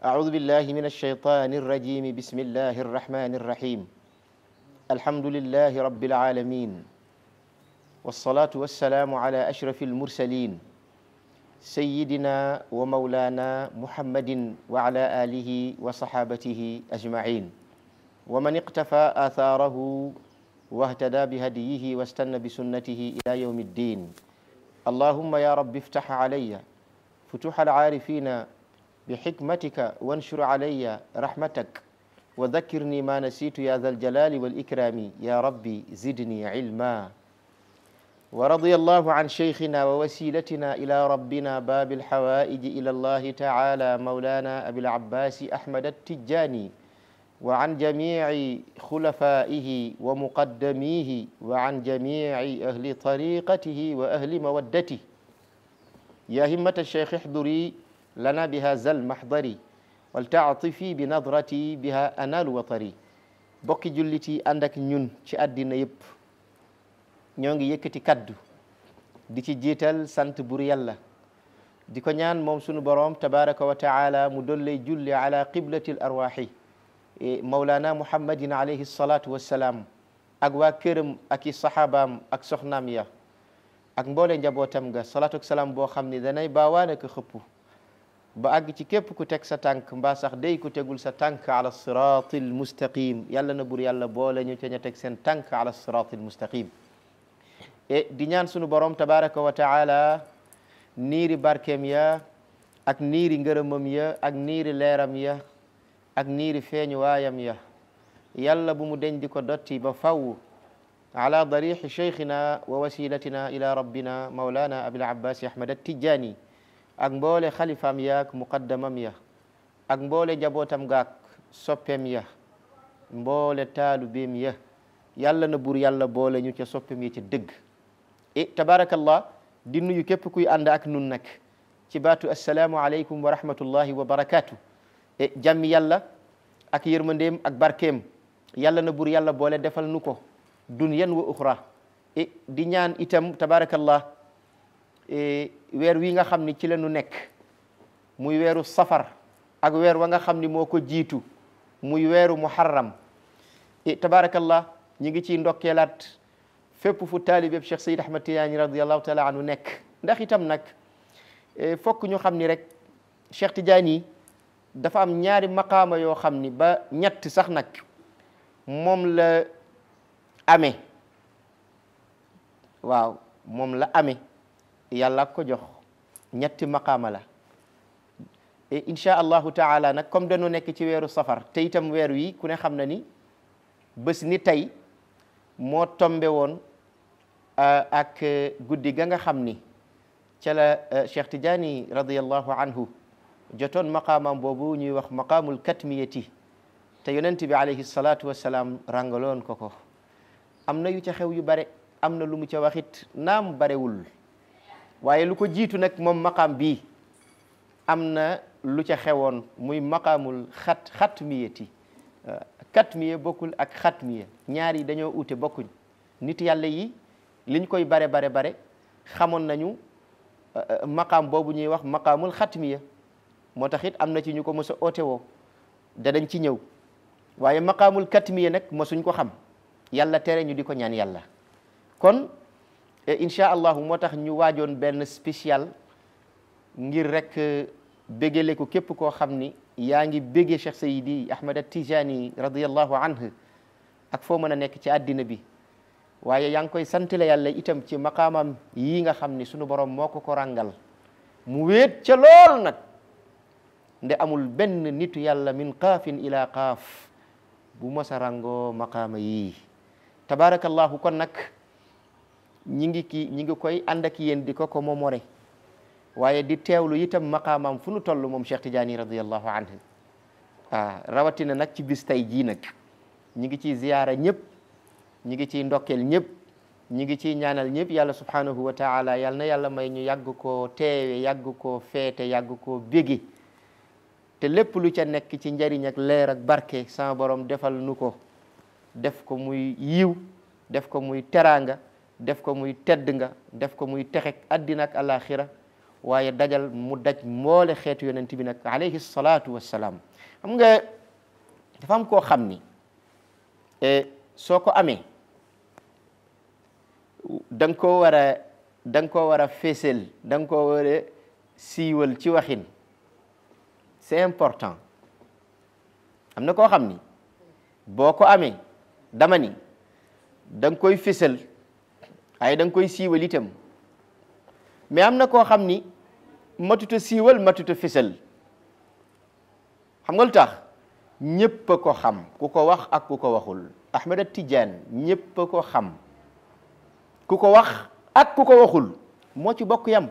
أعوذ بالله من الشيطان الرجيم بسم الله الرحمن الرحيم الحمد لله رب العالمين والصلاة والسلام على أشرف المرسلين سيدنا ومولانا محمد وعلى آله وصحابته أجمعين ومن اقتفى آثاره واهتدى بهديه واستنى بسنته إلى يوم الدين اللهم يا رب افتح علي فتوح العارفين بحكمتك وانشر علي رحمتك وذكرني ما نسيت يا ذا الجلال والإكرام يا ربي زدني علما ورضي الله عن شيخنا ووسيلتنا إلى ربنا باب الحوائج إلى الله تعالى مولانا أبي العباس أحمد التجاني وعن جميع خلفائه ومقدميه وعن جميع أهل طريقته وأهل مودته يا همة الشيخ احضري لنا بهذا المحضر waltaatifi bi nadrati biha analu watari bokki jullit yi ànd ñun ci àddina yëpp ñoo ngi yëkkati kaddu di ci jiital sant bur yàlla di ko ñaan moom sunu borom tabaraka wa mu dolley julli ala qiblati l arwaxi maulana muhammadin alayhi salatu wassalaam ak waa këram ak i ak soxnaam ya ak mboole njabootam ga salaatu ak salaam boo xam ni danay baawaan ak xëpp ba àgg ci képp ku teg sa tànk mbaa sax day ku tegul sa tànk ala siratil mustaqim yàlla na bur yàlla boole ñu ca ña teg seen tànk ala siratil mustaqim e di ñaan sunu borom tabaraka wa taala niiri barkeem ya ak niiri ngërëmam ya ak niiri leeram ya ak niiri feeñu waayam ya yàlla bu mu deñ di ko dotti ba faw ala darixi cheikhina wa wasilatina ila rabbina maulana abil abbas ahmad at tijani ak mboole xalifaam ya ak muqaddamam ya ak mboole jabootam ga ak ya mboole taalubeem ya yàlla na bur yàlla boole ñu ca soppeem ya ca dëgg e tabarakallah di nuyu képp kuy ànd ak nun nag ci baatu assalaamu alaykum wa rahmatullahi wa barakaatu e jàmmi yàlla ak yërmandeem ak barkeem yàlla na bur yàlla boole defal nu ko dunyan wa uxra e di ñaan itam tabarakallah E, weer wi nga xam ni ci la ñu nekk muy weeru safar ak weer wa nga xam ni moo ko jiitu muy weeru muharram e, tabaarakallah ñi ngi ciy ndokkeelaat fépp fu taalibeb Cheikh Sayid Ahmad Tijaani radiallahu taala anhu nekk ndax itam nag e, fokk ñu xam ni rek Cheikh Tijaani dafa am ñaari maqaama yoo xam ni ba ñett sax nag moom la ame waaw moom la ame yàlla ko jox ñetti maqaama la insha allah taala nag comme dañu nekk ci weeru safar te itam weer wi ku ne xam na ni bés ni tey moo tombe woon ak guddi ga nga xam ni ca la Cheikh tidiani radiallahu anhu jotoon maqaamam boobu ñuy wax maqaamul katmiyati te yonent bi alayhi salaatu wasalaam ràngaloon ko ko am na yu ca xew yu bare am na lu mu ca waxit naam barewul waaye lu ko jiitu nag moom maqaam bii am na lu ca xewoon muy makamul xat xatmiyati euh, katmiye bokkul ak xatmiye ñaar yi dañoo ute bokkuñ nit yàlla yi liñ koy bare bare bare xamoon nañu euh, euh, makam boobu ñuy wax maqaamul xatmiya moo tax it am na ci ñu ko mos a oote woo danañ ci ñëw waaye maqaamul katmiya nag mosuñ ko xam yàlla tere ñu di ko ñaan yàlla kon incha allahu moo tax ñu waajoon benn spécial ngir rek bégele ko képp koo xam ni yaa ngi bége Cheikh Seydi Ahmed Tijani radiyallahu anhu ak foo mën a nekk ci àddina bi waaye yaa ngi koy santale yàlla itam ci maqaamam yii nga xam sunu borom moo ko ràngal mu wéet ca lool nag nde amul ben nitu yàlla min qaafin ila qaaf bu mos a ràngoo maqaama yii kon nag ñi ngi kii ñi ngi koy ànd ak yéen di ko ko momore waaye di teewlu itam maqaamaam fu nu toll moom Cheikh Tidiane radiallahu anhu ah rawatina nag ci bis tey jii nag ñi ngi ciy ziyaara ñëpp ñi ngi ciy ndokkeel ñëpp ñi ngi ciy ñaanal ñëpp yàlla subhanahu wa taala yàlla na yàlla may ñu yàgg koo teewe yàgg koo feete yàgg koo bége te lépp lu ca nekk ci njariñ leerak barke sama borom defal nu ko def ko muy yiw def ko muy teraanga def ko muy tedd nga def ko muy texek adina ak alakhirah waye dajal mu daj moole xet yonent bi nak alayhi salatu wassalam xam nga dafa am ko xamni e soko amé dang ko wara dang ko wara fessel dang ko wara siwel ci waxin c'est important amna ko xamni boko amé dama ni dang koy fessel waaye da koy siiwal itam mais am na koo xam ni matuta siiwal matuta fisal xam nga tax ñépp ko xam ku ko wax ak ku ko waxul Ahmed Tidiane ñépp xam ku ko wax ak ku ko waxul moo ci bokk yam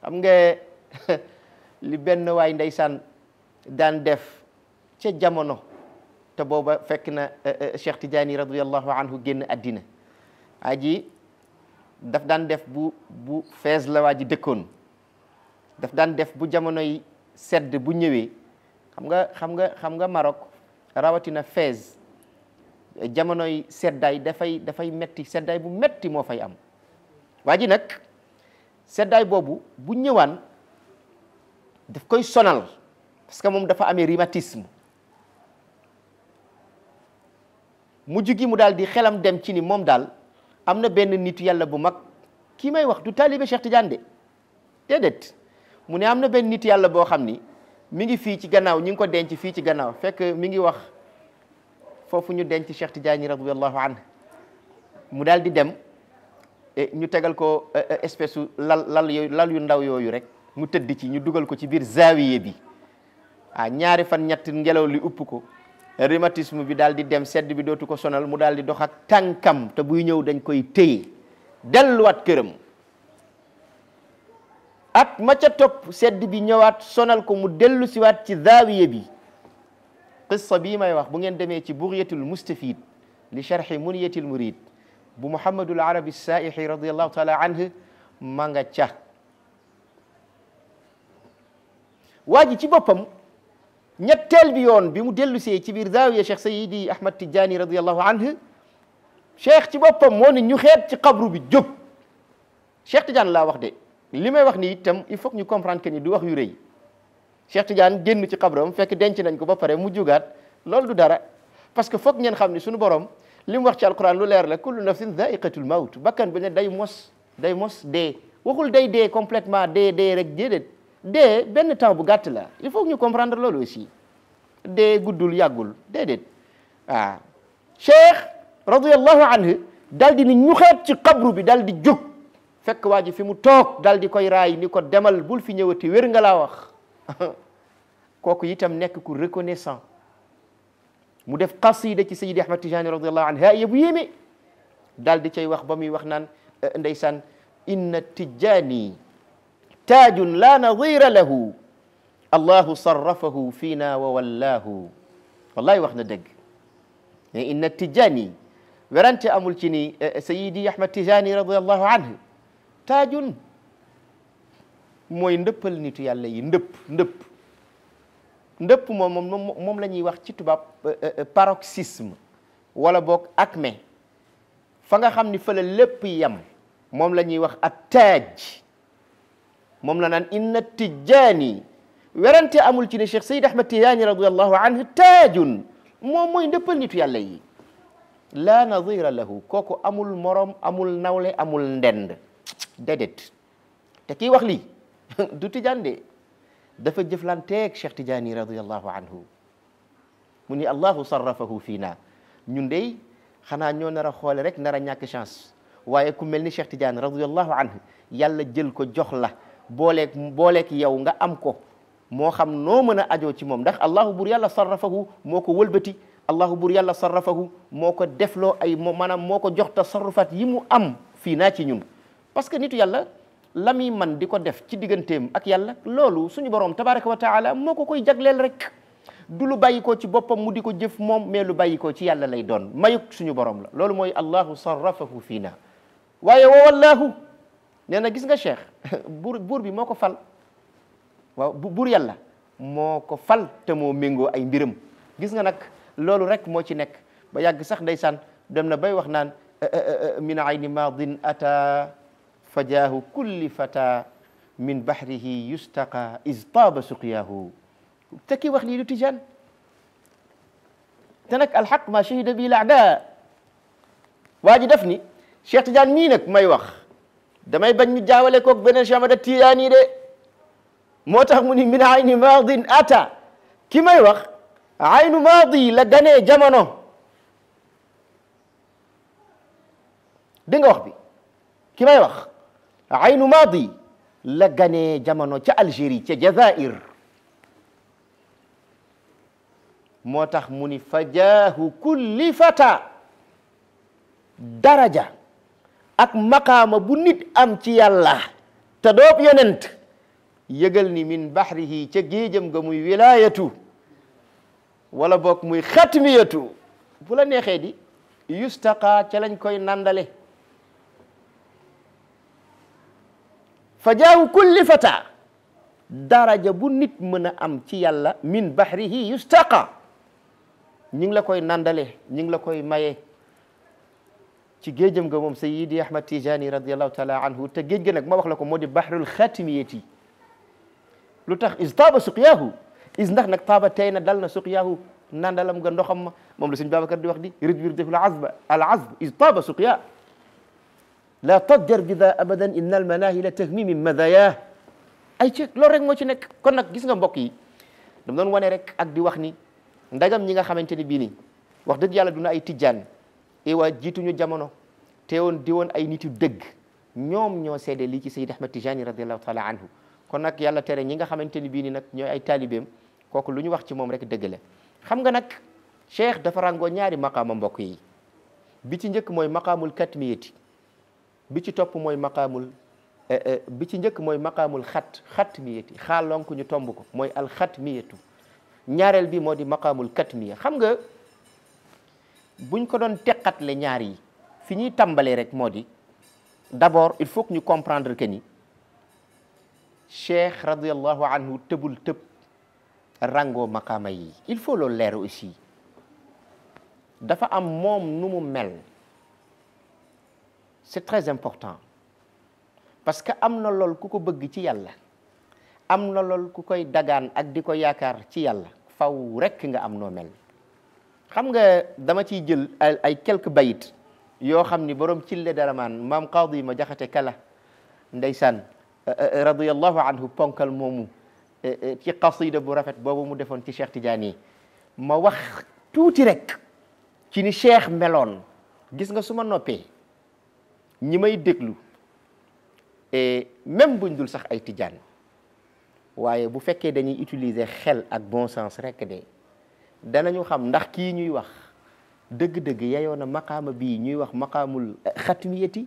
xam nga li benn waay ndeysaan daan def ca jamono te booba fekk na eh, eh, Cheikh Tidiane radiyallahu anhu génn àddina waa ji daf daan def bu bu fees la waa ji dëkkoon daf daan def bu jamonoy sedd bu ñëwee xam nga xam nga xam nga marok rawatina fees jamonoy seddaay dafay dafay metti seddaay bu metti moo fay am waa ji nag seddaay boobu bu ñëwaan daf koy sonal parce que moom dafa amee rhumatisme mujj gi mu daal di xelam dem ci ni moom daal am na benn nitu yàlla bu mag kii may wax du taalibe Cheikh ti de déedéet mu ne am na benn nitu yàlla boo xam ni mi ngi fii ci gannaaw ñi ngi ko denc fii ci gannaaw fekk mi ngi wax foofu ñu denc Cheikh Tidiane radiyallahu anhu mu daal di dem eh, ñu tegal ko eh, espèce su lal lal lal yu ndaw yooyu rek mu tëdd ci ñu dugal ko ci biir zaawiye bi a ah, ñaari fan ñett ngelaw li upp ko rhumatisme bi daal di dem sedd bi dootu ko sonal mu daal di dox ak tànkam te buy ñëw dañ koy téye delluwaat këram at ma ca topp sedd bi ñëwaat sonal ko mu dellu siwaat ci zaawiya bi qissa bi may wax bu ngeen demee ci bugyatul mustafid li charxi muniyatil murid bu muhammadul arabi saaixi radiallahu taala anhu ma nga ca waa ci boppam ñetteel bi yoon bi mu dellusee ci biir zaawiya cheikh sayidi ahmad tijjaani radiallahu anhu cheikh ci boppam moo ne ñu xeet ci xabru bi jóg cheikh Tidiane laa wax de li may wax ni itam il faut que ñu comprendre que ni du wax yu rëy cheikh Tidiane génn ci xabram fekk denc nañ ko ba pare mu jugaat loolu du dara parce que foog ngeen xam ni suñu borom li mu wax ci alquran lu leer la kullu nafsin zaiqatul mawt bakkan bi ne day mos day mos de waxul day dee complètement de dee rek déedéet dee benn temps bu gàtt la il faut ñu comprendre loolu aussi dee guddul yàggul déedéet waaw ah. cheikh radiallahu anhu dal di ni ñu xeet ci xabru bi dal di jóg fekk waa ji fi mu toog dal di koy raay ni ko demal bul fi ñëwati wér nga laa wax kooku itam nekk ku reconnaissant mu def qasida ci sayidi ahmad tijani radiallahu anhu haa bu yéeme dal di cay wax ba muy wax naan ndeysaan inna tijani تاج لا نظير له الله صرفه فينا وولاه والله واخنا دق يعني إن التجاني ورنت أملتني سيدي أحمد تجاني رضي الله عنه تاج mooy ndëppal nitu yàlla yi ndëpp ndëpp ndëpp moom moom moom la ñuy wax ci tubaab paroxysme wala boog acmé fa nga xam ni fële lépp yem moom la ñuy wax ak taaj moom la naan inna tijjaani werante amul ci ne Cheikh Sayid Ahmad Tijaani radiallahu anhu taajun moom mooy ndëppal nitu yàlla yi laa nadira lahu kooku amul morom amul nawle amul ndend déedéet te kii wax lii du tijaan de dafa jëflanteeg Cheikh Tijaani radiallahu anhu mu ni allahu sarrafahu fii na ñun dey xanaa ñoo nar a xoole rek nar a ñàkk chance waaye ku mel ni Cheikh Tidiane radiallahu anhu yàlla jël ko jox la bolek bolek yow nga am ko moo xam noo mën a ajoo ci moom ndax allahu bur yàlla sarrafahu moko ko wëlbati allahu bur yàlla sarrafahu moo ko ay maanaam moo jox tasarrufaat yi am fii naa ci ñun parce que nitu yàlla la muy man di ko def ci digganteem ak yàlla loolu suñu borom tabaraka wa taala moo koy jagleel rek du lu bàyyi ci boppam mu di jëf moom mais lu bàyyi ci yàlla lay doon mayuk suñu borom la loolu mooy allahu sarrafahu fina naa waaye wa wallahu nee na gis nga cheikh buur bi moo ko fal waaw buur yàlla moo ko fal te moo méngoo ay mbiram gis nga nag loolu rek moo ci nekk ba yàgg sax ndeysan dem na bay wax naan min ayni maadin ata fajaahu kulli fata min bahrihi yustaqa iz taaba suqyaahu te ki wax lii tijaan te nag alxaq ma shahida bi laada waa ji def ni cheikh tijaan mii may wax damay bañ mu jaawale koog beneen Cheikh Ahmada Tijaani de moo tax mu ni min ayni maadin ata ki may wax aynu maadi la ganee jamono dégg wax bi ki may wax aynu maadi la gane jamono ca Algérie ca Jazair moo tax mu ni fajaahu kulli fata daraja ak maqaama bu nit am ci yàlla te doob yonent yëgal ni min baxrihi ca géejam ga muy wilaayatu wala boog muy xatmiyatu bu neexee di yustaqa ca lañ koy nandale fa jaawu kulli fata daraja bu nit mën a am ci yàlla min baxrihi yustaqa ñi ngi la koy nandale ñi ngi la koy maye ci géejam nga moom sayidi ahmad tijani radiallahu taala anhu te géej ga nag ma wax la ko moo di bahrul ti lu tax is taaba suqyaahu is ndax nag taaba tey na dal na suqyaahu nandalam nga ndoxam ma moom la suñ babacar di wax di rid wir deful azba al azb is taaba suqyaa la tadjar bida abadan inna al manahi la tahmimi madayaa ay ceeg loolu rek moo ci nekk kon nag gis nga mbokk yi dam doon wane rek ak di wax ni ndagam ñi nga xamante ni bii nii wax dëgg yàlla duna ay tijjaan teewaa jiituñu jamono teewoon di woon ay nit dëgg ñoom ñoo seede lii ci Sayyid Ahmad Tijani radiallahu taala anhu kon nag yàlla tere ñinga nga xamante ni bii ni nag ñooy ay taalibeem kooku lu ñu wax ci moom rek dëgg la xam nga nag cheikh dafa ràngoo ñaari maqaama mbokk yi bi ci njëkk mooy maqaamul katmiyati bi ci topp mooy maqaamul eh, eh, bi ci njëkk mooy maqaamul xat xat miyati xaalonku ñu tomb mooy alxat ñaareel bi moo di maqaamul katmiya xam buñ ko doon le ñaar yi fi ñuy tàmbalee rek moo di d'abord il faut que ñu comprendre que ni cheikh radiallahu anhu tëbul tëb rango maqaama yi il faut loolu leer aussi dafa am moom nu mu mel c'est très important parce que am na lool ku ko bëgg ci yàlla am na lool ku koy dagaan ak di ko yaakaar ci yàlla faw rek nga am noo mel xam nga dama ciy jël ay quelques bayit yoo xam ni borom dara daramaan maam qaadi ma jaxate kala ndeysaan euh, euh, euh, radiyallahu anhu ponkal moomu ci qasida bu rafet boobu mu defoon ci Cheikh Tidiane ma wax tuuti rek ci ni Cheikh meloon gis nga su ma noppee ñi may déglu même buñ dul sax ay Tidiane waaye bu fekkee dañuy utiliser xel ak bon sens rek de danañu xam ndax kii ñuy wax dëgg-dëgg yayoo na maqaama bii ñuy wax maqaamul xatmiyati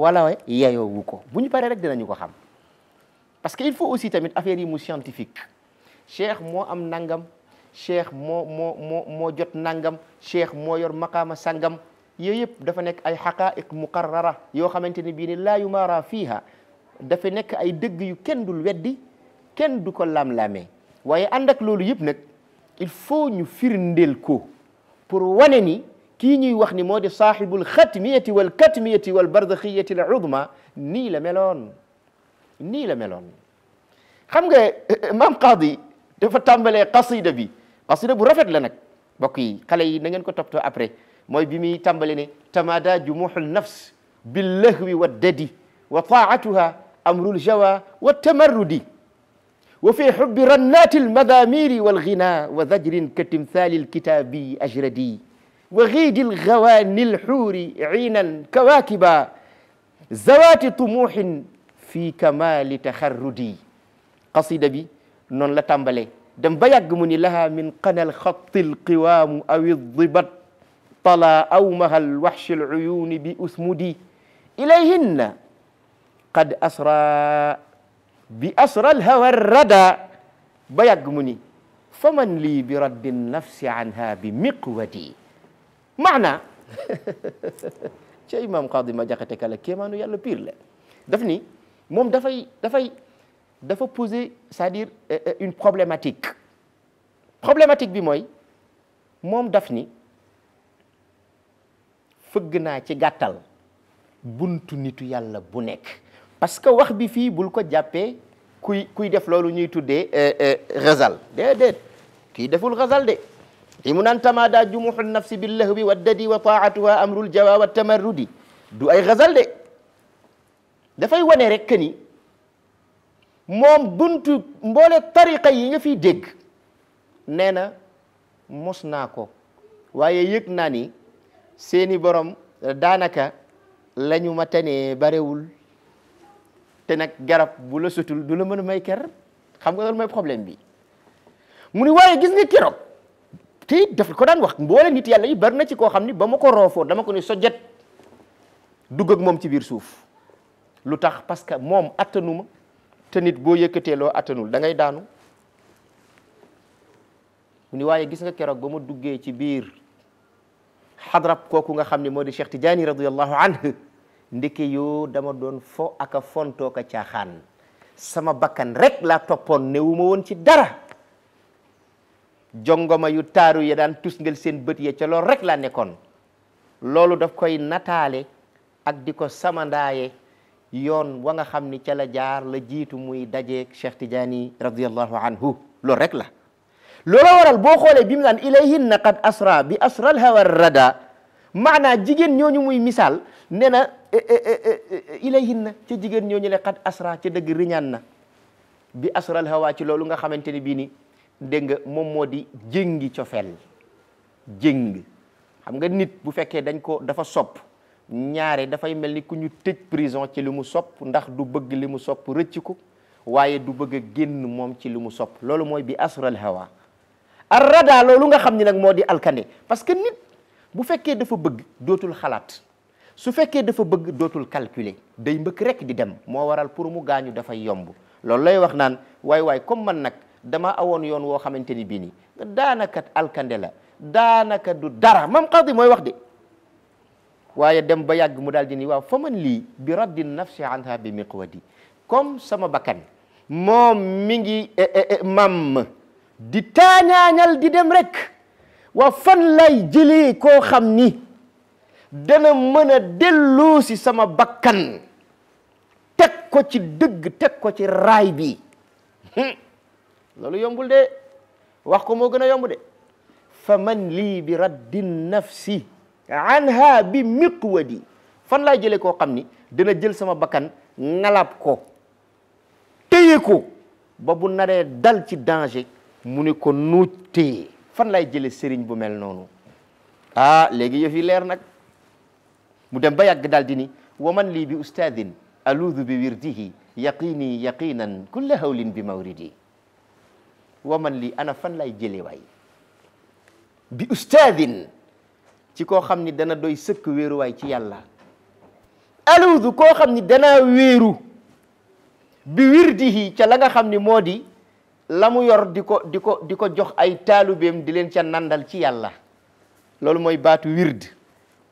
wala yayoowu ko bu ñu paree rek dinañu ko xam parce que il faut aussi tamit affaire yi mu scientifique cheikh moo am nangam cheikh moo moo moo jot nangam cheikh moo yor maqaama sangam yooyu yëpp dafa nekk ay xaqaa'iq muqarrara yoo xamante ne bii ne laa yumaara fiiha dafa nekk ay dëgg yu kenn dul weddi kenn du ko lam lame waaye ànd loolu yëpp nag il faut ñu firndel ko pour wane ni ki ñuy wax ni modi sahibul khatmiyati wal katmiyati wal bardaxiyati al udma nii la melon ni la melon xam nga mam qadi dafa tambalé qasida bi qasida bu rafet la nak bokk yi xale yi na ngeen ko topto après moy bi mi tàmbale ni tamada jumuhul nafs bil lahwi wad dadi wa taatuha amrul jawa wat tamarrudi وفي حب رنات المذامير والغناء وزجر كتمثال الكتابي أجردي وغيد الغواني الحور عينا كواكبا ذوات طموح في كمال تخردي قصيدة بي نون لتنبلي دم با من لها من قنا الخط القوام أو الضبط طلا مها الوحش العيون بأسمدي إليهن قد أسرى بأسر الهوى الردى بيقمني فمن لي برد النفس عنها بمقودي معنى شيء ما قاضي ما جاكتك لك كيما نو يالو بير دفني موم دفاي دفاي دافا بوزي سادير اه، اه، اون بروبليماتيك بروبليماتيك بي موي موم دفني فغنا سي غاتال بونتو نيتو يالا بو نيك parce que wax bi fi bul ko jappé kuy kuy def lolu ñuy tuddé euh tuddee xazal déedéet ki deful ghazal de li mu naan tamaada nafsi bil lahwi wa dadi wa taatuha amrul jawa wa tamarrudi du ay ghazal de da fay wone rek que ni mom buntu mbolé tariqa yi nga fi dégg nee musna ko waye yek nani seni borom danaka la ñu barewul nag garab bu la sutul du la mën a may ker xam nga loolu mooy problème bi mu ni waaye gis nga keroog te it daf ko daan wax mboole nit yàlla yi bari na ci koo xam ni ba ma ko roofoo dama ko ni sojet dugg ak moom ci biir suuf lu tax parce que moom attanuma te nit boo yëkkatee loo attanul da ngay daanu mu ni waaye gis nga keroog ba ma duggee ci biir xadrab kooku nga xam ni moo di Cheikh Tidiane radiyallahu anhu ndeke yoo dama doon fo aka fontoo ka caaxaan sama bakkan rek laa toppoon newuma woon ci dara jongoma yu taaru ya daan ngel seen bët ye ca loolu rek laa nekkoon loolu daf koy nataale ak di ko sama ndaaye yoon wanga nga xam ni ca la jaar la jiitu muy daje Cheikh Tidiane radiallahu anhu loolu rek la looloo waral boo xoolee bi mu naan ilayhinna qad asra bi asral hawa rada maanaa jigéen ñooñu muy misaal ne na eh, eh, eh, ilayhin na ca jigéen ñooñu le xat asra ci dëgg riñaan na bi asral hawa ci loolu nga xamante ni bii ni dégg nga moom moo di jéngi cofeel jéng xam nga nit bu fekkee dañ ko dafa sopp ñaare dafay mel ni ku ñu tëj prison ci lu mu sopp ndax du bëgg li mu sopp rëcc ko waaye du bëgg a génn moom ci lu mu sopp loolu mooy bi asral hawa ar rada loolu nga xam ni nag moo di alkande parce que nit bu fekkee dafa bëgg dootul xalaat su fekke dafa bëgg dootul calculer day rek di dem mo waral pour mu gañu dafa yomb wai, lay wax naan way way comme man nak dama awoon yoon xamanteni bi ni danaka alkandela danaka du dara mam qadi moy wax de waye dem ba yag mu daldi di ni wa faman li bi raddin nafsi anha bi miqwadi comme sama bakan mom mi ngi eh, eh, eh, mam di taañaañal di dem rek wa fan lay jili ko xamni dana mana delu si sama bakkan tek ko ci deug tek ko ci ray bi hmm. lolu yombul de wax ko mo gëna yomb de faman li bi raddin nafsi anha bi miqwadi fan laa jëlee ko xamni dana jël sama bakkan ngalap ko teyé ko ba bu naré dal ci danger mu ko nuté fan lay jëlé sëriñ bu mel nonu ah légui yofi nak mu dem ba yàgg daal ni wa man lii bi ustaadin aluudu bi wirdihi yaqini yaqinan kulla hawlin bi mawridi wa man lii ana fan lay jëlee waay bi ustaadin ci koo xam ni dana doy sëkk wéeruwaay ci yàlla aluudu koo xam ni danaa wéeru bi wirdihi ca la nga xam ni moo di la mu yor di ko di ko di ko jox ay taalubeem di leen ca nandal ci yàlla loolu mooy baatu wird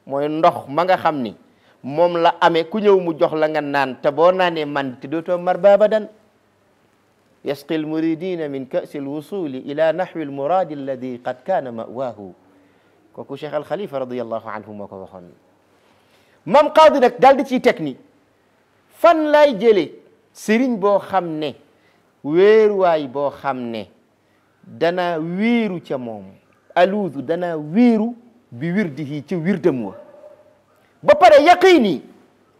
mooy ndox ma nga xam ni moom la amee ku ñëw mu jox la nga naan te boo naanee man te dootoo mar baabadan yasqi al muridina min kasi al wusuli ila nahwi al muradi alladi qad kaana mawaahu kooku cheikh al xalifa radiallahu anhu moo ko waxoon mam qaadi nag daal di ciy teg ni fan lay jëlee sëriñ boo xam ne wéeruwaay boo xam ne dana wéeru ca moom aluudu dana wéeru bi wirdihi ci wirdam wa ba pare yaqini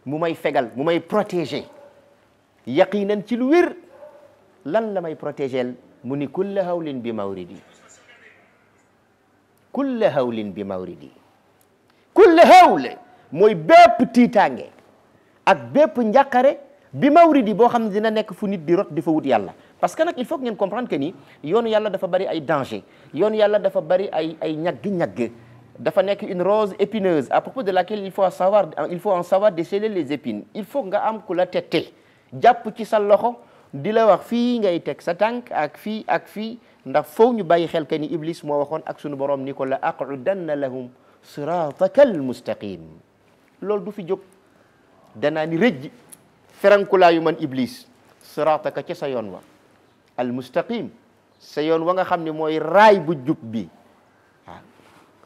mu may fegal mu may protéger yaqinan ci lu wér lan la may protégel mu ni kulla hawlin bi mawridi kulla hawlin bi mawridi kulla hawle mooy bépp tiitaange ak bépp njàqare bi mawridi boo xam ne dina nekk fu nit di rot di fa wut yàlla parce que nag il faut que ngeen comprendre que ni yoonu yàlla dafa bari ay danger yoon yàlla dafa bari ay ay ñagg-ñagg dafa nekk une rose épineuse à propos de laquelle il faut en savoir il faut en savoir déceler les épines il faut nga am ku la tette jàpp ci sa loxo di la wax fi ngay tek sa tank ak fi ak fi ndax faw ñu xel que ni Iblis mo waxon ak sunu borom ni ko la aqudanna lahum siratakal mustaqim. lol du fi jóg dana ni rëjj yu man Iblis sirataka ci sa yoon wa almustaqim sa yoon wa nga xamni moy ray bu jup bi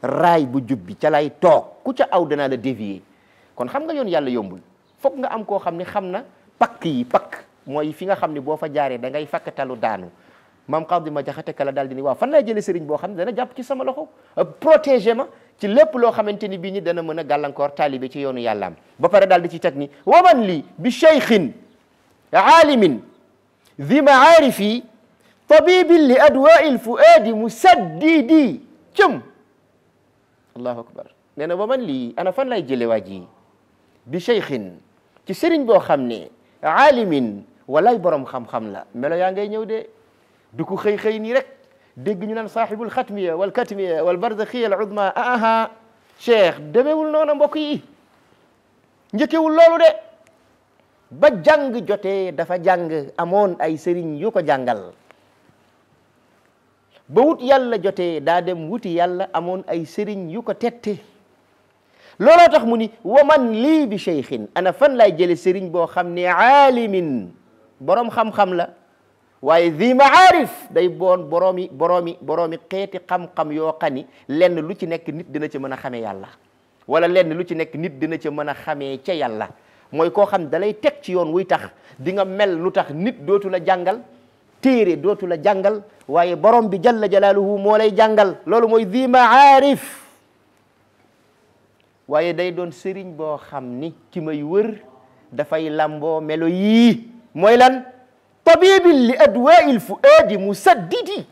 raay bu jub bi ca lay toog ku ca aw danaa la dévier kon xam nga yoon yàlla yombul foog nga am koo xam ne xam na pakk yi pakk mooy fi nga xam ne boo fa jaaree da ngay fakkatalu daanu maam xawdi ma jaxate kala daal di ni waaw fan laa jëlee sëriñ boo xam ne dana jàpp ci sama loxo euh, protégé ma ci lépp loo xamante ni bii ni dana mën a gàllankoor taalibe ci yoonu yàllaam ba pare daal di ci teg ni waman lii bi cheikhin aalimin zi maarifi tabibin li adwail fuaadi musaddidi cëm الله أكبر لأن ومن لي أنا فن لا يجل واجي بشيخ تسرين بو خمني عالم ولا يبرم خم خم لا ملا يانجي نيو دي دكو خي خي نيرك دي صاحب الختمية والكتمية والبرزخية العظمى أها شيخ دمي ولنونا مبوكي نجيكي ولولو دي ba jang jotee dafa jang amoon ay sëriñ yu ko jàngal ba wut yàlla joté daa dem wuti yàlla amon ay sëriñ yu ko tette looloo tax mu ni wa man lii bi cheikhin ana fan laay jële sëriñ boo xam ne aalimin boroom xam-xam la waaye di maarif day boon boroomi boroomi boroomi xeeti xam-xam yoo xani lenn lu ci nekk nit dina ca mën a yàlla wala lenn lu ci nekk nit dina ca mën a xamee ca yàlla mooy koo xam dalay teg ci yoon wuy tax di nga mel lu tax nit dootu la jàngal téere dootu la jàngal waaye borom bi jalla jalaaluhu moo lay jàngal loolu mooy zi maarif waaye day doon sëriñ boo xam ni ki may wër dafay lamboo melo yii mooy lan tabibin li adwaa'il fuaadi musaddidi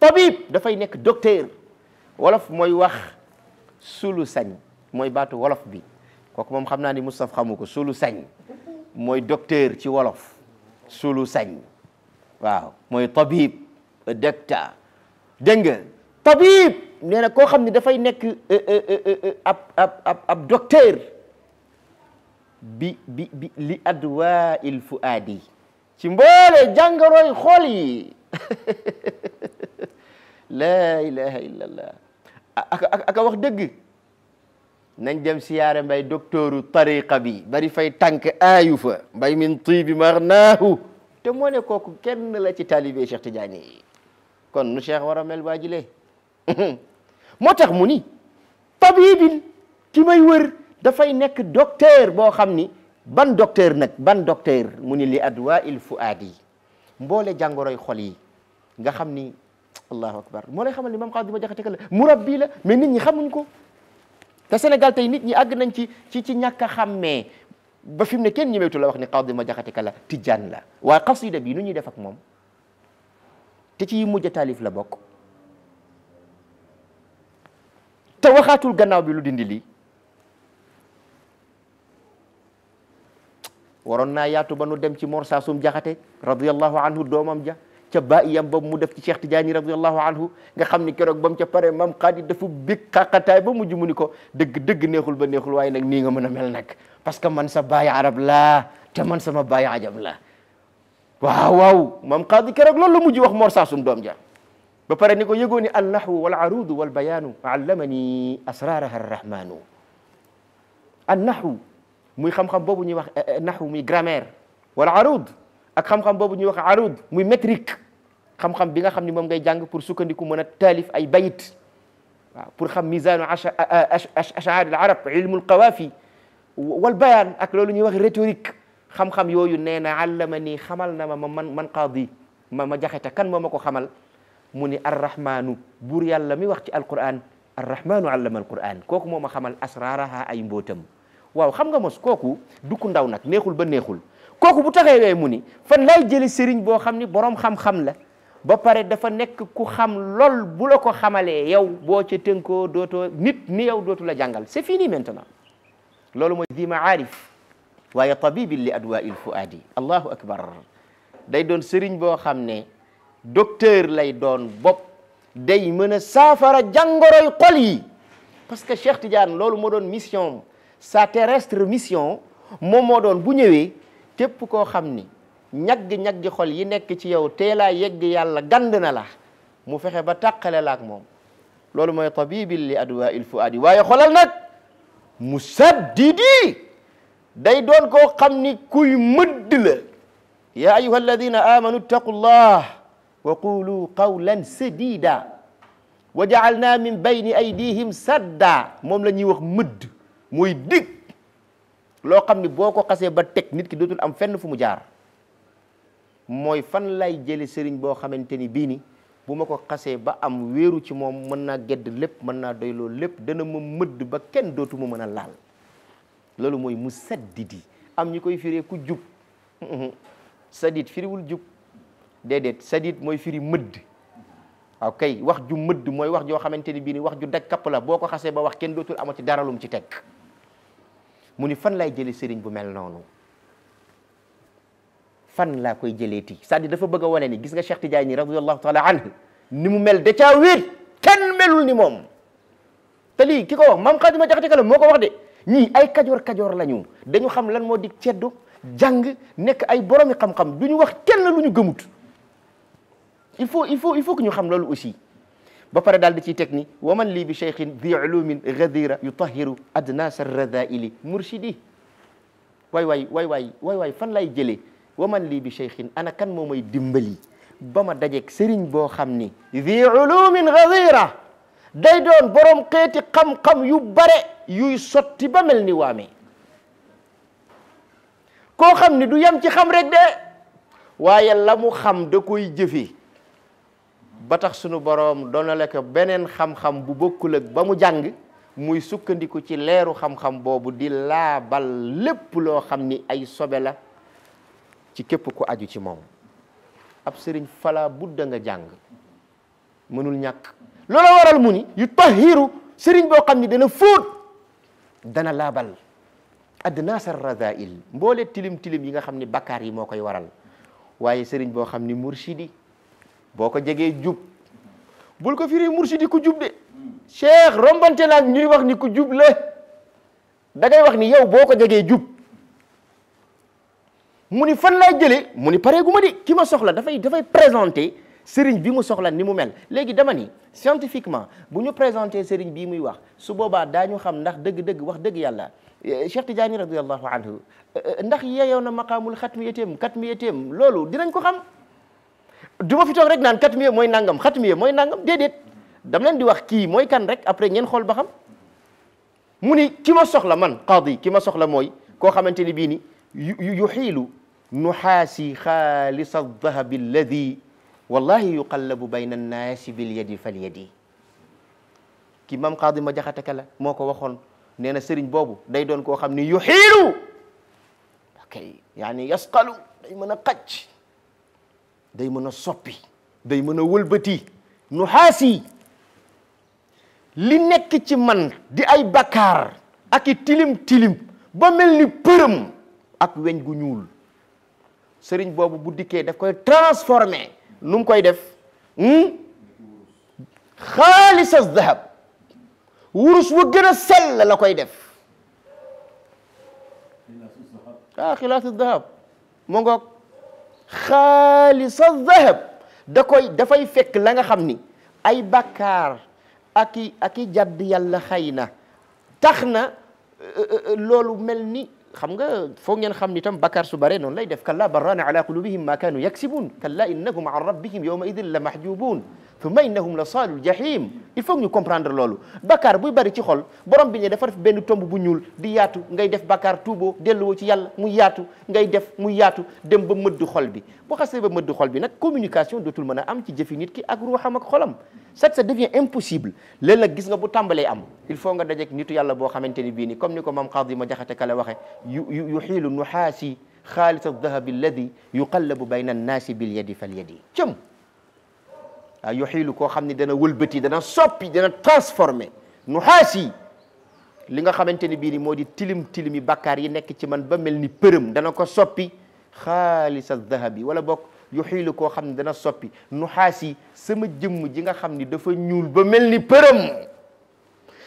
tabib dafay nekk docteur wolof mooy wax sulu sañ mooy baatu wolof bi kooku moom xam naa ni Moustapha xamu ko sulu sañ mooy docteur ci wolof sulu sañ waaw mooy tabib docteur dégg nga tabib nee koo xam ni dafay nekk euh, euh, euh, ab ab ab docteur bi li adwa il fuaadi ci mboole jàngoroy xool yi la ilaha illallah aka wax dëgg nañ dem siyaare mbay docteuru tariqa bi bari fay tànk aayu fa mbay min tiibi marnaahu te moo ne kooku kenn la ci taalibe Cheikh Tidiane yi kon nu Cheikh war a mel waa jile moo tax mu ni tabibin ki may wër dafay nekk docteur boo xam ni ban docteur nag ban docteur mu ni li adwa il fuaad yi mboole jàngoroy xol yi nga xam ni allahu akbar moo lay xamal ni maam xaadima jaxate ka la murabbi la mais nit ñi xamuñ ko te Sénégal tey nit ñi àgg nañ ci ci ci ñàkk a xàmmee ba fi mu ne kenn ñëweetu la wax ni xawdi ma jaxate kala tijjaan la waaye xasida bi nu ñuy def moom te ci mujj taalif la bokk te waxaatul gannaaw bi lu dindi lii waroon naa yaatu ba nu dem ci Mor Saasum Jaxate radiyallahu anhu doomam ja ca baayam ba mu def ci Cheikh Tidiane radiyallahu anhu nga xam ni keroog ba mu ca pare maam xaadi dafa bég xaqataay ba mu mujj mu ni ko dëgg dëgg neexul ba neexul waaye nag nii nga mën a mel nag parce que man sa baay arab laa te man sama baay ajam laa waaw waaw maam xaadi keroog loolu la mujj wax Mor Saasum doom ja ba pare ni ko yëgoo ni al nahwu wal arudu wal bayaanu allamani asraraha arrahmanu an nahwu muy xam-xam boobu ñuy wax eh, eh, nahwu muy grammaire wal arud ak xam-xam bobu ñu wax arud muy métrique xam-xam bi nga xam ni moom ngay jàng pour sukkandiku mën talif ay bayit wa pour xam mizan ash'ar al arab ilm al-qawafi wal bayan ak lolu ñuy wax rhétorique xam-xam yoyu neena allamani allama xamal na ma man man qadi ma ma jaxeta kan momako ma ko xamal mu ni arrahmaanu buur yàlla mi wax ci al-qur'an ar-rahman allama al-qur'an koku moma xamal asraaraha ay mbotam waaw xam nga mos koku du ku ndaw nak neexul ba neexul kooku bu taxawee mu ni fan lay jële sëriñ boo xam ni boroom xam-xam la ba pare dafa nekk ku xam lool bu la ko xamalee yow boo ca tënkoo dootoo nit ni yow dootu la jàngal c'est fini maintenant loolu mooy di maarif waaye tabibin li adwa il fuaadi allahu akbar day doon sëriñ boo xam ne docteur lay doon bopp day mën a saafara jàngoroy xol yi parce que Cheikh Tidiane loolu moo doon mission sa terrestre mission moom moo doon bu ñëwee كيف كو خامني نياغ نياغ خول يي نيك تي ياو تيلا ييغ يالا غاند نالا مو فخه با تاخال لاك موم لول موي طبيب لادواء الفؤاد واي خولال نك مسددي داي دون كو خامني كوي مد لا يا ايها الذين امنوا اتقوا الله وقولوا قولا سديدا وجعلنا من بين ايديهم سدا موم لا نيي واخ مد موي ديك loo xam ni boo ko xasee ba teg nit ki dootul am fenn fu mu jaar mooy fan lay jële sëriñ boo xamante ni bii ni bu ma ko xasee ba am weeru ci moom mën naa gedd lépp mën naa doyloo lépp dana ma mëdd ba kenn dootu ma mën a laal loolu mooy mu saddidi am ñi koy firee ku jub sadid firiwul jub déedéet sadid mooy firi mëdd waaw kay wax ju mëdd mooy wax joo xamante ni bii ni wax ju daj kapp la boo ko xasee ba wax kenn dootul amati daralum ci teg mu ni fan laay jëlee sëriñ bu mel noonu fan laa koy jëleeti cest sa di dafa bëgg a wane ni gis nga Cheikh Tidiane radiyallahu taala anhu ni mu mel da caa wéet kenn melul ni moom te ki ko wax maam Xaadima Jaxate Kala moo ko wax de ñii ay kajoor kajoor lañu dañu xam lan moo di ceddo jàng nekk ay boromi xam-xam du ñu wax kenn lu ñu gëmut il faut il faut il faut que ñu xam loolu aussi ba pare daal di ciy teg ni waman lii bi cheikhin di ulumin gadira yutahiru adnaasa radaili murshidi waay waay waay waay waay waay fan lay jëlee waman lii bi cheikhin ana kan moo may dimbali ba ma dajeeg sëriñ boo xam ni di ulumin gadira day doon borom xeeti xam-xam yu bare yuy sotti ba mel ni waame koo xam du yam ci xam rek de waaye la xam da koy jëfee ba tax sunu boroom donale ko beneen xam-xam bu bokkul ba mu jàng muy sukkandiku ci leeru xam-xam boobu di laabal lépp loo xam ni ay sobe la ci képp ku aju ci moom ab sëriñ fala budda nga jàng mënul ñàkk loola waral mu ni yu tahiru sëriñ boo xam ni dana fóot dana laabal adnaasar razail mboole tilim tilim yi nga xam ni bakkaar yi moo koy waral waaye sëriñ boo xam ni murshidi boo ko jegee jub bul ko firi mursidi ku jub de cheikh rombante naag ñuy wax ni ku jub la dangay wax ni yow boo ko jegee jub mu ni fan laa jëlee mu ni paree gu ma di ki ma soxla dafay dafay présenté sëriñ bi mu soxla ni mu mel léegi dama ni scientifiquement bu ñu présenter sëriñ bii muy wax su boobaa daañu xam ndax dëgg-dëgg wax dëgg yàlla eh, Cheikh Tidiane radiallahu anhu eh, eh, ndax yeyoon na maqaamul xatmiyateem xatmiyateem loolu dinañ ko xam duma fi tok rek nan katmiya moy nangam xatmiya moy nangam dedet dam len di wax ki moy kan rek après ngeen xol ba xam muni ni ki ma soxla man qadi ki ma soxla ko xamanteni bi ni yuhilu nuhasi khalis adh-dhahab alladhi wallahi yuqallabu bayna an-nas bil yadi fal yadi ki mam qadi ma jaxata kala moko waxon neena serigne bobu day don ko xamni yuhilu okay yani yasqalu day mën a day mën a soppi day mën a wëlbati nu xaasi li nekk ci man di ay bakkaar ak i tilim tilim ba mel ni përëm ak weñ gu ñuul sëriñ boobu bu dikkee daf koy transformé nu mu koy def hmm? xaalisa zahab wurus wa gën a sell la koy def ah xilaasu zahab moo xaalisa zahab da koy dafay fekk la nga xam ni ay bakkaar ak i ak i jàdd yàlla xëy na tax na euh, euh, euh, loolu mel ni xam nga foog ngeen xam ni tam bakkaar su bare noonu lay def kalla barrana ala qulubihim ma kaanu yaksibun kalla innahum an rabbihim yawma idin la mahjubun ثم إنهم لصال الجحيم يفهمني كومبراند لولو بكار بوي باري تي خول بروم بي ني ديفار بن تومبو بو نيول دي ياتو غاي ديف بكار توبو ديلو تي يال مو ياتو غاي ديف مو ياتو بي بو خاسي با بي نا كومونيكاسيون دوتول مانا ام تي جيفي نيت كي اك روحام اك خولام سات سا ديفيا امبوسيبل لالا غيس غا بو تامبالي ام يفهم faut nga dajek nitu yalla bo xamanteni bi ni comme niko mam qadi ma jaxate kala waxe yuhilu nuhasi khalit adh-dhahab alladhi yuqallabu bayna an-nasi يحيل كو خامني دانا ولبتي دانا سوبي دانا ترانسفورمي نحاسي ليغا خامتيني بي ني مودي تيليم تيليمي بكار يي نيك تي مان با ملني كو سوبي خالص الذهب ولا بوك يحيل كو خامني دانا سوبي نحاسي سما جيم جيغا خامني دافا نيول با ملني بيرم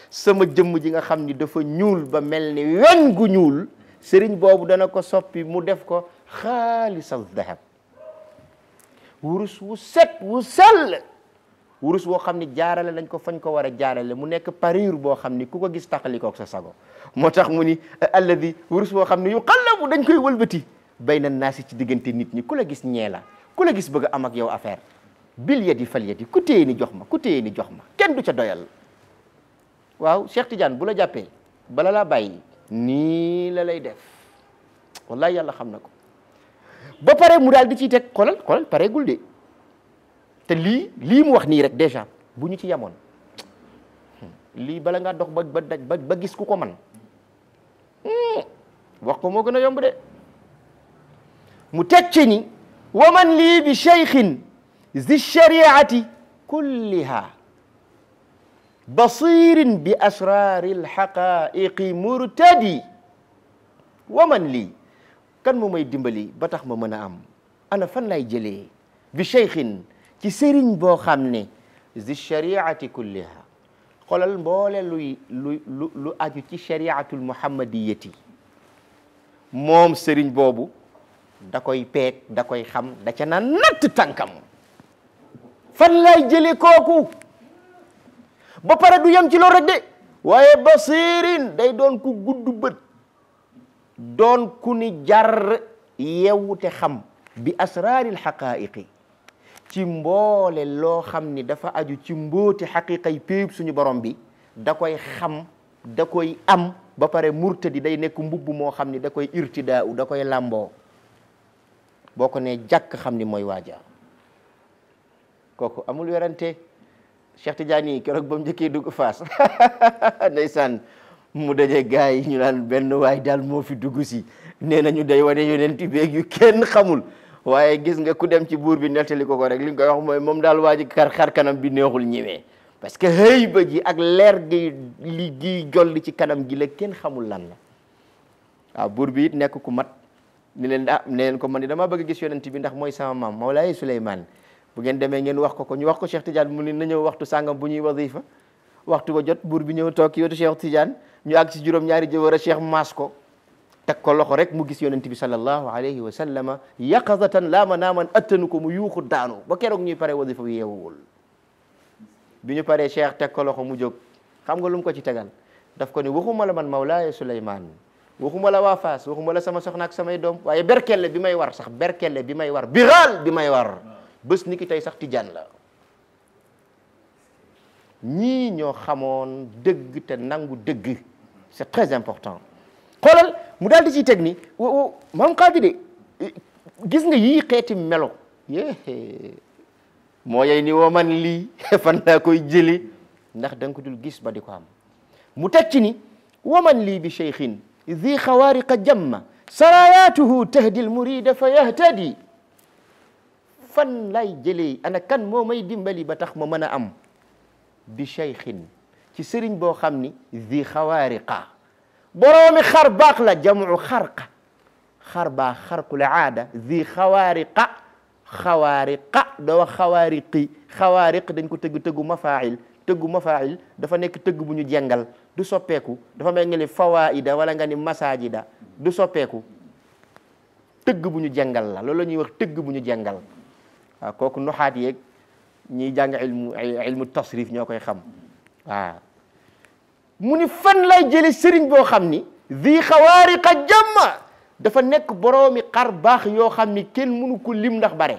سما جيم جيغا خامني دافا نيول با ملني وين نيول سيرين بوبو دانا كو سوبي مو خالص الذهب wurus wu set wu sell wurus woo xam ni jaarale lañ ko fañ ko war a jaarale mu nekk parure boo xam ni ku ko gis taqalikoog sa sago moo tax mu ni alladi wurus woo xam ni yu xallabu dañ koy wëlbati bayna naasi ci diggante nit ñi ku la gis ñee la ku la gis bëgg a am ak yow affaire bil yadi fal yadi ku téye ni jox ma ku téye ni jox ma kenn du ca doyal waaw Cheikh Tidiane bu la jàppee bala laa bàyyi nii la lay def wallahi yàlla xam na ko ba pare mu dal di ci tek teg xoolal paré gul de te li li mu wax ni rek déjà buñu ci yamone li bala nga dox ba ba ba gis ku ko man wax ko mo gëna yomb de mu teg ci ni waman li bi shaykhin zi shariati kulliha بصير بأسرار الحقائق مرتدي ومن لي kan moo may dimbali ba tax ma mën a am ana fan lay jëlee bi cheikhin ci sëriñ boo xam ne zi shariati kulliha xoolal mboole luy lu lu lu aju ci shariatul muhammadiyati moom sëriñ boobu da koy peeg da koy xam da ca na natt tànkam fan lay jëlee kooku ba pare du yam ci rek de waaye basirin day doon ku gudd bët doon ku ni jar yewwute xam bi asraaril xaqaa'iqi ci mboole loo xam ni dafa aju ci mbóoti xaqiqa yi péeb suñu borom bi da koy xam da koy am ba pare murtadi day nekk mbubb moo xam ni da koy irtidaa u da koy làmboo boo ko ne jàkk xam ni mooy waaja kooku amul werante Cheikh Tidiane keroog ba mu njëkkee dugg faas ndeysaan mu daje gars yi ñu naan benn waay daal moo fi dugg si nee nañu day wane yonent beeg yu kenn xamul waaye gis nga ku dem ci buur bi nettali ko ko rek li koy wax mooy moom daal waa ji kar xar kanam bi neexul ñëwee parce que xëy ba ak leer gi li gi jolli ci kanam gi la kenn xamul lan la waaw buur bi nekk ku mat ni leen ah ne leen ko man di damaa bëgg gis yonent bi ndax mooy sama maam Mawlaay Suleymaan bu ngeen demee ngeen wax ko ko ñu wax ko Cheikh Tidiane mu ne na ñëw waxtu sàngam bu ñuy wasifa waxtu ba jot buur bi ñëw toog ci wetu Cheikh ñu àgg si juróom ñaari jëwër a cheikh maas ko teg ko loxo rek mu gis yonent bi sallallahu alayhi wa sallama yaqazatan laa ma naaman attanu ko mu yuuxu daanu ba keroog ñuy pare wasifa bi yeewuwul bi ñu paree cheikh teg ko loxo mu jóg xam nga lu ko ci tegal daf ko ni waxuma la man mawlaaya Suleymaan waxuma la waa Faas waxuma la sama soxna samay doom waaye berkelle bi may war sax berkelle bi may war biral bi may war bés ni ki tey sax tijaan la ñii ñoo xamoon dëgg te nangu dëgg c'est très important xoolal mu daal di ci teg ni maam xaadiri gis nga yii xeeti melo yée moo yey ni woo lii fan naa koy jëli ndax da nga ko dul gis ba di ko am mu teg ci ni wa lii bi cheikhin zi xawaariqa jamma sarayaatuhu tahdi l murida fa yahtadi fan lay jëlee ana kan moo may dimbali ba tax ma mën a am bi cheikhin ci sëriñ boo xam ni zi xawaariqa boromi xar baax la jamu xarqa xar baax xarkul aada zi xawaariqa xawaariqa doo wax xawaariqi xawaariq ko tëgg tëggu mafail tegu mafail dafa nekk tëgg bu ñu jengal du soppeeku dafa mel fawaida wala nga ni masajida du Tegu tëgg bu ñu jengal la loolu la ñuy wax tëgg jengal ilmu ilmu tasrif ñoo xam waaw ah. mu ni fan lay jële sëriñ boo xam ni vi zi xawaariqa jàmma dafa nekk boroomi xar baax yoo xam ni kenn mënu ko lim ndax bare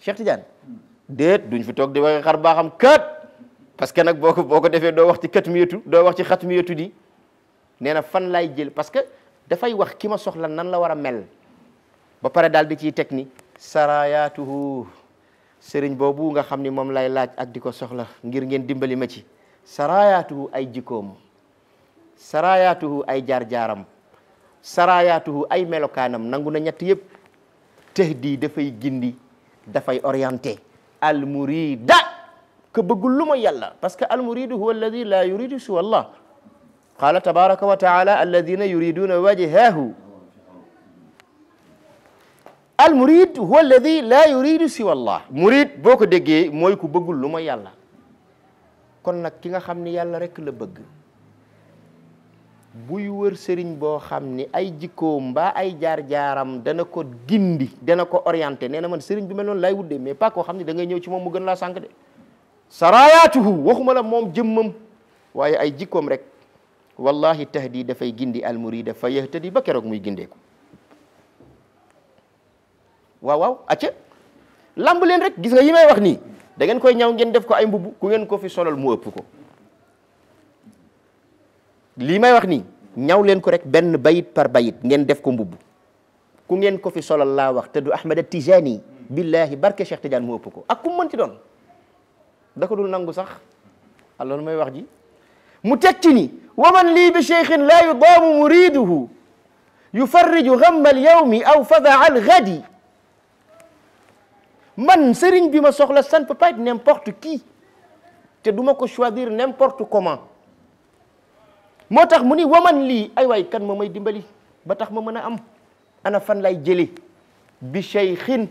Cheikh Tidiane déet duñ fi toog di waxe xar baaxam kat parce que nag boo ko boo ko defee doo wax ci kat miyatu doo wax ci xat miyatu di nee na fan lay jël parce que dafay wax ki ma soxla nan la war a mel ba pare daal di ciy teg ni sarayaatuhu sëriñ boobu nga xam ni moom lay laaj ak di ko soxla ngir ngeen dimbali ma ci saraayaatuhu ay jikkoom saraayaatuhu ay jaar-jaaram saraayaatuhu ay melokaanam nangu na ñett yëpp tahdi dafay gindi dafay orienté almurida ke bëggul lu ma yàlla parce que almuridu huwa alladi la yuridu siwa allah qala tabaraka wa taala yuriduna wajhahu al murid huwa alladi laa yuridu siwa allah boo ko déggee mooy ku bëggul lu ma yàlla kon nag ki nga xam ni yàlla rek la bëgg buy wër sëriñ boo xam ni ay jikkoom mbaa ay jaar-jaaram dana ko gindi dana ko orienté nee na man sëriñ bi mel noonu laay wuddee mais pas koo xam ni da ngay ñëw ci moom mu gën laa sànq de sarayaatuhu waxuma la moom jëmmam waaye ay jikkoom rek wallahi tahdi dafay gindi al murida fa yahtadi ba keroog muy gindeeku waaw waaw acca lamb leen rek gis nga yi may wax ni da koy ñaw ngeen def ko ay mbubb ku ngeen ko fi solal mu ëpp ko lii may wax ni ñaw leen ko rek benn bayit par bayit ngeen def ko mbubb ku ngeen ko fi solal laa wax te du Ahmada Tijani billahi barke Cheikh Tidiane mu ëpp ko ak ku mu mënti doon da ko dul nangu sax ah, loolu may wax ji mu ni ci ni waman lii bi cheikhin laa yudaamu muriduhu yufarriju gamma al yawmi aw fadaa al gadi man serigne bima soxla ça ne peut pas être n'importe qui te duma ko choisir n'importe comment motax muni waman li ay way kan ma dimbali ba tax ma meuna am ana fan lay jële bi cheikhin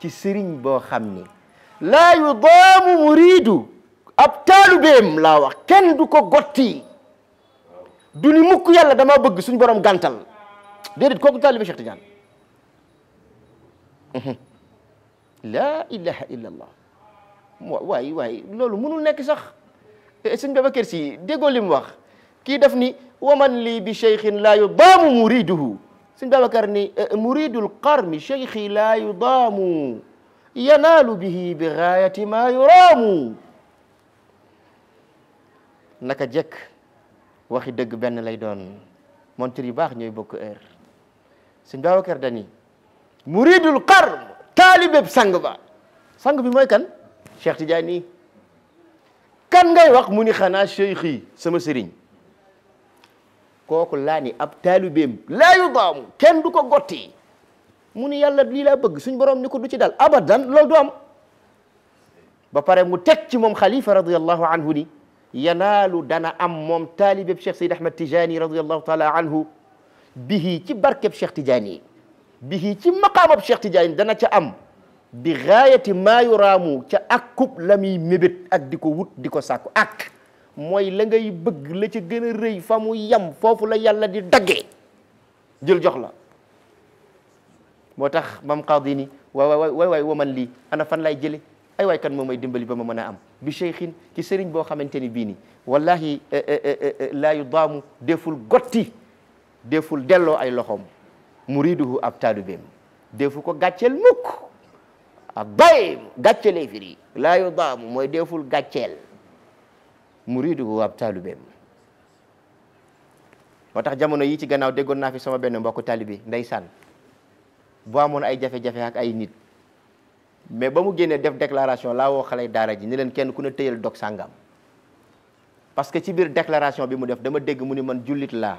ci serigne bo xam la laa yu ab taalubeem la wax ken du gotti du ni mukk yalla dama bëgg suñ borom gàntal déedéet talib Cheikh Tidiane mhm. laa ilaha illa allah waay waay loolu mënul nekk sax eh, eh, sëñ Babacar Si déggoo li mu wax kii daf ni waman lii bi cheikhin laa yudaamu muriduhu sëñ Babacar ni eh, muridul qarni cheikhi laa yudaamu yanaalu bihi bi gaayati maa yuraamu naka jekk waxi dëgg benn lay doon montre yu baax ñooy bokk heure sëñ Babacar dani muridul qarn talibé sang ba sang bi moy kan Cheikh Tidiane kan ngay wax muni ni cheikhi sama serigne kooku lani ab talibé la yudam ken duko goti muni yàlla li la bëgg suñ borom ni ko du ci dal abadan lol do am ba pare mu tek ci mom khalifa radiyallahu anhu ni yanaalu dana am moom taalibeeb Cheikh Seydi Ahmad Tijani radiallahu taala anhu bihi ci barkeb Cheikh Tidiane bihi ci maqaamab Cheikh Tidiane dana ca am bi gaayati maa yuraamu ca ak la muy mébét ak di ko wut di ko sàkku ak mooy la ngay bëgg la ca gën a rëy fa mu yam foofu la yàlla di daggee jël jox la moo tax mam qaadi ni waay waay waay waay waman ana fan lay jële ay waay kan moom may dimbali ba ma mën a am bi cheikhin ci sëriñ boo xamante ni bii ni wallahi eh, eh, eh, laa yu deful gotti deful delloo ay loxoom muriduhu ab bem defu ko gatchel mukk a baye efiri, e la yudam moy deful gatchel muriduhu ab bem moo jamono yi ci gannaaw degon na fi sama ben mbokku talibi ndaysan bo amone ay jafé jafé ak ay nit mais bamou guéné def déclaration la wo xalé dara ji ni len kenn ku ne tëyal dog parce que ci bir déclaration bi mu def dama dégg mu ni man julit la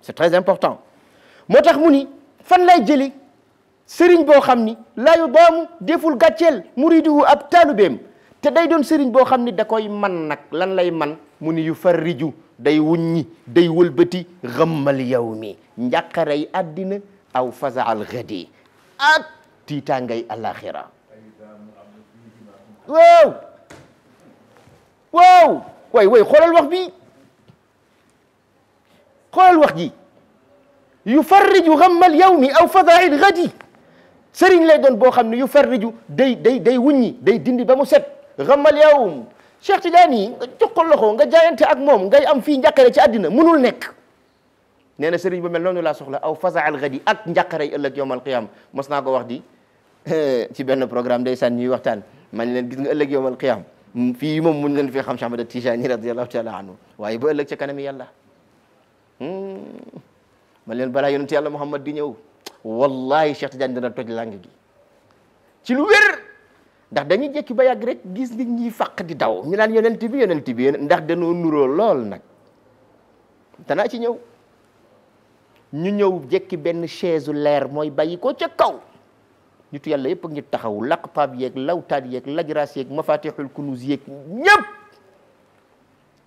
c'est très important moo tax mu ni fan lay jëli sëriñ boo xam ni laayu doomu deful gàcceel muriduhu ab taalubeem te day doon sëriñ boo xam ni da koy man nag lan lay man mu ni yu farriju day wuññi day wëlbati xammal yow mi njàqarey àddina aw fazaal gadi ak tiitaangay alaxira waaw waaw way way xoolal wax xoolal wax ji yufarriju xammal yawmi aw fadail gadi sëriñ lay doon boo xam ne yufarriju day day day wuññi day dindi ba mu set xammal yawm Cheikh Tidiane yi nga jox ko loxo nga jaayante ak moom ngay am fii njàqare ci àddina mënul nekk nee na bu mel noonu laa soxla aw fazaal gadi ak njàqare yi ëllëg yowmal qiyam mos naa ko wax di ci benn programme ndeysaan ñuy waxtaan man leen gis nga ëllëg yowmal qiyam fii moom muñ leen fi xam Cheikh Tijani radiyallahu taala anhu waaye ba ëllëg ca kanam yàlla Hmm. man leen balaa yonent yàlla Muhammad di ñëw wallahi Cheikh Tidiane dana toj langue gi ci lu wér ndax dañuy jekki ba yàgg rek gis nit ñi fàq di daw ñu naan yonent bi yonent bi ndax danoo nuroo lool nag danaa ci ñëw ñu ñëw jekki benn chaise leer mooy bàyyi ko ca kaw ñu tu yàlla yëpp ak ñu taxaw laqpaab yeeg lawtaat yeeg lajraas yeeg mafatixul kunuz yeeg ñëpp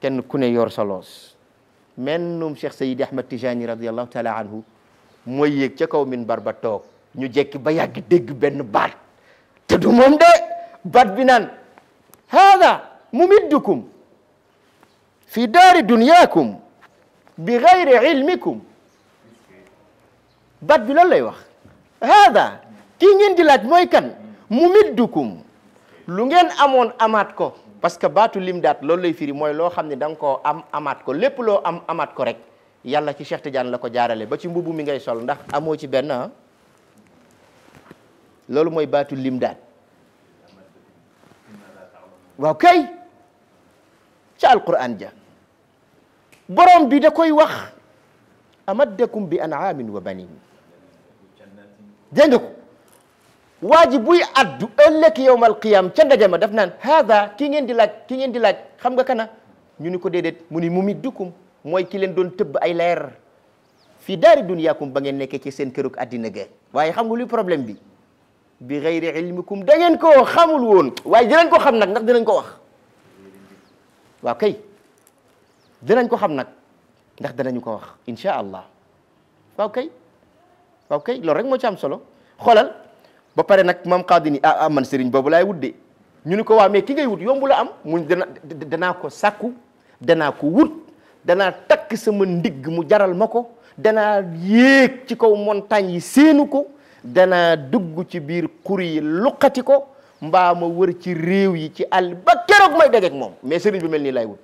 kenn ku ne yor sa loos منهم شيخ سيد احمد تجاني رضي الله تعالى عنه موي يك تي كاو من بربا توك ني جيكي با ياغ ديغ بن بات تدو موم دي بات بي نان هذا ممدكم في دار دنياكم بغير علمكم بات بي لولاي واخ هذا كي نين دي لات موي كان ممدكم لو نين امون امات كو parce que baatu daat loolu lay firi mooy loo xam ne da nga koo am amaat ko lépp loo am amaat ko rek yàlla ci Cheikh Tidiane la ko jaarale ba ci mbubu mi ngay sol ndax amoo ci benn ah loolu mooy baatu limdaat waaw kay ca alquran ja borom bi da koy wax amaddakum bi anaamin wa banin dégg nga ko Wajib buy addu ëlëk yowmal qiyam ca ndaje ma def naan haada ki ngeen di laaj ki ngeen di laaj xam nga kana ñu ni ko déedéet mu ni dukum. mooy ki leen doon tëbb ay leer fi daari duniyaakum ba ngeen nekkee ci seen kërug addina ga waaye xam nga luy problème bi bi gayri ilmikum da ngeen ko xamul woon waaye dinañ ko xam nag ndax dinañ ko wax waaw kay dinañ ko xam nag ndax danañu ko wax insha allah waaw kay waaw kay loolu rek moo ci am solo xoolal ba pare nag maam xaadi ni ah, ah man sëriñ boobu laay wut de ñu ni ko waa mais ki ngay wut yombu am mu dana danaa ko sàkku danaa ko wut danaa takk sama ndigg mu jaral ma ko danaa yéeg ci kaw montagne yi séenu ko danaa dugg ci biir xur yi luqati ko mbaa ma wër ci réew yi ci àll ba keroog may dajeek moom mais sëriñ bi mel ni laay wut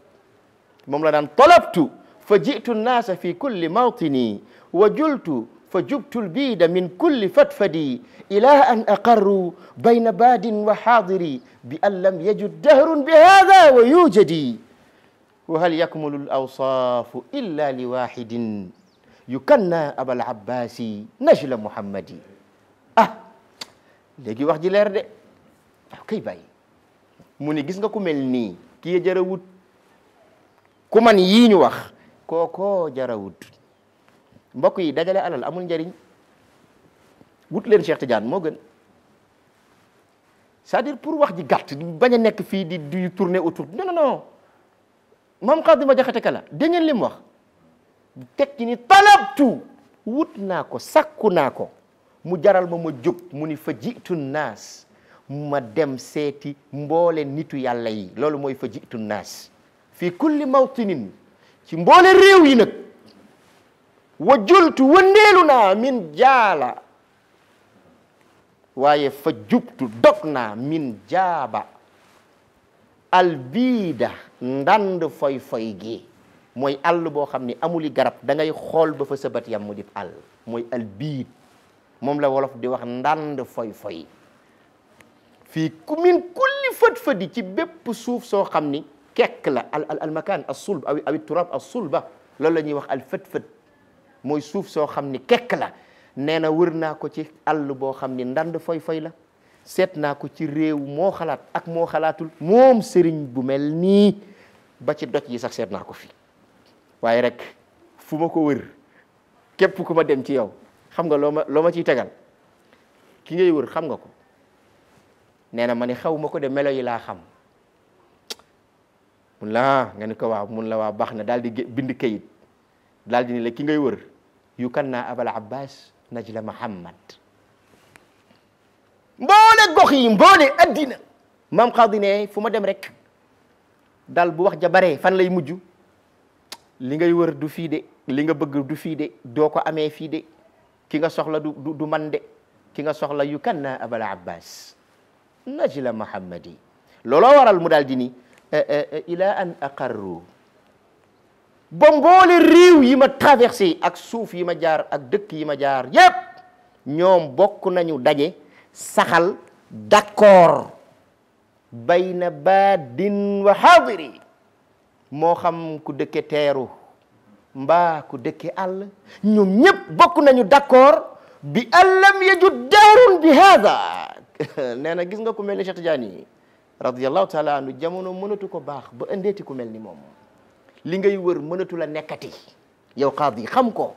moom la daan talabtu fa jitu naasa fi kulli mawtini wa jultu فجبت البيد من كل فتفدي إلى أن أقر بين باد وحاضري بأن لم يجد دهر بهذا ويوجدي وهل يكمل الأوصاف إلا لواحد يكنى أبا العباس نجل محمدي ah léegi wax ji leer de waaw kay bàyyi mu ni gis nga ku mel nii kii jarawut ku man yii ñu wax kookoo jarawut mbokk yi dajale alal amul njariñ wut leen Cheikh Tidiane moo gën c'est-à-dire pour wax ji gàtt bañ a nekk fii di di tourner autour non non non maam Xaadima Jaxate Kala dégg ngeen li mu teg ci ni talabtu wut naa ko sakku naa ko mu jaral ma ma jóg mu ni fa jiitu naas ma dem seeti mboole nitu yàlla yi loolu mooy fa jiitu naas fii kulli mawtinin ci mboole réew yi nag. وجلت ونيلنا من جالا وي فجبت دفنا من جابا البيدا نداند فاي فاي جي موي ال بو خامني امولي غراب داغي خول با فسبت يام موديب ال موي البيد موم لا ولوف دي واخ نداند فاي فاي في كومين كل فت فدي تي بيب سوف سو خامني كيك لا المكان الصلب او التراب الصلبه لول لا ني واخ الفتفت mooy suuf soo xam ni kekk la nee na wër naa ko ci àll boo xam ni ndand foy-foy la seet naa ko ci réew moo xalaat ak moo xalaatul moom sëriñ bu mel nii ba ci doj yi sax seet naa ko fi waaye rek fu ma ko wër képp ku ma dem ci yow xam nga loo ma ciy tegal ki ngay wër xam nga ko nee na ma ni xaw ma ko de melo yi laa xam mun la nga ni ko waaw mun la waaw baax na daal di bind kayit dal dina ni la ki ngay wër yu abal abbas najla muhammad mbolé gox yi mbolé mam mam xaadi fuma dem rek dal bu wax ja bare fan lay muju li ngay wër du fi de li nga bëgg du fi de do ko amé fi de ki nga soxla du du man de ki nga soxla yu abal abbas najla muhammadi Lolo waral mu dal dini eh, eh, eh, ila an aqarru ba mboole réew yi ma traversé ak suuf yi ma jaar ak dëkk yi ma jaar yépp ñoom bokk nañu daje saxal d'accord bayna baadin wa xaadiri moo xam ku dëkke teeru mbaa ku dëkke àll ñoom ñépp bokk nañu d'accord bi allam yajud daarun bi haada nee na gis nga ku mel ni Cheikh Tidiane radiyallahu taala anhu jamono mënatu ko baax ba indeeti ku mel ni moom li ngay wër mënatu la nekkati yow xaadi xam ko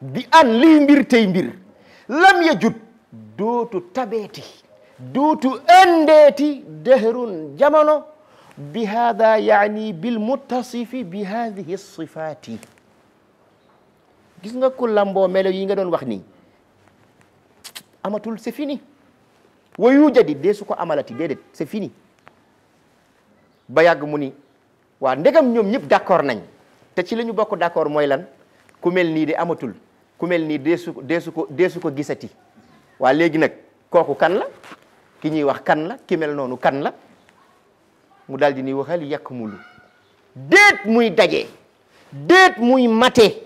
bi an liy mbir tey mbir lam ya jut dootu tabeeti dootu ëndeeti dehrun jamono bi hada yaani bil muttasifi bi hadihi sifaati gis nga ku lamboo melo yi nga doon wax nii amatul c'est fini wa yujadi dee su ko amalati déedéet c'est fini ba yàgg mu ni waa ndegam ñoom ñëpp d'accord nañ te ci lañu ñu bokk d'accord mooy lan ku mel nii de amatul ku mel nii deesu deesu ko deesu ko gisati waa léegi nag kooku kan la ki ñuy wax kan la ki mel noonu kan la mu daldi di ni waxal yàq mulu déet muy daje déet muy mate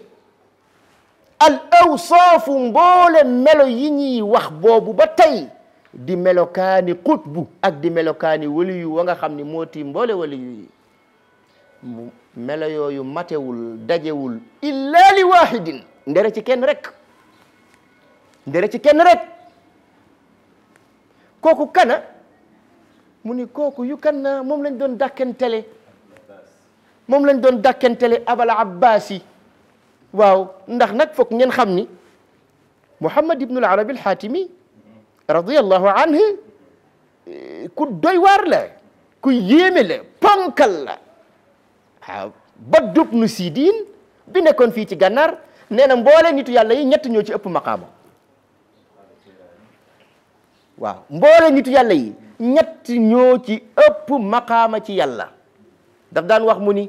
al soofu mboole melo yi ñuy wax boobu ba tey di melokaani xutbu ak di melokaani wali yu wa nga xam ni moo ti mboole wali yu melo yooyu matewul dajewul illa li wahidin ndere ci kenn rek ndere ci kenn rek kooku kana mu ni kooku yu kan moom lañ doon dàkkentele moom lañ doon dàkkentele abal abbas yi waaw ndax nag foog ngeen xam ni muhammad ibnul arabi al xaatimi radiyallahu anhu ku doy waar la ku yéeme la ponkal la waaw Badub nu Sidiin nekkoon fii ci gànnaar nee na mboolee nitu yàlla yi ñett ñoo ci ëpp maqaama waaw mboolee nitu yàlla yi ñett ñoo ci ëpp maqaama ci yàlla daf daan wax mu ni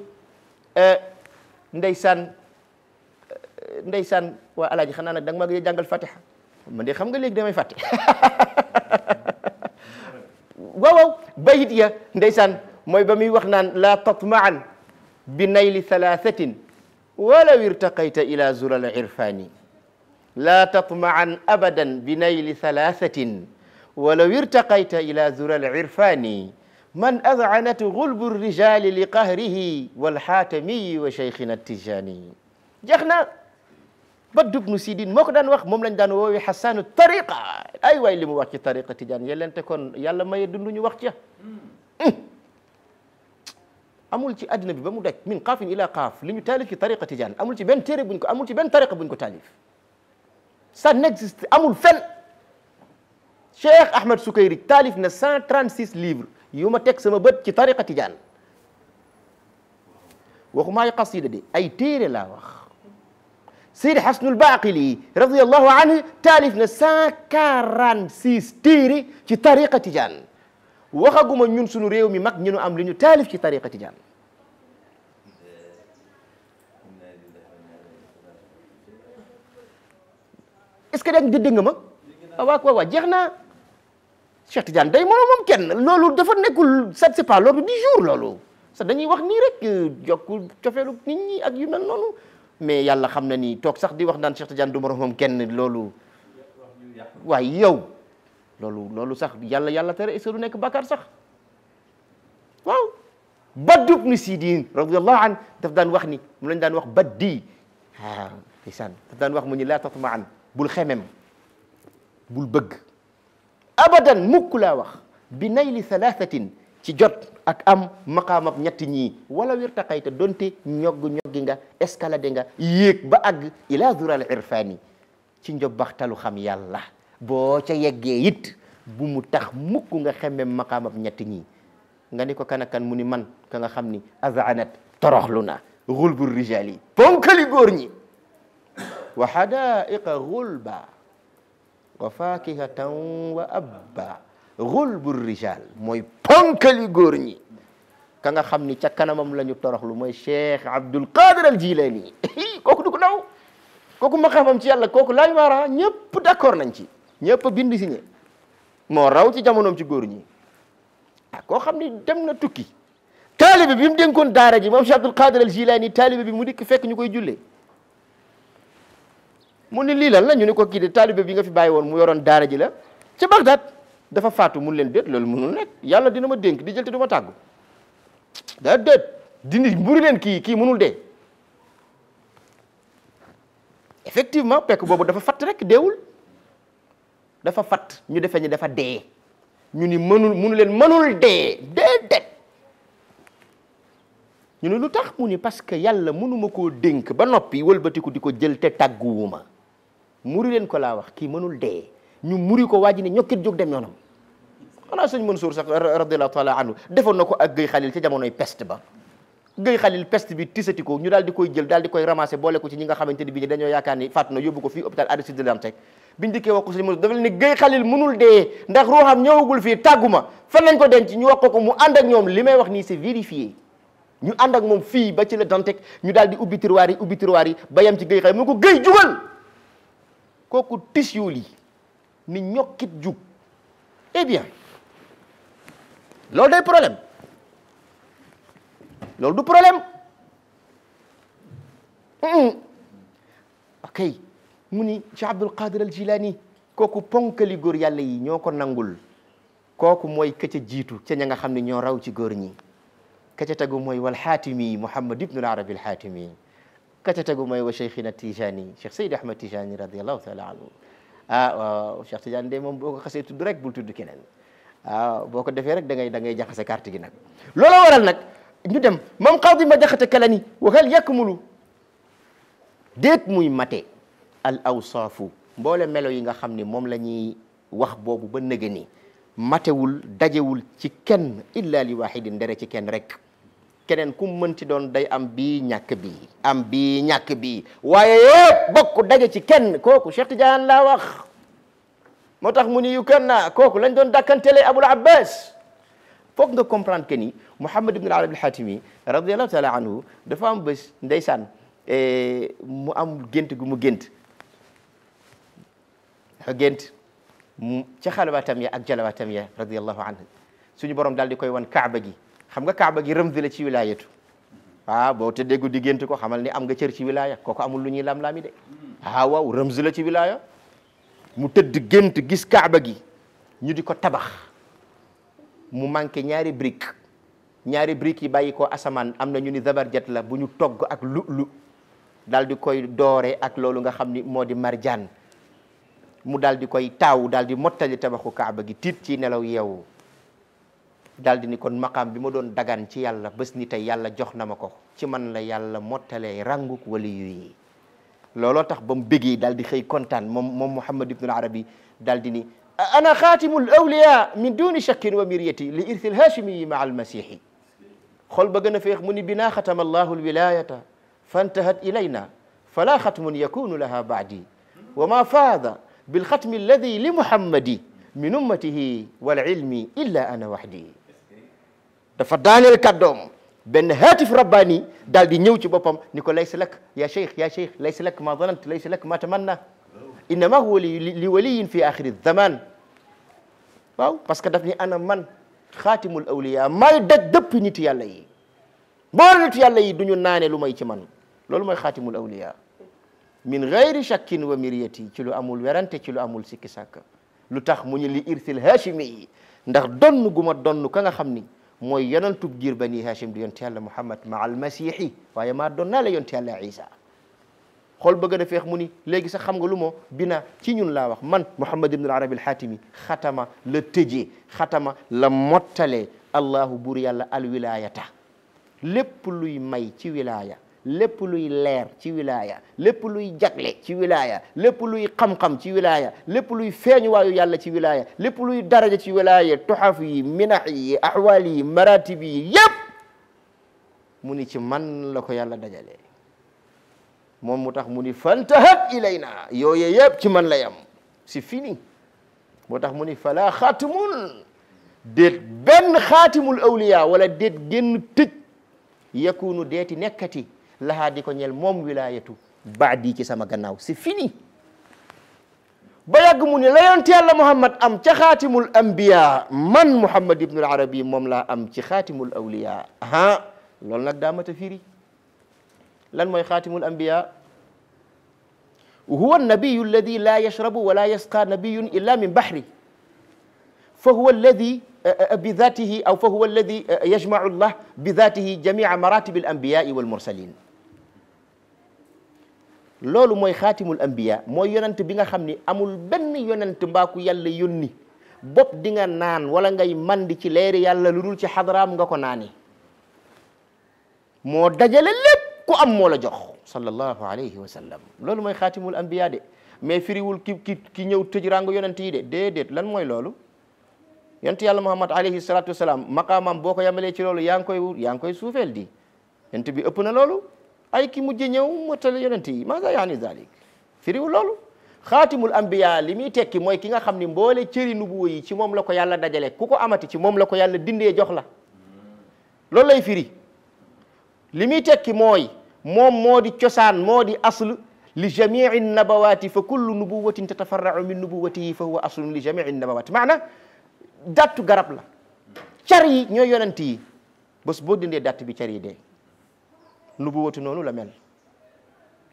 eh, ndeysaan eh, ndeysaan waa alaaji xanaa nag da nga ma gën a jàngal fatiha man de xam nga léegi damay fàtte waaw waaw bayit ya ndeysaan mooy ba muy wax naan la tatmaan bi nayli thalathatin walaw irtaqayta ila zulal irfani laa tatmaan abadan bi nayli thalathatin ولو ارتقيت إلى ذرى العرفان من أذعنت غلب الرجال لقهره والحاتمي وشيخنا التجاني جخنا بدو بن سيدين مكدان وخ مملن دان ووي حسان الطريقة أي واي اللي مواكي طريقة تجان يلن تكون يلا ما يدن لني وقت يا أمول تي أدنى بمودك من قاف إلى قاف لن يتالي في طريقة تجان أمول تي بين تيري بنكو أمول تي بين طريقة بنكو تاليف سا نكزيست أمول فن شيخ أحمد سكيري تاليف نا 136 ليفر يوم تك سما بد كي طريقة تجان وخماي قصيدة دي أي تيري لا وخ سيدي حسن الباقلي رضي الله عنه تالف نسا كاران سيستيري في طريقة جان وخاقو من ينسو نريو مي مك نينو أم لينو تالف في طريقة جان اسكي دي دي نغمك واك واك جيخنا شيخ تجان داي مولو ممكن لولو دفا نيكول سات سي با لورد دي جور لولو سا داني واخ جوكو تشوفلو نيت ني اك mais yàlla xamna ni tok sax di wax nan Cheikh Tidiane du morom kenn lolu way yow lolu lolu sax yàlla yàlla tere est-ce que du nekk bàkkaar sax waaw Baddu ibnu Sidin radiyallahu an daf dan wax ni mu lañ dan wax baddi ha fisan daf dan wax mu ni la tatmaan bul khamem bul beug abadan mukula wax bi nayli thalathatin ci jot ak am maqaamab ñetti ñi wala wir taqayta donte ñog ñoggi nga escalade nga yek ba ag ila zural irfani ci baxtalu xam yalla bo ca yegge yit bu mu tax mukk nga xemme maqaamab ñetti ñi nga ni ko kan kan mu ni man ka nga xamni azanat toroxlu na rijali ponkali góor ñi wa hadaiqa xulba wa fakihatan wa abba xulbu rijal mooy ponkali góor ñi ka nga xam ni ca kanamam la ñu toroxlu mooy cheikh abdul qadir al jilani kooku du ko daw kooku maqaamam ci yàlla kooku laay maara ñëpp d'accord nañ ci ñëpp bind si ñe moo raw ci jamonoom ci góor ñi ah koo xam ni dem na tukki taalibe bi mu dénkoon daara ji moom cheikh abdul qadir al jilani taalibe bi mu dikk fekk ñu koy jullee mu ni lii lan la ñu ni ko kii de taalibe bi nga fi bàyyi woon mu yoroon daara ji la ca Bagdad dafa faatu mun leen déet loolu mënul nekk yàlla dina ma dénk di jël te tàggu daa déet dindi mburi leen kii kii mënul de effectivement pekk boobu dafa fatt rek deewul dafa fatt ñu defe ñu dafa dee ñu ni mënul mënu leen mënul dee déedéet ñu ne lu tax mu ni parce que yàlla mënuma koo dénk ba noppi wëlbatiku di ko jël te tàgguwuma muri leen ko laa wax kii mënul dee ñu muri ko waa ji ne ñokkit jóg dem yoonam xanaa sëñ Mansour sax radiallahu taala anhu defoon na ko ak Guèye Khalil ci jamonoy pest ba Guèye Khalil pest bi tisati ko ñu daal di koy jël daal di koy ramasser boole ko ci ñi nga xamante ni bii dañoo yaakaar ni faatu na yóbbu ko fii hôpital Aristide Le Dantec biñ dikkee wax ko sëñ Mansour dafa ne Guèye Khalil mënul dee fii tàgguma fan lañ ko denc ñu wax ko mu ànd ak ñoom li may wax nii c'est vérifié ñu ànd ak moom fii ba ci Le Dantec ñu daal di ubbi tiroir yi ubbi tiroir yi ba yam ci Guèye Khalil mu ko Guèye jugal kooku tissu lii ni ñokkit jug eh bien loolu day problème loolu du problème ok mu ni ci Abdul Qadir al Jilani kooku ponkali góor yàlla yi ñoo ko nangul kooku mooy ka ca jiitu ca ña nga xam ne ñoo raw ci góor ñi ka ca tegu mooy wal xaatimi Muhammad ibnul Arabi al xaatimi ka ca tegu mooy wa cheikhina Tijani Cheikh Seydi Ahmad Tijani radiallahu taala anhu ah waaw Cheikh Tidiane de moom boo ko xasee tudd rek bul tudd keneen ah boo ko defee rek da ngay da ngay jaxase carte gi nag looloo waral nag ñu dem moom xawdi ma jaxate kalani waxal yakmulu déet muy mate al awsaafu mboole melo yi nga xam ni moom la ñuy wax boobu ba nëgë ni matewul dajewul ci kenn illa li waahidin ndere ci kenn rek keneen ku mënti doon day am bi ñàkk bi am bi ñàkk bi waaye yëpp bokk daje ci kenn kooku Cheikh Tidiane laa wax moo tax mu ni yu naa kooku lañ doon dàkkantele Abul Abbas foog nga comprendre que ni Mouhamad ibn al-Arabi al-Hatimi radiyallahu taala anhu dafa am bés ndeysaan e, mu am gént gu mu gént dafa gént ca xalawaatam ya ak jalawaatam ya radiyallahu anhu suñu borom daal di koy wan kaaba gi xam nga kaaba gi rëmzi la ci wilaayatu ah boo tëddee guddi gént ko xamal ni am nga cër ci wilaya kooku amul lu ñuy lam-laami de ah waaw rëmzi ci wilaya mu tëdd gént gis kaaba gi ñu di ko tabax mu manqué ñaari brique ñaari brique yi bàyyi ko asamaan am na ñu ni zabarjat la bu ñu togg ak lu lu daal di koy doore ak loolu nga xam ni moo di marjaan mu daal di koy taaw daal di mottali tabaxu kaaba gi tiit ci nelaw yeewu dal dini kon maqam bima doon dagan ci yalla bes nitay yalla jox namako ci man la yalla motale ranguk wali yi lolo tax bam beggi dal xey contane mom mom muhammad ibn arabi dal dini انا خاتم الاولياء من دون شك ومريتي لارث الهاشمي مع المسيح خول بغنا فيخ مني بنا ختم الله الولايه فانتهت الينا فلا ختم يكون لها بعدي وما فاض بالختم الذي لمحمد من امته والعلم الا انا وحدي dafa daaneel kàddoom benn haatif rabbaani daal di ñëw ci boppam ni ko laysa lak ya cheikh ya cheikh laysa lak ma zanant laysa lak ma tamanna innama huwa li waliyin fi axiri zaman waaw parce que daf ni ana man xaatimul awliya maay daj dëpp nit yàlla yi boole nit yàlla yi duñu naane lu may ci man loolu mooy xaatimul awliya min gayri shakkin wa miriyati ci lu amul werante ci lu amul sikki sàkk lu tax mu ñu li irsil hashimi yi ndax donn mooy yonentub giir bani hachim di yonte yàlla muhammad ma almasihi waaye maa doon naa la yonte yàlla isa xool bëgg na feex mu ni léegi sax xam nga lu moo bina ci ñun laa wax man muhammad ibn al arabi al xaatimi xatama la tëjee xatama la mottalee allahu buur yàlla al wilayata lépp luy may ci wilaya lépp luy leer ci wilaaya lépp luy jagle ci wilaaya lépp luy xam-xam ci wilaaya lépp luy feeñuwaayu yàlla ci wilaaya lépp luy daraja ci wilaaya tuxaf yi minax yi axwaal yi maratib yi yépp mu ni ci man la ko yàlla dajale moom mu mu ni fantahat ilayna yooye yépp ci man la yam si fini moo tax mu ni fala xaatimun déet benn xaatimul awliya wala déet génn tëj yakunu deeti nekati lahaa di ko ñeel moom wilaayatu baadi ci sama gannaaw c'est fini ba yàgg mu ne la yonent yàlla Muhammad am ca xaatimul anbiya man Muhammad ibnul arabi moom laa am ci xaatimul awliya ah loolu nag daa mat a firi lan mooy xaatimul anbiya huwa nabiyu alladi laa yashrabu wala yasqa nabiyun illa min bahri fa huwa alladi eh, eh, bidatihi aw fa huwa alladi eh, yajmacu llah bidatihi jamia maratibi al anbiyai wal mursalin Lalu moy khatimul anbiya moy yonent bi nga xamni amul beni yonent tumbaku yalla yonni bop di nga nan wala ngay mandi ci leer yalla lulul ci hadram nga ko nani mo dajale lepp ku am mo la jox sallallahu alayhi wa sallam loolu moy khatimul anbiya de mais firiwul ki ki ki ñëw tëj yonent yi de dedet lan moy lalu. yonent yalla muhammad alayhi salatu wassalam maqamam boko yamale lalu ci loolu yang koy yang koy soufel di yonent bi epp na ay ki mujj ñëw mottali yonent yi maa ngi yaani zalik firiwul loolu xaatimul ambiya li muy tekki mooy ki nga xam ni mboole cëri nubuwa yi ci moom la ko yàlla dajale ku ko amati ci moom la ko yàlla dindee jox la loolu lay firi li muy tekki mooy moom moo di cosaan moo di asl li jamii nabawaati fa kullu nubuwatin tatafarrau min nubuwatihi fa huwa aslun li jamii nabawaati maana dattu garab la car yi ñooy yonent yi bés boo dindee datt bi car yi dee nubuwatu noonu la mel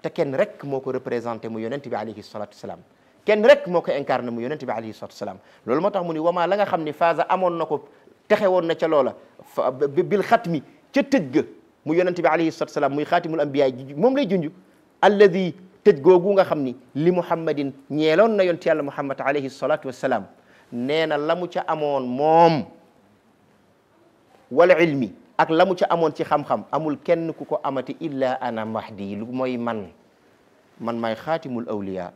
te kenn rek moo ko représenté mu yonent bi alayhi salatu salaam kenn rek moo ko incarné mu yonent bi alayhi salatu salaam loolu moo tax mu ni wamaa la nga xam ni phase amoon na ko texe woon na ca loola bil xatmi ca tëj ga mu yonent bi alayhi salatu salaam muy xaatimul ambiyaay ji moom lay junj alladi tëj googu nga xam ni li muhammadin ñeeloon na yonent yàlla muhammad alayhi salatu wasalaam nee na la mu ca amoon moom wal ilmi ak lamu ci amone ci xam-xam amul kenn kuko amati illa ana mahdi lu moy man man may khatimul awliya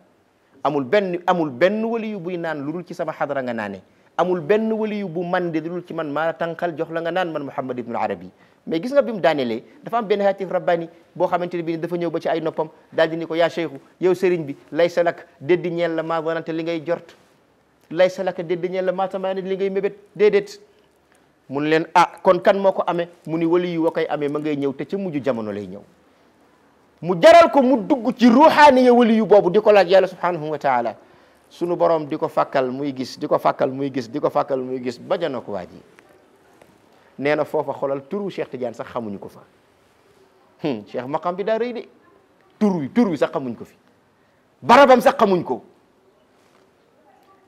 amul ben amul ben waliyu buy nan lu ci sama hadra nga nané amul ben waliyu bu man de lu ci man ma tànkal jox la nga nan man Muhammad ibn Arabi mais gis nga bi danelé dafa am ben hatif rabbani bo xamanteni bi dafa ñëw ba ci ay nopam dal di niko ya sheikhu yow serigne bi laysa lak déddi ñel la maa li ngay jort laysa lak déddi ñel la maa li ngay mébét dedet mun leen ah kon kan moo ko amee mu ni wali yu wa koy amee ma ngay ñëw te ca mujj jamono lay ñëw mu jaral ko mu dugg ci ruuxaaniya wali yu boobu di ko laaj yàlla subhanahu wa taala sunu borom di ko fàkkal muy gis di ko fàkkal muy gis di ko fàkkal muy gis baja na ko waa ji nee na foofa xoolal turu Cheikh Tidiane sax xamuñu ko fa hmm, Cheikh maqam bi daa de tur wi tur wi sax xamuñ ko fi barabam sax xamuñ ko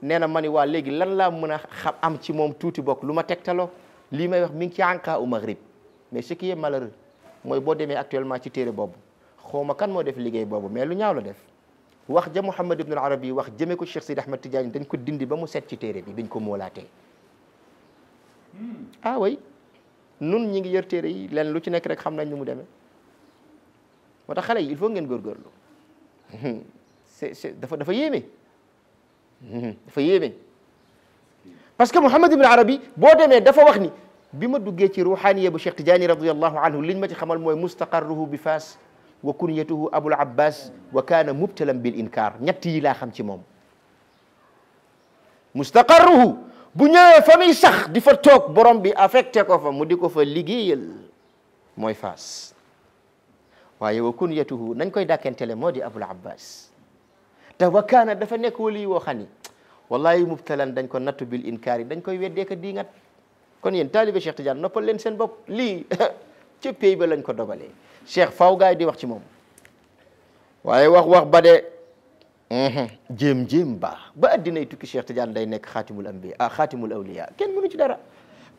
nee na ma ni waa léegi lan laa mën a xam am ci moom tuuti bokk lu ma tegtaloo li may wax mi ngi ci anka au Maghrib mais ce qui est malheureux moy bo démé actuellement ci téré bobu xoma kan mo def liggéey bobu mais lu ñaaw la def wax ja mohammed ibn Arabi wax jëmé ko Cheikh Sidi ahmed Tidiane dañ ko dindi ba mu set ci téré bi biñ ko molaté ah way nun ñi ngi yër téré yi len lu ci nek rek xam nañ nu mu démé moo xale yi il faut ngeen góorgóorlu c'est c'est dafa dafa yéeme dafa yéeme parce que mohammed ibn Arabi boo demee dafa wax ni بما دوجي تي روحانيه بو شيخ تجاني رضي الله عنه لين ما تي خمال موي مستقره بفاس وكنيته ابو العباس وكان مبتلا بالانكار نياتي لا خم موم مستقره بو نيو فامي سخ دي فا توك بروم بي افكتي كو فا مو ديكو فا ليغيل موي فاس waye wa kunyatuhu nagn koy dakentele modi abul abbas ta wa kana dafa nek wali wo xani wallahi mubtalan dagn ko natu bil kon yéen talibé Cheikh Tidiane noppal len sen bop li ci pey ba lañ ko dobalé Cheikh faw gaay di wax ci mom waye wax wax ba de jëm jëm ba ba adina addinay tukki Cheikh Tidiane day nek khatimul anbi a khatimul awliya ken mënu ci dara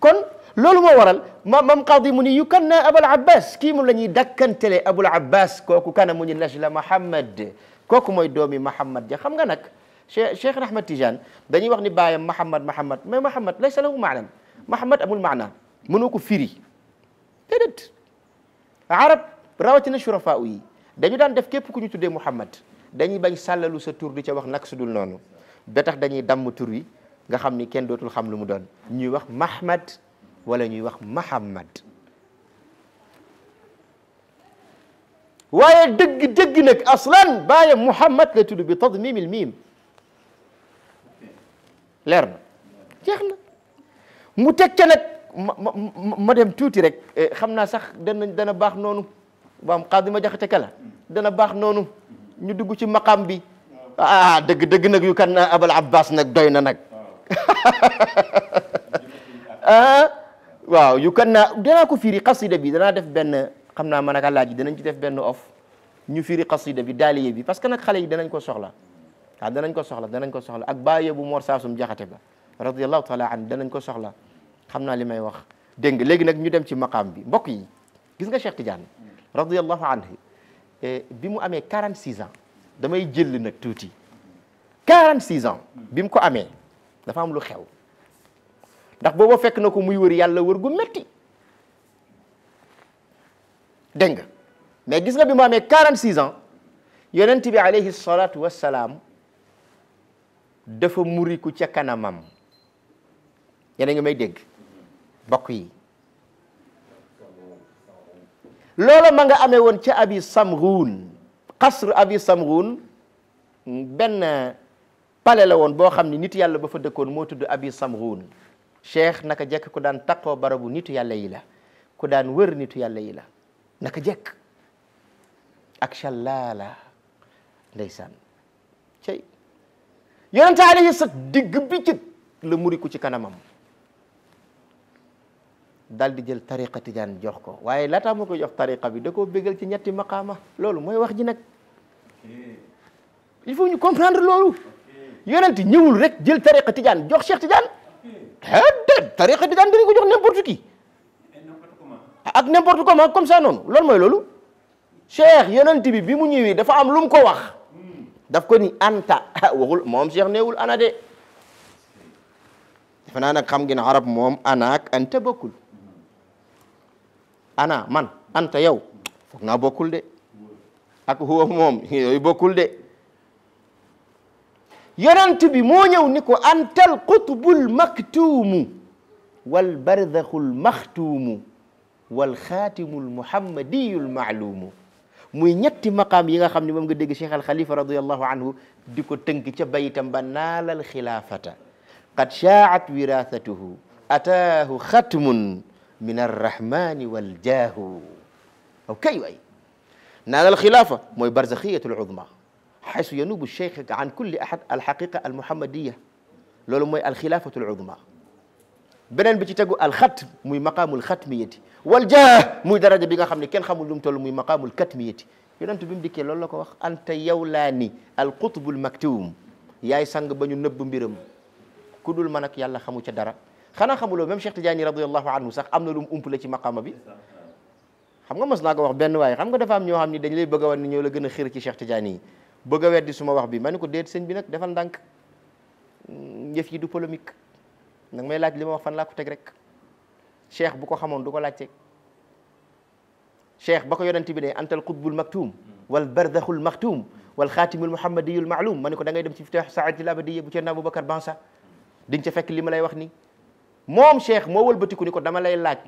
kon lolou mo waral mam qadi muni yukanna abul abbas ki mom lañuy dakantele abul abbas koku kana muni najla muhammad koku moy domi muhammad ja xam nga nak Cheikh Cheikh Ahmad Tidiane dañuy wax ni baayam Mahamad Mahamad mais Mahamad laysa lahu maanan Muhammad amul maana mënoo ko firi déedéet arab rawatina surafaa yi dañu daan def képp ku ñu tuddee Muhammad dañuy bañ sàllalu sa tur di ca wax nag su dul noonu ba tax dañuy damm tur yi nga xam ni kenn dootul xam lu mu doon ñuy wax Mahmad wala ñuy wax Mahammad waaye dëgg dëgg nag aslan baaye Muhammad la tudd bi tadmimil miim leer na jeex na mu teg ca nag ma dem tuuti rek xam naa sax dana dana baax noonu waam xaadi ma jaxate kala dana baax noonu ñu dugg ci maqaam bi ah dëgg dëgg nag yu kan na abal abbas nag doy na nag ah waaw yu kan naa danaa ko firi xasida bi danaa def benn xam naa man ak laaj yi danañ ci def benn off ñu firi xasida bi daaliye bi parce que nag xale yi danañ ko soxla waaw danañ ko soxla danañ ko soxla ak bàyyee bu Mor Saasum jaxate ba radiyallahu taala an danañ ko soxla xam naa li may wax dégg nga léegi nag ñu dem ci maqaam bi mbokk yi gis nga Cheikh Tidiane radiyallahu anhu eh, bi mu amee 46 ans damay jël nag tuuti 46 ans bi mu ko amee dafa am lu xew ndax boobu fekk na ko muy wër yàlla wër gu metti dégg nga mais gis nga bi mu amee 46 ans yonent bi alayhi salaatu wassalaam dafa muriku ca kanamam yéen a ngi may dégg bokk yi loola ma nga amee woon ca abi samruun xasr abi benn pale la woon boo xam ne nitu yàlla ba fa dëkkoon moo tudd abi samruun cheikh naka jekk ku daan taqoo barabu nitu yàlla yi la ku daan wër nitu yàlla yi la naka jekk ak shallaala ndeysaan cey yonente alayhi sa digg bi jët la muri ku ci kanamam daal di jël tariqa tijaan jox ko waaye laataa mu ko jox tariqa bi da koo bégal ci ñetti maqaama loolu mooy wax ji nag il faut ñu comprendre loolu yonent ñëwul rek jël tariqa tijaan jox Cheikh Tijaan déedéet tariqa tijaan dinañ ko jox n'importe qui ak n'importe comment comme ça noonu loolu mooy loolu Cheikh yonent bi bi mu ñëwee dafa am lu mu ko wax hmm. daf ko ni anta moom Cheikh neewul ana de defe naa nag kam gina arab moom ana ak anta bokkul انا من انت يو فكنا بوكول دي اك هو موم يي بوكول دي يرنت بي مو نيو نيكو انت القطب المكتوم والبرزخ المختوم والخاتم المحمدي المعلوم موي نيتي مقام ييغا خامني مام ديغ شيخ الخليفه رضي الله عنه ديكو تنك تي بايتام بنال الخلافه قد شاعت وراثته اتاه ختم من الرحمن والجاه أوكي وأي نال الخلافة موي برزخية العظمى حيث ينوب الشيخ عن كل أحد الحقيقة المحمدية لولو موي الخلافة العظمى بنان بيتي تقو الختم موي مقام الختم يدي والجاه موي درجة بيغا خمني كين خمو لوم تولو موي مقام الكتم يدي يونان تبين ديكي لولو كوخ أنت يولاني القطب المكتوم ياي سانغ بنيو نب مبيرم كدول منك يالا خمو تدرى xanaa xamuloo même Cheikh Tidiane radiyallahu anhu sax am na lu mu umpale ci maqama bi xam nga mos naa ko wax benn waaye xam nga dafa am ñoo xam dañ lay bëgg a wan la gën xir ci Cheikh Tidiane bëgg weddi suma wax bi ma déet sëñ bi nag defal ndànk yëf yi du polémique nag may laaj li ma wax fan laa ko teg rek cheikh bu ko xamoon du ko laajte cheikh ba ko yonent bi ne antal qutbul maktum wal bardaxul maktum wal xaatimul muhammadiyul maalum ma ne ko da ngay dem ci fitaax saadil abadiyya bu Cerno Abubakar Bansa di nga ca fekk li lay wax nii moom cheikh moo wëlbatiku ni ko dama lay laaj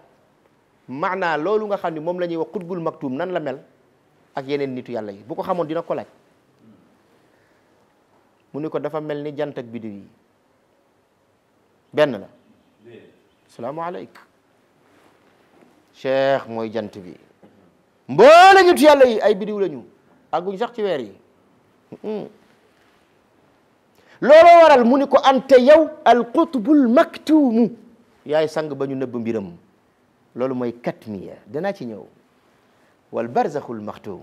maanaa loolu nga xam ne moom la ñuy wax xutbul maktum nan la mel ak yeneen nitu yàlla yi bu ko xamoon dina ko laaj mu ni ko dafa mel ni jant ak biddiw yi benn la salaamaaleykum cheikh mooy jant bi mboole nitu yàlla yi ay biddiw lañu àgguñ sax ci weer yi looloo waral mu ni ko ante yow al qutbul maktumu yaay sang ba ñu nëbb mbiram loolu mooy katmiya danaa ci ñëw wal barzaxul maxtuum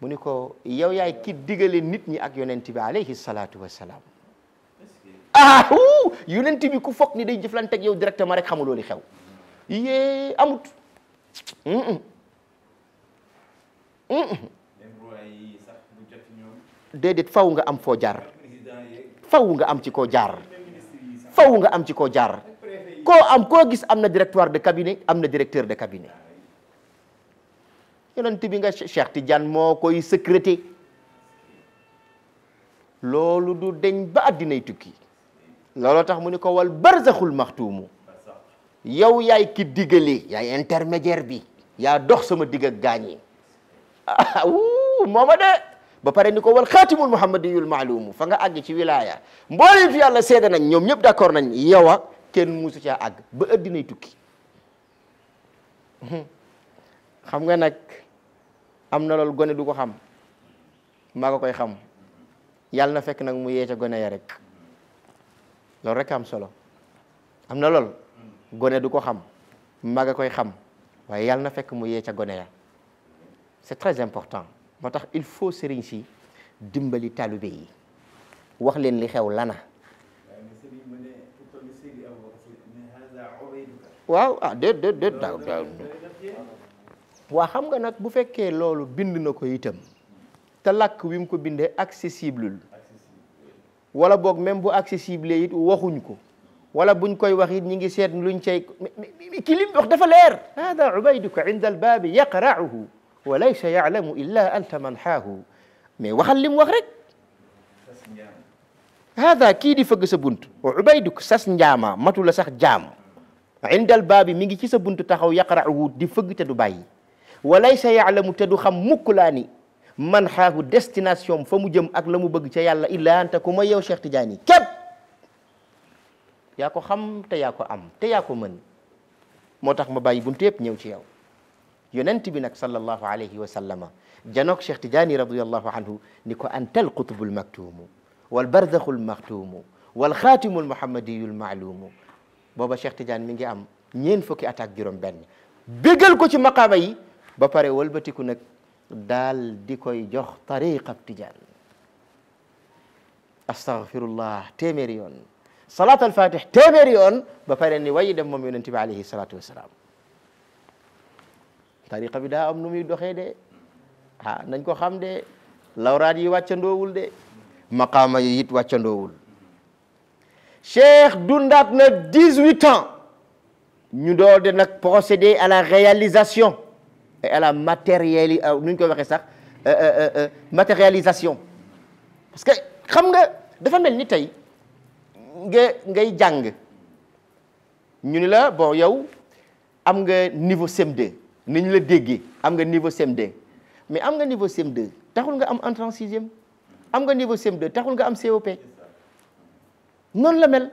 mu ni ko yow yaay ki digale nit ñi ak yonent bi alayhi salaatu wassalaam ah yonent bi ku fok ni day jëflante ak yow directement rek xamuloo li xew yee amut déedéet faw nga am foo jaar faw nga am ci koo jaar faw nga am ci koo jaar ko am ko gis amna directoire de cabinet amna directeur de cabinet yonent bi nga Cheikh Tidiane mo koy secréter lolou du deñ ba adinay tukki looloo tax mu ni ko wal barzakhul maxtuumu yow yaay ki digeli yaay intermédiaire bi ya dox sama digg ak gaañi ah, wu mooma de ba pare ni ko wal khatimul muhammadiyul ma'lum fa nga ag ci wilaya mboolem fi yàlla seede nañ ñom ñep d'accord nañ yow kenn musu ci ag ba ëddinay tukki hmm. xam nga nak amna lol loolu gone du ko xam maa ko koy xam yàlla na fekk nag mu yee ca gone ya rek lol rek am solo amna lol lool gone du ko xam mag a koy xam waye yàlla na fekk mu yee ca gone ya c'est très important motax il faut serigne si dimbali taalibe yi wax len li xew lana waaw ah déet déet déet daaw daaw waa xam nga nag bu fekkee loolu bind na ko itam te làkk wi mu ko bindee accessible wala boog même bu accessible it waxuñ ko wala buñ koy wax it ñi ngi seet luñ cay ki lim wax dafa leer hada ubayduka inda albaabi yaqra'uhu wa laysa ya'lamu illa anta manxaahu mais waxal lim wax rek hada kii di fëgg sa bunt wa ubayduka sas njaamaa matu la sax jaam عند الباب ميغي سي سبونت تاخو يقراو دي فغ تدو باي وليس يعلم تدو خم مكلاني من حاهو ديستيناسيون فمو جيم اك لامو بغ تي يالا الا انت كوما يو شيخ تجاني كيب ياكو خم تا ياكو ام تا ياكو من موتاخ ما باي بونت ييب نييو تي ياو يوننتي بي نك صلى الله عليه وسلم جنوك شيخ تجاني رضي الله عنه نيكو انت القطب المكتوم والبرزخ المختوم والخاتم المحمدي المعلوم booba Cheikh Tidiane mi ngi am ñeen fukki at ak juróom benn bégal ko ci maqaama yi ba pare wëlbatiku nag daal di koy jox tariqab Tidiane astaghfirullah téeméeri yoon salaat al fatih téeméeri yoon ba pare ni wayi dem moom yonente bi alayhi salaatu wasalaam tariqa bi daa am nu muy doxee de ah nañ ko xam de lawraat yi wàccandoowul de maqaama yi it wàccandoowul Cheikh Dundak na 18 ans nous devons procéder à la réalisation et à la euh, ñu euh, euh, matérialisation parce que xam nga dafa mel ni tey nga ngay ñu ni bon yow am nga niveau CM2 Nous le la am nga niveau CM2 mais am nga niveau CM2 taxul nga am entrée en sixième am nga niveau CM2 taxul nga am COP noonu la mel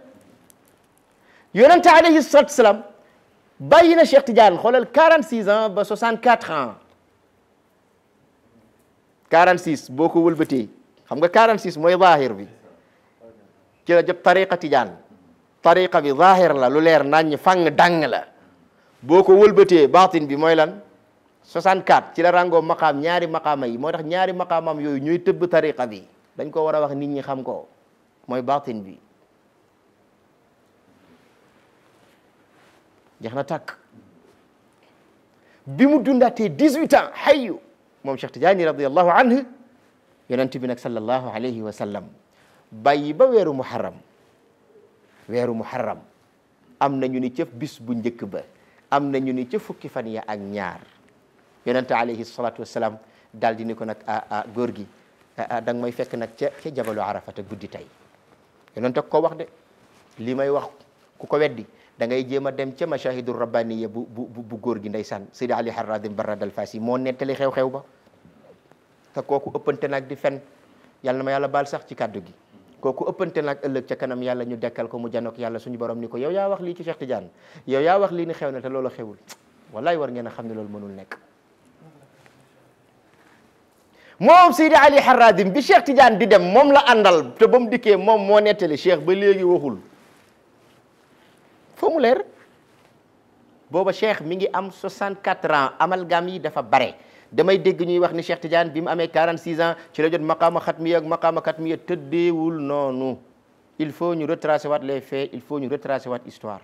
yonente alayhi salatu salaam bàyyi na Cheikh Tidiane xoolal 46 ans ba 64 ans 46 boo ko wëlbatee xam nga 46 mooy zaahir bi ci la jot tariqa Tidiane tariqa bi zaahir la lu leer naññ fang dang la boo ko wëlbatee baatin bi mooy lan 64 ci la rangoo maqaam ñaari maqaama yi moo tax ñaari maqaamam yooyu ñuy tëbb tariqa bi dañ ko war a wax nit ñi xam ko mooy baatin bi jeex na tàkk bi mu dundaatee 18 ans xayyu moom Cheikh Tidiane radiyallahu anhu yonent bi nag sallallahu alayhi wa sallam bàyyi ba weeru muharram weeru muharram am na ñu ni ca bis bu njëkk ba am na ñu ni ca fukki fan ya ak ñaar yonent alayhi salaatu wa salaam daal di ni ko nag ah góor gi ah da nga may fekk nag ca ca jabalu arafata guddi tey yonent ko wax de li may wax ku ko weddi da ngay jema dem ci mashahidur rabbaniya bu bu bu gor gi ndaysan sayyid Ali barad Baradal Fasi mo netali xew-xew ba ta koku ëppante nak di fen yalla na ma yàlla baal sax ci kaddu gi koku ëppante nak ëllëg ci kanam yalla ñu dekkal ko mu janok yalla suñu borom niko yow ya wax li ci Cheikh Tidiane yow ya wax li ni xew na te loolu xewul wallahi war ngeena xamni xam mënul nek mom sayyid Ali harrad bi Cheikh Tidiane di dem mom la andal te bam dikke mom mo netali Cheikh ba legi waxul foo mu leer booba cheikh mi ngi am 64 ans amalgam yi dafa bare Demay dégg ñuy wax ni Cheikh Tidiane bi amé 46 ans ci la jot maqaama xatmiya ak maqaama xatmiya tëddeewul noonu il faut ñu retracer waat les faits il faut ñu retracer waat histoire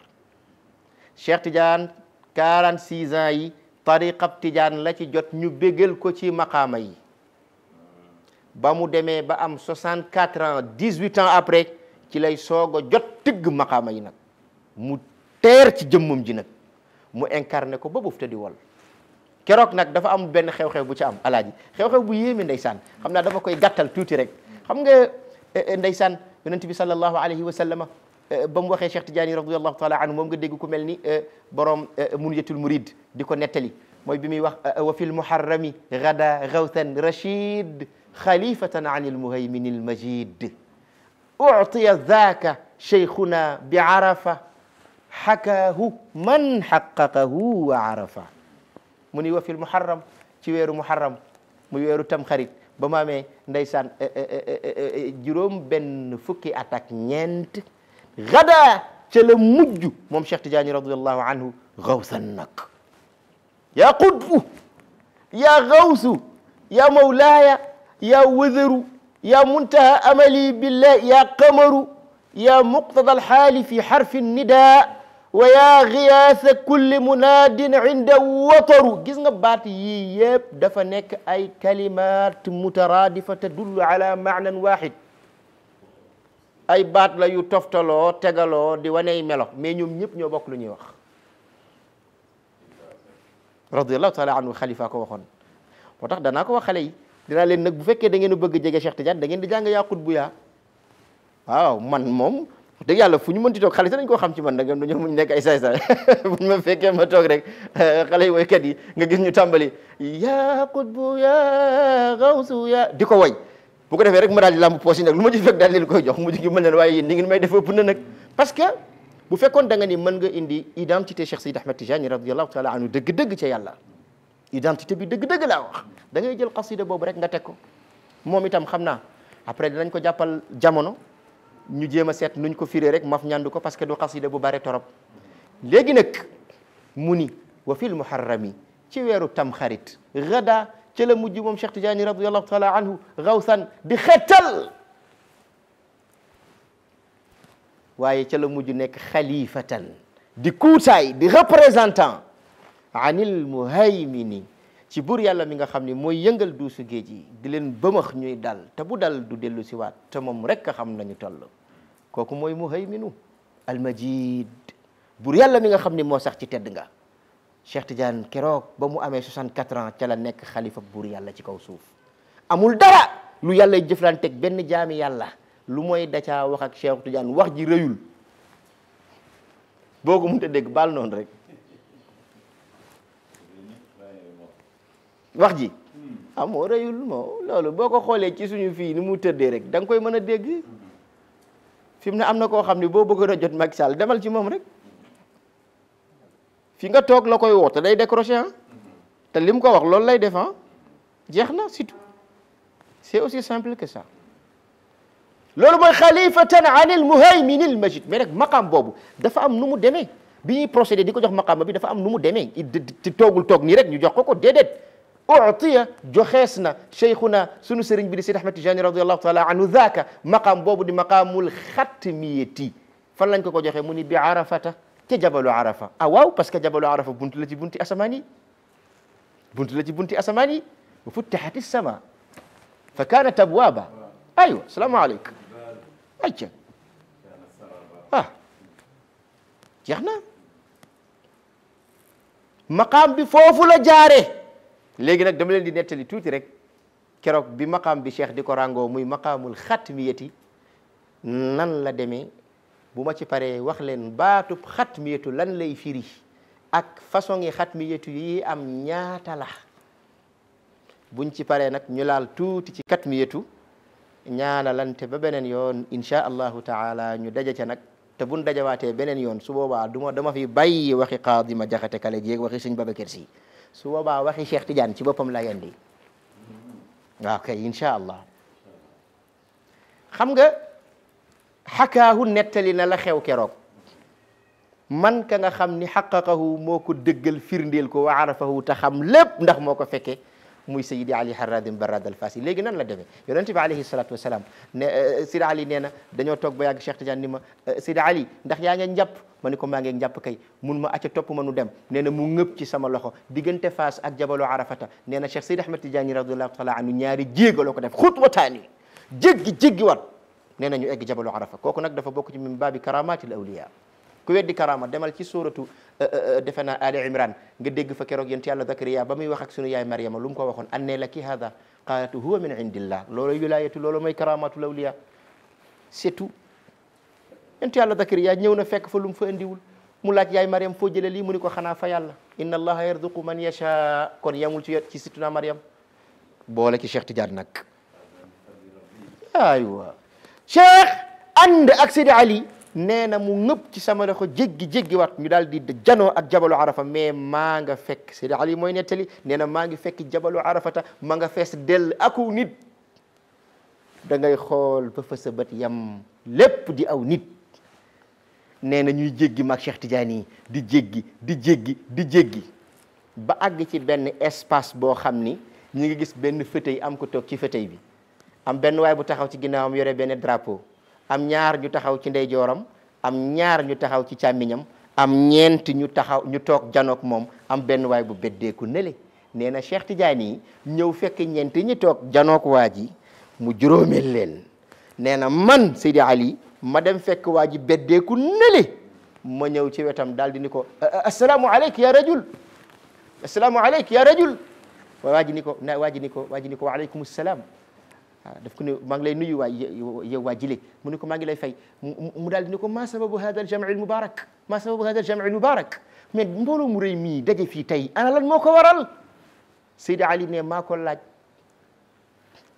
Cheikh Tidiane 46 ans yi tariqab Tidiane la ci jot ñu beggel ko ci maqaama yi ba mu demee ba am 64 ans 18 ans après ci lay soog a jot tëgg maqaama yi nak. mu teer ci jëmmam ji nag mu incarné ko ba buuf te di wol keroog nag dafa am benn xew-xew bu ci am alaaji xew-xew bu yéeme ndeysaan xam naa dafa koy gàttal tuuti rek xam nga ndeysaan yonent bi sallallahu alayhi wa sallama ba mu waxee Cheikh Tidiane radiyallahu taala anhu moom nga dégg ku mel ni borom munyatul murid di ko nettali mooy bi muy wax wa fil muharrami gada gawtan rachid xalifatan an ilmuhaymin almajid utiya dhaka cheikhuna bi حكاه من حققه وعرفه من يوفى المحرم تيويرو محرم مويرو تم خريط بمامي نيسان جروم بن فكي اتاك نينت غدا تلا مجو موم شيخ تجاني رضي الله عنه غوث النك يا قدف يا غوث يا مولاي يا وذر يا منتهى املي بالله يا قمر يا مقتضى الحال في حرف النداء wa yaa xiyaasa kulli munaadin inda wataru gis nga baat yii yëpp dafa nekk ay kalimaat mutaraadifa tadullu ala maanan wahid ay baat la yu toftaloo tegaloo di waney melo mais ñoom ñëpp ñoo bokk lu ñuy wax radiallahu taala anhu khalifa ko waxoon moo tax danaa ko wax xale yi dinaa leen nag bu fekkee da ngeen bëgg jege Cheikh Tidiane da ngeen di ya. waaw man mom dëgg yàlla fu ñu mënti toog xale yi dañ koo xam ci man nag ñoom ñu nekk ay saay-saay buñ ma fekkee ma toog rek euh, xale yi woykat nga gis ñu tàmbali ya qutbu yaa xawsu yaa di ko woy bu ko defee rek ma daal di làmb poos nag lu ma ci fekk daal leen koy jox mujj gi mën leen waaye yéen ni ngeen may def ëpp na bu fekkoon danga ni mën nga indi identité Cheikh Sidi Ahmed Tijani radiallahu taala anhu dëgg-dëgg ca yàlla identité bi dëgg-dëgg laa wax da ngay jël xasida boobu rek nga teg ko moom itam xam naa après dinañ ko jàppal jamono ñu jema set nuñ ko firé rek maf ñandu ko parce que du qasida bu bare torop légui nak muni wa fil muharrami ci wéru tam kharit gada ci la mujju mom cheikh tidiani radiallahu taala anhu gausan bi khatal waye ci la mujju nek khalifatan di koutay di représentant anil muhaymini ci bur yalla mi nga xamni moy yeungal yëngal duusu di len ñuy dal te bu dal du delu ci wat te mom rek xam nañu tollu kooku mooy muhayminu almajid buur yàlla mi nga xam ni moo sax ci tedd nga Cheikh Tidiane keroog ba mu amee 64 ans ca la nekk xalifa buur yàlla ci kaw suuf amul dara lu yàlla jëflanteeg benn jaami yàlla lu mooy dacaa wax ak Cheikh Tidiane wax ji rëyul boo ko mënta dégg bal noon rek wax ji hmm. amoo ah, rëyul moo loolu boo ko xoolee ci suñu fii ni mu tëddee rek da nga koy mën a dégg fi mu ne am na koo xam ne boo bëggoon a jot Macky Sall demal ci moom rek fi nga toog la koy woo te day décroché ah te li mu ko wax loolu lay def ah. jeex na surtout c'est aussi simple que ça loolu mooy xalifatan anil muhayminil majid mais nag maqaam boobu dafa am nu mu demee bi ñuy procédé di ko jox ma bi dafa am nu mu demee di toogul toog nii rek ñu jox ko ko déedéet أعطي جخيسنا شيخنا سنو سرين بن سيد أحمد تجاني رضي الله تعالى عنه ذاك مقام بوب دي مقام الختمية فلان كو جخي موني بعرفة كجبل عرفة أواو بس كجبل عرفة بنت التي بنت أسماني بنت التي بنت أسماني وفتحت السماء فكانت أبوابا أيوة السلام عليك أجل آه jeex مقام maqaam bi léegi nag dama leen di nettali tuuti rek keroog bi makam bi cheikh di ko ràngoo muy maqaamul xatmiyati nan la demee bu ma ci paree wax leen baatub xatmiyatu lan lay firi ak façon yi mi xatmiyatu yi am ñaata la buñ ci paree nag ñu laal tuuti ci xatmiyatu ñaanalante ba beneen yoon insha allahu taala ñu daje ca nag te buñ dajawaatee beneen yoon su boobaa du ma dama fi bàyyi waxi qaadi ma jaxate kale jéeg waxi sëñ Babacar Si سوى با واخي شيخ تيجان شي بوبم لا يندي اوكي ان شاء الله خمغا حكاه نتلينا لا خيو كيروك من كان خمني حققه موكو دغل فيرنديل كو وعرفه تخم لب ندخ موكو فكي موي سيدي علي حراد براد الفاسي لغي نان لا ديفي يونتي عليه الصلاه والسلام سيد علي نينا دانيو توك با ياغ شيخ تجان نيما سيد علي ندخ ياغي نجاب مانيكو ماغي نجاب كاي مون ما اتي توب ما نو ديم نينا مو نغب سي سما لوخو ديغنتي فاس اك جبلو عرفه نينا شيخ سيد احمد تجاني رضي الله تعالى عنه نياري جيغو لوكو ديف خطوه ثاني جيغي جيغي وات نينا نيو اك جبلو عرفه كوكو نك دا فا بوك من باب كرامات الاولياء ku weddi karaama demal ci sóoratu defe naa ali imran nga dégg fa keroog yonent yàlla zakariya ba muy wax ak sunu yaay mariama lu mu ko waxoon annee la ki hada qalat huwa min indillah loolu wilaayatu loolu mooy karaamatu lawliya c'est tout yonent yàlla zakariya ñëw na fekk fa lu mu fa indiwul mu laaj yaay mariam foo jëlee lii mu ni ko xanaa fa yàlla inna allaha yarzuqu man yasha kon yamul ci ci situna mariam boole ci cheikh tidiane nag aywa cheikh ànd ak sidi ali nee na mu ngëpp ci sama loxo jéggi jéggi wat ñu daal di janoo ak jabalu arafa mais maa nga fekk Seydi mooy nettali nee na maa ngi fekk jabalu arafata ma nga fees dell aku nit dangay ngay xool ba fa yam lépp di aw nit nee na ñuy jéggi maag Cheikh Tidiane yi di jéggi di jéggi di jéggi ba àgg ci benn espace boo xam ni ñu ngi gis benn fauteuil am ko toog ci fauteuil bi am benn waay bu taxaw ci ginnaawam yore benn drapo am ñaar ñu taxaw ci ndeyjooram am ñaar ñu taxaw ci càmmiñam am ñeent ñu taxaw ñu toog janook moom am benn waay bu beddeeku nele nee na Cheikh Tidiane yi ñëw fekk ñeent ñi toog janook waa ji mu juróomeel leen nee na man Seydi Ali ma dem fekk waa ji beddeeku nele ma ñëw ci wetam daal di ni ko asalaamu aleyk ya rajul asalaamu aleyk ya rajul waa ji ni ko waa ji ni ko waa ji ni ko waaleykum salaam waaw daf ko ne maa ngi lay nuyu waay yow waa jile mu ne ko maa ngi lay fay mu daal di ne ko maa sababu hada al jamci al mubarak maa sababu hada al jamci al mubarak mais mbooloo mu rëy mii daje fii tey ana lan moo ko waral Seydi Ali ne maa ko laaj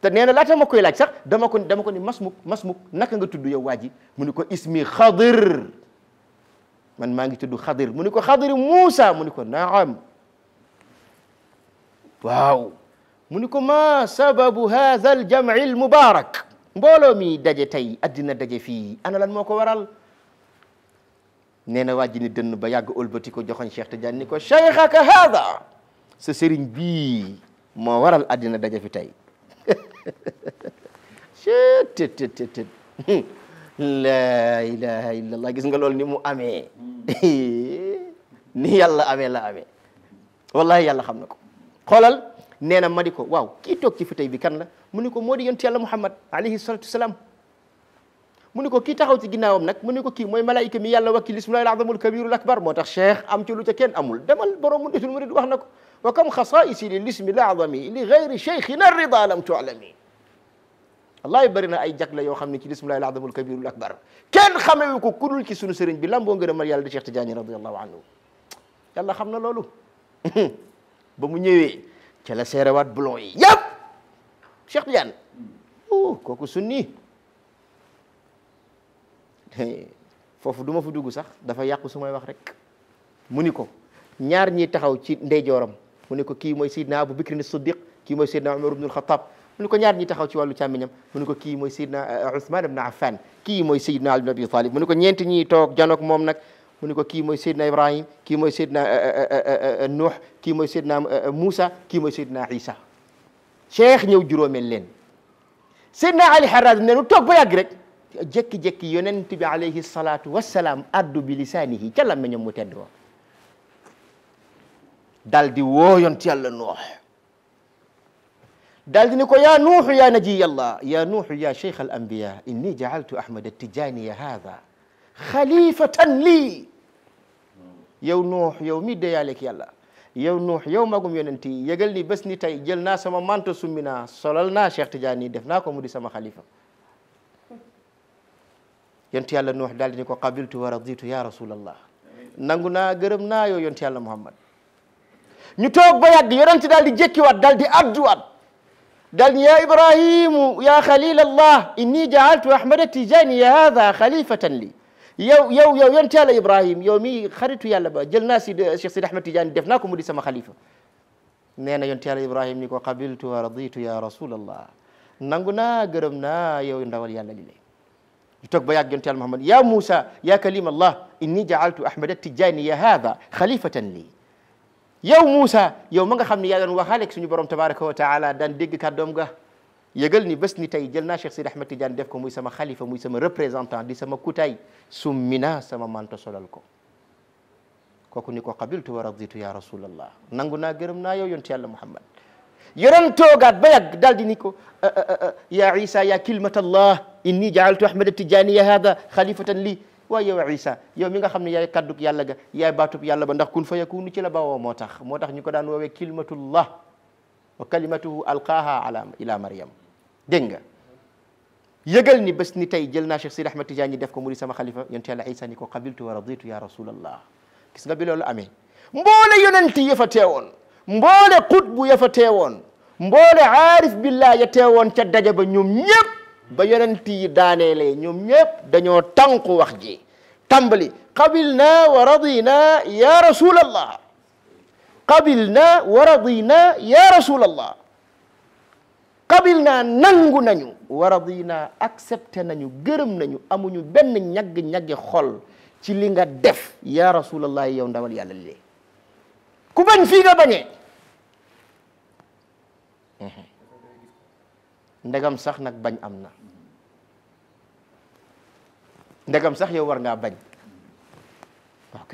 te nee na laata ma koy laaj sax dama ko dama ko ni masmuk masmuk naka nga tudd yow waa ji mu ne ko ismi xadir man maa ngi tudd xadir mu ne ko xadir Muusa mu ne ko naam waaw منكو ما سبب هذا الجمع المبارك بولومي دجتي ادنا دجي في انا لان موكو ورال نينا واجي ني دن با ياغ اولبتي كو جوخن شيخ تجان نيكو شيخك هذا سي سيرين بي ما ورال ادنا دجي في تاي شتتتتت لا اله الا الله غيسنغا لول ني مو امي ني يالا امي لا امي والله يالا خمنكو خولال nena madiko ma di ko waaw kii toog ci fauteuil bi kan la mu ni ko moo di yàlla muhammad alayhi salatu wasalaam mu ni ko kii taxaw ci ginnaawam nag mu ni ko kii mooy malaayika mi yàlla wakkil ismillahi alazamul kabirul akbar moo tax cheikh am ci lu ca kenn amul demal borom mu detul murid wax na ko wa kam xasaisi lil ismi lazami li gayri cheikhina rida lam tualami wallaay bëri na ay jagle yoo xam ne ci lismillahi alazamul kabirul akbar kenn xamewu ko kudul ci sunu sëriñ bi lam boo ngërëmal yàlla di cheikh tidiane radiallahu anhu yàlla xam na loolu ba mu ñëwee ca la waat bulon yi yëpp Cheikh Tidiane o oh, kooku sunni foofu du ma fa dugg sax dafa yàqu su may wax rek mu ni ko ñaar ñi taxaw ci ndeyjooram mu ni ko kii mooy Seydina Abu Bakr as-Siddiq kii mooy Seydina Umar ibn al-Khattab mu ni ko ñaar ñi taxaw ci wàllu càmmiñam mu ni ko kii mooy Seydina uh, Usman ibn Affan kii mooy Seydina Ali ibn Abi Talib mu ni ko ñeenti ñi toog janoog moom nag mu ni ko kii mooy Seydina Ibrahim kii mooy Seydina Nuux kii mooy Seydina Moussa kii mooy Seydina Isa cheikh ñëw juróomeel leen Seydina Ali harad ne nu toog ba yàgg rek jékki-jékki yonent bi alayhi salatu wassalaam addu bi lisaanihi ca làmmiñam mu tedd wa dal di woo yonent yàlla Nuux dal di ni ko yaa Nuuxu yaa najiy Allah yaa Nuuxu yaa cheikh al anbiya inni jaaltu Ahmad Tijaaniya haada خليفة لي yow nuux yow mi deyaaleeg yàlla yow nuux yow magum yonent yi yëgal ni bés ni tey jël naa sama manto summi naa solal naa Cheikh Tidiane yi def naa ko mu di sama xalifa yonent yàlla nuux daal di ni ko qabiltu wa raditu ya rasulallah nangu naa gërëm naa yow yonent yàlla muhammad ñu toog ba yàgg yonent daal di jékkiwaat daal di adduwaat daal ni ya ibrahimu ya xalil allah inni jaaltu ahmada tijani ya hada xalifatan li yow yow yow yonent yàlla Ibrahim yow mi xaritu yàlla ba jël naa si eh, Cheikh Sidi Ahmed Tidiane def naa ko mu di sama xalifa nee na yonent yàlla Ibrahim ni ko qabiltu wa raditu ya rasulallah nangu naa gërëm naa yow ndawal yàlla li ñu toog ba yàgg yonent yàlla Muhammad ya Musa ya kalim Allah inni jaaltu Ahmada Tidiane ya hada xalifatan lii yow Musa yow ma nga xam ne yaa doon waxaaleeg suñu borom tabaraka wa taala daan dégg kàddoom ga yëgal ni bés ni tey jël naa Cheikh Sidi Ahmed Tidiane def ko muy sama xalifa muy sama représentant di sama kutaay summi naa sama manto solal ko kooku ni ko qabiltu wa raditu ya rasulallah nangu naa gërëm naa yow yonti yàlla muhammad yonen toogaat ba yàgg daal di ni ko ya isa ya kilmat allah inni jaaltu ahmada tijaniya hada xalifatan li waaye yow isa yow mi nga xam ne yaay kaddug yàlla ga yaay baatub yàlla ba ndax kun fa yakunu ci la bawoo moo tax moo tax ñu ko daan woowee kilmatullah wa kalimatuhu alqaaha ala ila maryam dégg nga yëgal ni bés ni tey jël naa Cheikh Sidi Ahmed Tidiane def ko mu di sama xalifa yonent yàlla Isa ni ko qabiltu wa raditu ya rasulallah gis nga bi loolu amee mboole yonent ya fa teewoon mboole qutbu ya fa teewoon mboole aarif billah ya teewoon ca daja ba ñoom ñëpp ba yonent yi daaneelee ñoom ñëpp dañoo tànku wax ji tàmbali qabilna wa radina ya rasulallah qabilna wa radina ya rasulallah qabil naa nangu nañu waradina accepté nañu gërem nañu amuñu ben ñag ñag xol ci li nga def ya rasulallah yow ndawal yalla li ku bañ fi nga bañé mhm. ndegam sax nak bañ amna ndegam sax yow war nga bañ ok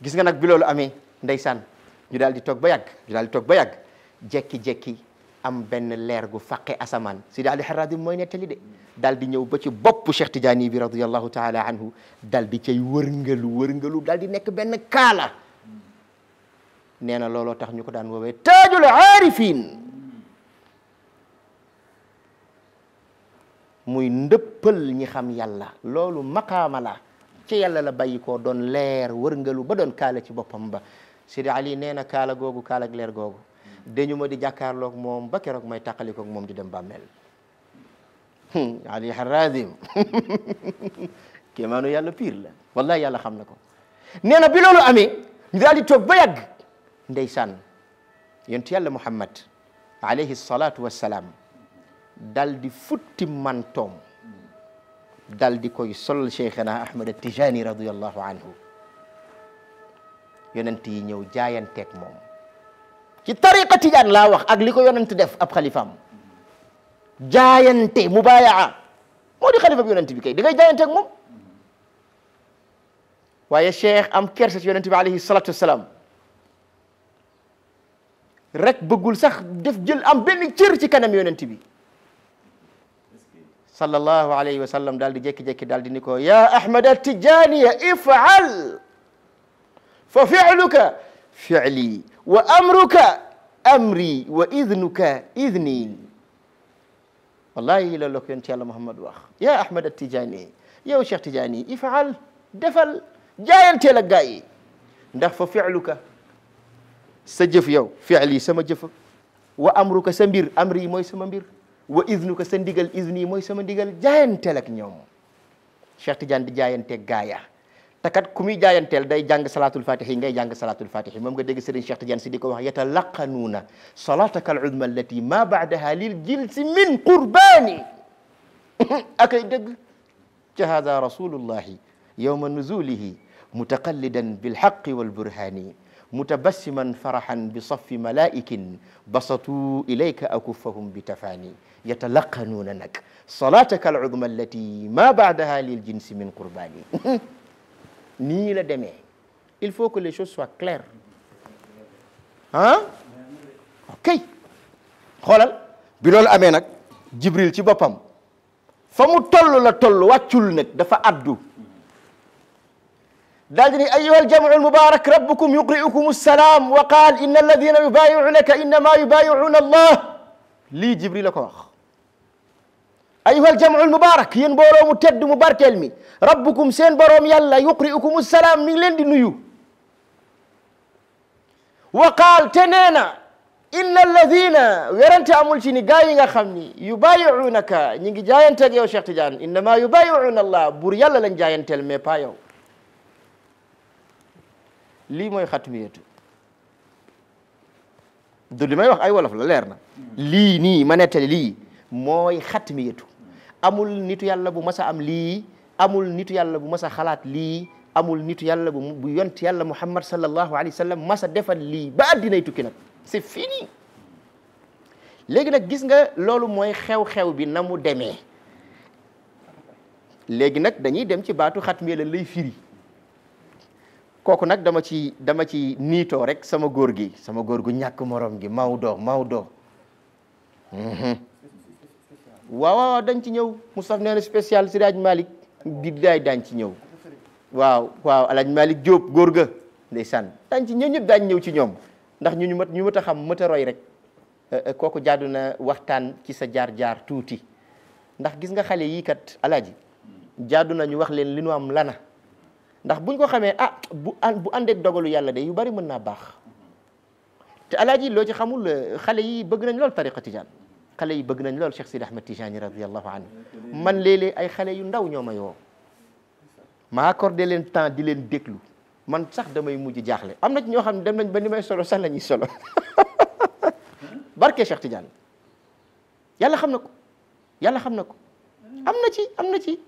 gis nga nak bi lolou amé ndaysan ñu daldi di ba yag ñu daldi di ba yag jekki-jekki am benn leer gu faqe asamaan Sidi Ali Harazim mooy nettali de daal di ñëw ba ci bopp Cheikh Tidiane bi radiyallahu taala anhu daal di cay wërngalu wërngalu daal di nekk benn kaala nee na looloo tax ñu ko daan woowee taajul aarifin muy ndëppal ñi xam yàlla loolu maqaama la ci yàlla la bayi koo doon leer wërngalu ba doon kaala ci boppam ba Sidi Ali nee na kaala googu kaala ak leer googu dañu ma di jàkkaarloog moom ba keroog mooy tàqalikoog moom di dem bàmmeel hmm, ali harazim kéemaanu yàlla piir la wallahi yàlla xam na ko nee na bi loolu amee ñu daal di toog ba yàgg ndeysaan yontu yàlla muhammad alayhi salaatu wassalaam dal di futti mantoom dal di koy solal cheikhana ahmad atijani radiallahu anhu yonent yi ñëw jaayanteeg moom ci tariqa tidiane la wax ak liko ko yonent def ab khalifam jaayante mubayaa moo di xalifa bi yonent bi kay digay jaayante ak mom waye cheikh am kersa ci yonent bi alayhi salatu wassalam rek beugul sax def jël am ben cieur ci kanam yonent bi sallallahu alayhi wa sallam daal di jékki-jékki daal di ni ko ya ahmad atijaniya ifal fa filuka فعلي وأمرك أمري وإذنك إذني والله إلا لك أنت يا محمد واخ يا أحمد التجاني يا شيخ التجاني افعل دفل جاي أنت لك جاي فعلك سجف يو فعلي سمجف جفك وأمرك سمبير أمري موي سمبير وإذنك سندقل إذني موي سمندقل جاي أنت لك نيوم شيخ التجاني جاي أنت جاي, takat kumi ku day jàng salatul fatihi ngay jàng salatul fatihi mom nga deg Serigne Cheikh Tidiane sidiko wax yatalaqanuuna salataka al udma allati ma ba'daha lil jilsi min qurbani akay deg ci hada rasulullah yowma nuzulihi mutaqallidan bilhaqi walburhani mutabassiman farahan bi safi malaikin basatu ilayka akuffahum bi tafaani yatalaqanuuna nag salataka al udma allati ma baadaha lil jinsi ni la demee il faut que les choses soient claires hein? ok xoolal bi loolu amee nag jibril ci boppam fa mu toll la toll wàccul nag dafa addu daal di ni ayyuha aljamcu almubarak rabbukum yuqri'ukum assalaam wa qaal inna alladina yubayi'unaka innama yubayi'una allah Li jibril la wax ayuha aljamu almubarak yéen mbooloo mu tedd mu barkeel mi rabbukum seen boroom yàlla yuqri'ukum salaam mi ngi leen di nuyu wa qaal te nee na inna alladina werante amul ci ni gaa yi nga xam ni yubayi'unaka ñi ngi jaayanteeg yow Cheikh Tidiane innama yubayi'una allah buur yàlla lañ jaayanteel mais pas yow lii mooy xatmiyatu du li may wax ay wolof la leer na lii nii ma nettali lii mooy xatmiyatu amul nitu yàlla bu mas a am lii amul nitu yàlla bu mas a xalaat lii amul nitu yàlla bu bu yont yàlla muhammad sallallahu alayhi wa sallam mas a defal lii ba addinay tukki nag c'est fini léegi nag gis nga loolu mooy xew-xew bi na mu demee léegi nag dañuy dem ci baatu xatmiya la lay firi kooku nag dama ci dama ci niitoo rek sama góor gi sama góor gu ñàkk morom gi Maodo Maodo mhm. waaw waaw dañ ci ñëw Moustapha nee na spécial si Raaj malik bi daay dañ ci ñëw waaw waaw alaaj Malick Diop góor ga ndeysaan dañ ci ñëw ñëpp ñëw ci ñoom ndax ñu ñu mat ñu mat a xam mët a rek eh, eh, kooku jaadu na waxtaan ci sa jaar-jaar tuuti ndax gis nga xale yii kat alaaji jaadu na ñu wax leen li nu am lana ndax buñ ko xamee a ah, bu an bu àndeek dogalu yàlla day yu bari mën naa baax te alaaji loo ci xamul eh, xale yi bëgg nañ lool tariqa tijaan xale yi bëgg nañ lool Cheikh Sidi Ahmed Tijani radiallahu anhu man léeg ay xale yu ndaw ñoo ma yoo ma accordé leen temps di leen déglu man sax damay mujj jaaxle am na ci ñoo xam ne dem nañ ba may solo sax ñuy solo barke Cheikh Tidiane yàlla xam na ko yàlla xam na ko am na ci am na ci.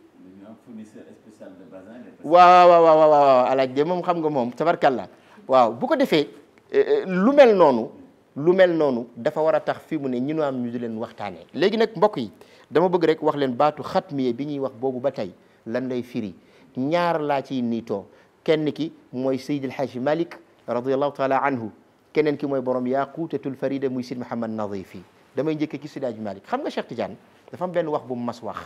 waaw waaw waaw waaw alaaj de moom xam nga moom tabarkalla waaw bu ko defee eh, eh, lu mel noonu. lu mel nonu dafa wara tax fi mu ne ñun am ñu di leen waxtane legi nak mbokk yi dama bëgg rek wax leen baatu khatmiye bi ñuy wax bobu ba tey lan lay firi ñaar la ci nito kenn ki moy sayyid al Haaji Malik radiyallahu taala anhu kenen ki moy borom yaqutatul farida moy sayyid muhammad nadhifi damay njëkkee ci Seydi Haaji Malik xam nga Cheikh Tidiane dafa am ben wax bu mu mas wax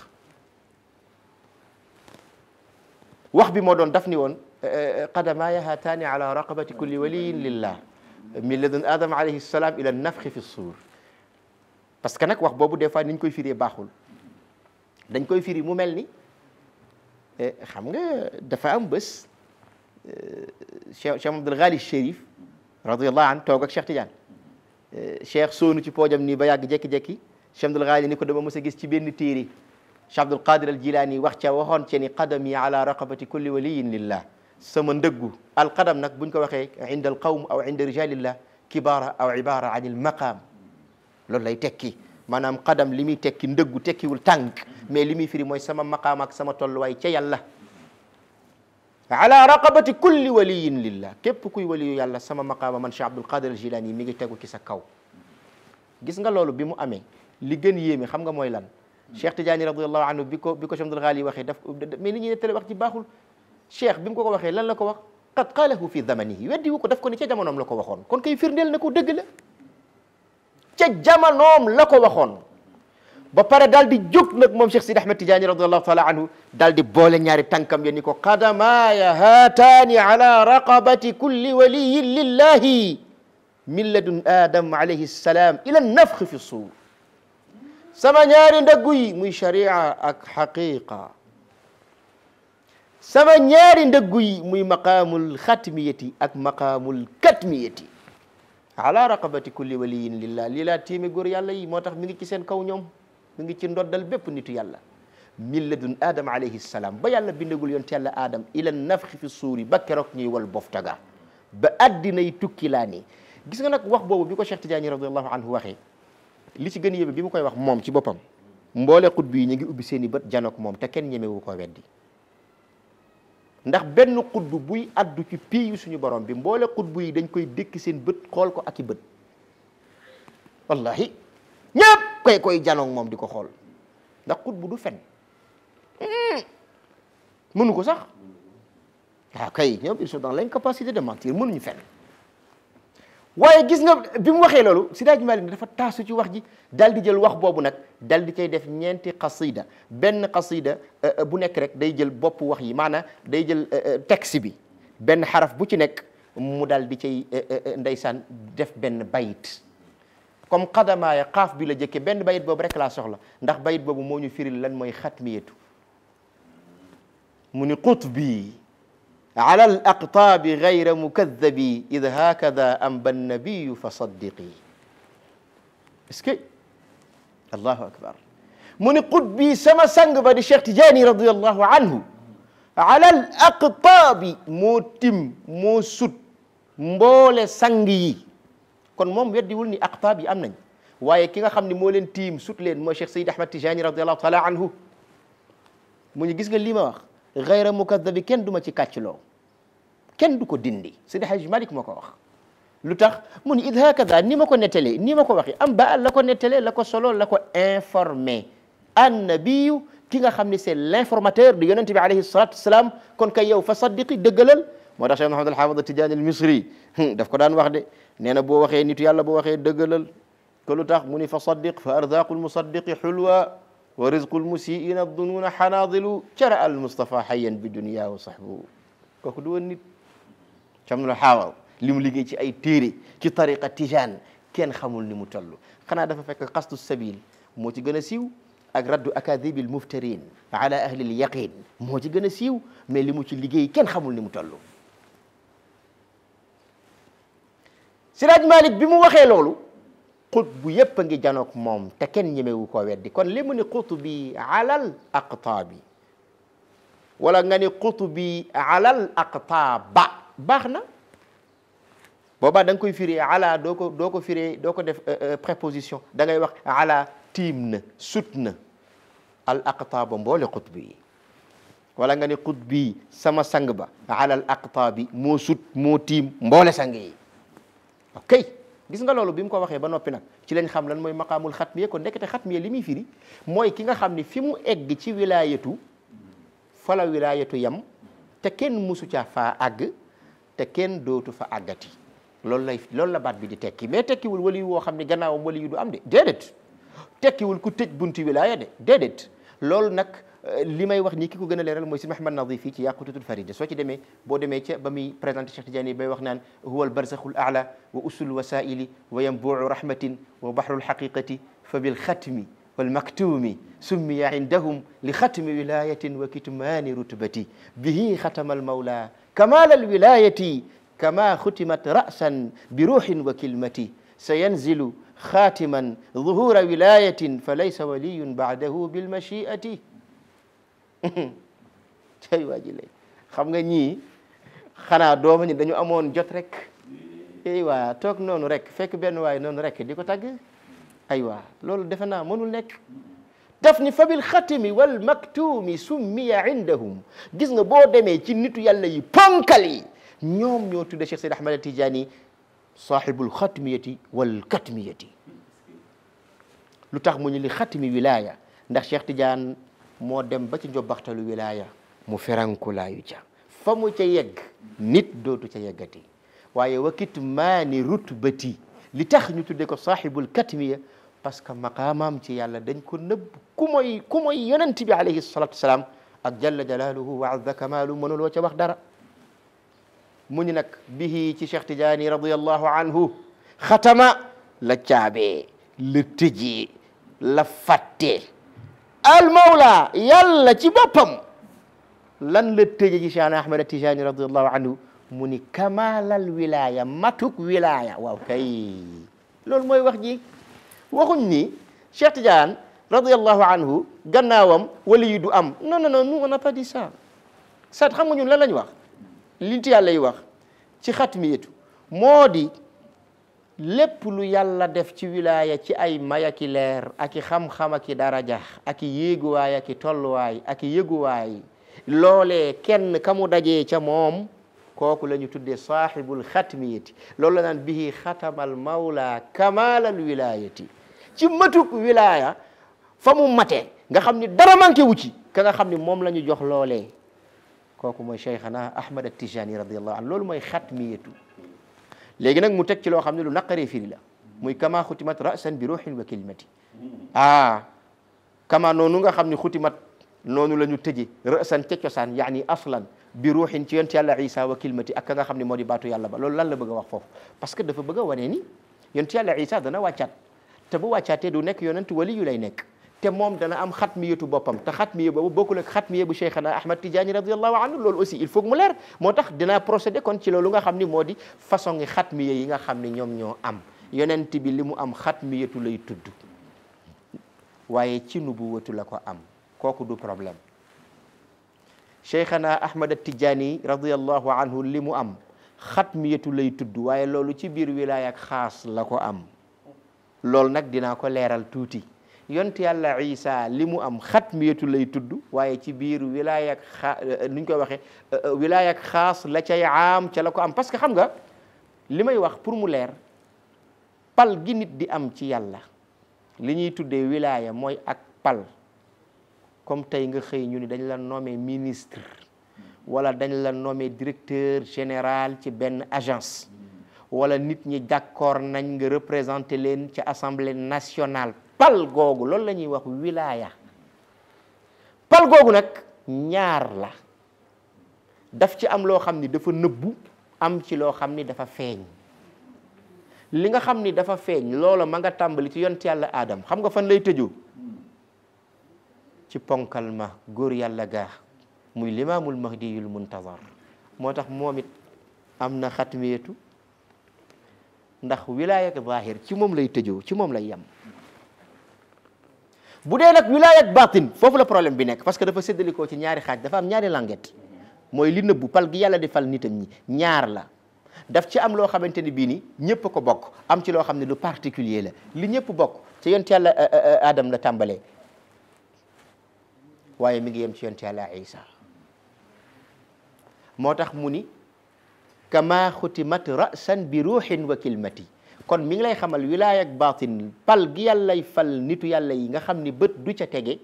wax bi mo doon dafni won woon qadamaaya haataani ala raqabati kulli waliyin lillah من لدن ادم عليه السلام الى النفخ في الصور باسكو نك واخ بوبو ديفا نين كوي فيري باخول دنج كوي فيري مو ملني خمغا دفا ام بس شيخ عبد الغالي الشريف رضي الله عنه توك شيخ تيان شيخ سونو تي بوجام ني با ياغ جيكي جيكي شيخ عبد الغالي نيكو دابا موسى غيس تي بن تيري شيخ عبد القادر الجيلاني واخ تا واخون تي قدمي على رقبه كل ولي لله sama ndëggu alqadam nag buñ ko waxee inda al qawm aw inda rijalillah kibaara aw ibara an il maqaam loolu lay tekki maanaam qadam li muy tekki ndëggu tekkiwul tànk mais li muy firi mooy sama maqaam ak sama tolluwaay ca yàlla ala raqabati kulli waliyin lillah képp kuy waliyu yàlla sama maqaama man Cheikh Abdul Qadir al Jilani mi ngi tegu ci sa kaw gis nga loolu bi mu amee li gën yéeme xam nga mooy lan Cheikh Tidiane radiyallahu anhu bi ko bi ko Cheikh Abdul Ghali waxee daf mais li ñuy nettali wax ci baaxul شيخ بيم كو واخي لان لاكو واخ قد قاله في زمنه يدي وكو داف كوني تي جامونوم لاكو واخون كون كاي فيرنيل نكو دغ لا تي جامونوم لاكو واخون با بار دال دي جوك نك موم شيخ سيد احمد تجاني رضي الله تعالى عنه دال دي بول نياري تانكام يني كو قدما يا هاتان على رقبه كل ولي لله ملد ادم عليه السلام الى النفخ في الصور سما نياري دغوي مي شريعه اك حقيقه sama ñaari ndëggu yi muy maqaamul xatmiyati ak maqaamul katmiyati ala raqabati kulli waliyin lillah lii laa tiime góor yàlla yi moo tax mi ngi ci seen kaw ñoom mi ngi ci ndoddal bépp nitu yàlla min ladun adam alayhi salaam ba yàlla bindagul yonent yàlla adam ila nafxi fi suuri ba keroog ñuy wal boftaga ba addinay tukki laa nii gis nga nag wax boobu bi ko Cheikh Tidiane radiallahu anhu waxee li ci gën yébe bi mu koy wax moom ci boppam mboole xut bi ñu ngi ubbi seen i bët janook moom te kenn ñemewu ko weddi ndax benn xutbu buy addu ci piyu suñu borom bi mboole xutbu yi dañ koy dékki seen bët xool ko ak i bët wallahi ñëpp koy koy janoog moom di ko xool ndax xutbu du fen hmm. mënu ko sax waaw ah, kay ñoom ils sont dans l'incapacité de mentir mënuñu fen waye gis nga bi waxe lolou sidaj malik dafa tassu ci wax ji daldi jël wax bobu nak daldi cey def ñenti qasida ben qasida bu nek rek day jël bop wax yi mana day jël texte bi ben harf bu ci nek mu daldi cey ndaysan def ben bayit comme qadama ya qaf bi la jëkke ben bayit bobu rek la soxla ndax bayit bobu moñu firil lan moy khatmiyatu muni qutbi على الأقطاب غير مكذب إذا هكذا أنبى النبي فصدقي اسكي الله أكبر من قد بي سما سنگ بدي شيخ تجاني رضي الله عنه على الأقطاب موتم موسود مبول سنگي كون موم يدي ولني أقطابي أمنا waye ki nga xamni mo len tim sut len mo cheikh sayyid ahmad tijani radiyallahu ta'ala anhu mu ñu gis غير li ma wax ghayra mukaththib كن دوكو ديندي سي دي حاج مالك مكو واخ لوتاخ مون هكذا ني مكو نيتالي ني مكو واخي ام با لاكو نيتالي لاكو سولو لاكو انفورمي النبي كيغا خامني سي لانفورماتور دي يونس عليه الصلاه والسلام كون كاي يو فصدقي دغلال ما دا شيخ محمد الحافظ التجاني المصري داف كران واحد نينا بو واخي نيتو يالا بو واخي دغلال كلوتاخ مون فصدق فارزاق المصدق حلوى ورزق المسيئين الظنون حناضل ترى المصطفى حيا بالدنيا وصحبه كوكو دو نيت Camno Xaawal li mu liggéey ci ay téere ci tariqa tijaan kenn xamul ni mu toll xanaa dafa fekk xastu sabil moo ci gën a siiw ak raddu akadibil muftarin ala ahlil yaqin moo ci gën a siiw mais li mu ci liggéey kenn xamul ni mu toll Siraaj Malik bi mu waxee loolu qutb bu yépp a ngi janoog moom te kenn ñemewu ko weddi kon li mu ni qutbi alal aqtaabi wala nga ni qutbi alal aqtaaba baax na boobaa da nga koy firi ala doo ko doo ko firi doo ko def préposition da ngay wax ala tiim na sut na al aqtaaba mboole xutbi yi wala nga ni xutbi yi sama sang ba ok gis nga loolu bi mu ko waxee ba noppi nag ci lañ xam lan mooy maqaamul xatmiye kon nekkete xatmiye li firi moy ki nga xam ni fi mu egg ci wilaayatu fala wilaayatu yam te kenn musu caa faa àgg تكن دو تفا اغاتي لول لول لا بات بي دي تيكي مي تيكي ول ولي وو خامني غناو ولي يودو ام دي ديدت تيكي ول كو تيج بونتي ولايه دي ديدت لول نك لي واخ ني كيكو غنا ليرال موي سيد محمد نظيفي تي ياقوتو الفريده سو تي ديمي بو ديمي تي بامي بريزونت شيخ تجاني باي واخ نان هو البرزخ الاعلى واسل الوسائل وينبوع رحمه وبحر الحقيقه فبالختم والمكتوم سمي عندهم لختم ولاية وكتمان رتبة به ختم المولى كمال الولاية كما ختمت رأسا بروح وكلمة سينزل خاتما ظهور ولاية فليس ولي بعده بالمشيئة tey waa ji lay xam nga ñii xanaa dooma ñi dañu amoon jot rek ey waa toog noonu rek fekk benn waay noonu rek di ko tagg aywa loolu defe naa mënul nekk daf ni fa bil xatimi wal maktuumi summiya indahum gis nga boo demee ci nitu yàlla yi ponkal yi ñoom ñoo tudde Cheikh Seydi Ahmad Tijaani saaxibul xatmiyati wal katmiyati lu tax mu ñu li xatmi wilaya ndax Cheikh Tidiane moo dem ba ci njobbaxtalu wilaya mu ferankulaayu ca fa mu ca yegg nit dootu ca yeggati waaye wakit maani rutbati li tax ñu tudde ko saaxibul katmiya parce maqamam ci yàlla dañ ko neub ku moy ku moy yonent bi alayhi salatu wassalam ak jalla jalaluhu wa azza kamalu kamaalu lo ci wax dara muñ ni nag bihi ci Cheikh Tidiane radiyallahu anhu khatama la tiabe le tëjee la fatte al mawla yàlla ci bopam lan le tëjee ci Cheikh Ahmed Tidiane radiyallahu anhu muni kamal al wilaya matuk wilaya wa kay lol moy wax ji waxuñ ni Cheikh Tidiane radiyallahu anhu gannaawam wali yi du am non non non nous on n'a sat xam nga ñun lan lañ wax li ci yàlla yi ci xatmiyatu moo di lépp lu yàlla def ci wilaaya ci ay may aki leer ak i xam-xam aki daraja ak i yéeguwaay ak tolluwaay ak yëguwaay loolee kenn kamu daje ca moom kooku la ñu tuddee saaxibul xatmiyati loolu la naan bihi xatamal mawla kamalal wilayati ci matuk wilaaya fa mu matee nga xam ni dara manqué wu ci ka nga xam ni moom la ñu jox loole kooku mooy cheikhana ahmad at tijani radiallahu anhu loolu mooy xatmiyatu léegi nag mu teg ci loo xam ne lu naqaree firi la muy kama xutimat rasan bi ruuxin wa kalimati a ah, kama noonu nga xam ne xutimat noonu la ñu tëje rasan ca cosaan yaani aslan bi ruuxin ci yonent yàlla isa wa kalimati ak ka nga xam ne moo di baatu yàlla ba lool lan la bëgg wax foofu parce que dafa bëgg a wanee ni yonent yàlla isa dana wàccaat تبوا أشاتي دونك يونان تولي يلينك تمام دنا أم خات ميو تبابم تخات ميو بابو بقول لك خات ميو بشيخنا أحمد تجاني رضي الله عنه لول أسي الفوق ملر متخ دنا بروسيد كون تلو لونا خامني مودي فسون خات ميو ينا خامني يوم يوم أم يونان تبي لمو أم خات ميو تلو يتدو waye ci nubuwa tulako am koku du problème cheikhana ahmad tijani radiyallahu anhu limu am khatmiyatu lay tuddu waye lolou ci bir wilaya khas lako loolu nag dinaa ko leeral tuuti yonti yàlla isa li mu am xatmiyatu lay tudd waaye ci biir wilaayak xaa euh, nuñ koy waxee euh, euh, wilaayak xaas la cay am ca la ko am parce que xam nga li may wax pour mu leer pal gi nit di am ci yàlla li ñuy tuddee wilaaya mooy ak pal comme tey nga xëy ñu ni dañ la nommé ministre wala dañ la nommé directeur général ci benn agence wala nit ñi d'accord nañ nga représenter leen ci assemblée nationale pal googu loolu la ñuy wax wilaya pal googu nag ñaar la daf ci am loo xam ni dafa nëbbu am ci loo xam ni dafa feeñ li nga xam ni dafa feeñ loola ma nga tàmbali ci yoon yont yàlla aadam xam nga fan lay tëjoo ci ponkal ma góor yàlla gaa muy limaamul mahdiyul muntazar moo tax moom it am na xatmiyatu ndax wilaaya ak ci moom lay tëjoo ci moom lay yem bu dee nag wilaaya ak baatin foofu la problème bi nekk parce que dafa séddalikoo ci ñaari xaaj dafa am ñaari langet mooy li nëbbu pal gi yàlla di fal nitam ñi ñaar la daf ci am loo xamante ni bii ni ñëpp ko bokk am ci loo xam ne lu particulier la li ñëpp bokk ci yonent yàlla euh, euh, euh, Adam la tàmbalee waaye mi ngi yem ci yonent yàlla Isa moo tax mu ni kama khutimat rasan bi ruhin wa kalimati kon mi ngi lay xamal wilaaya ak pal gi yàllay fal nitu yalla yi nga xamni ni du ca tege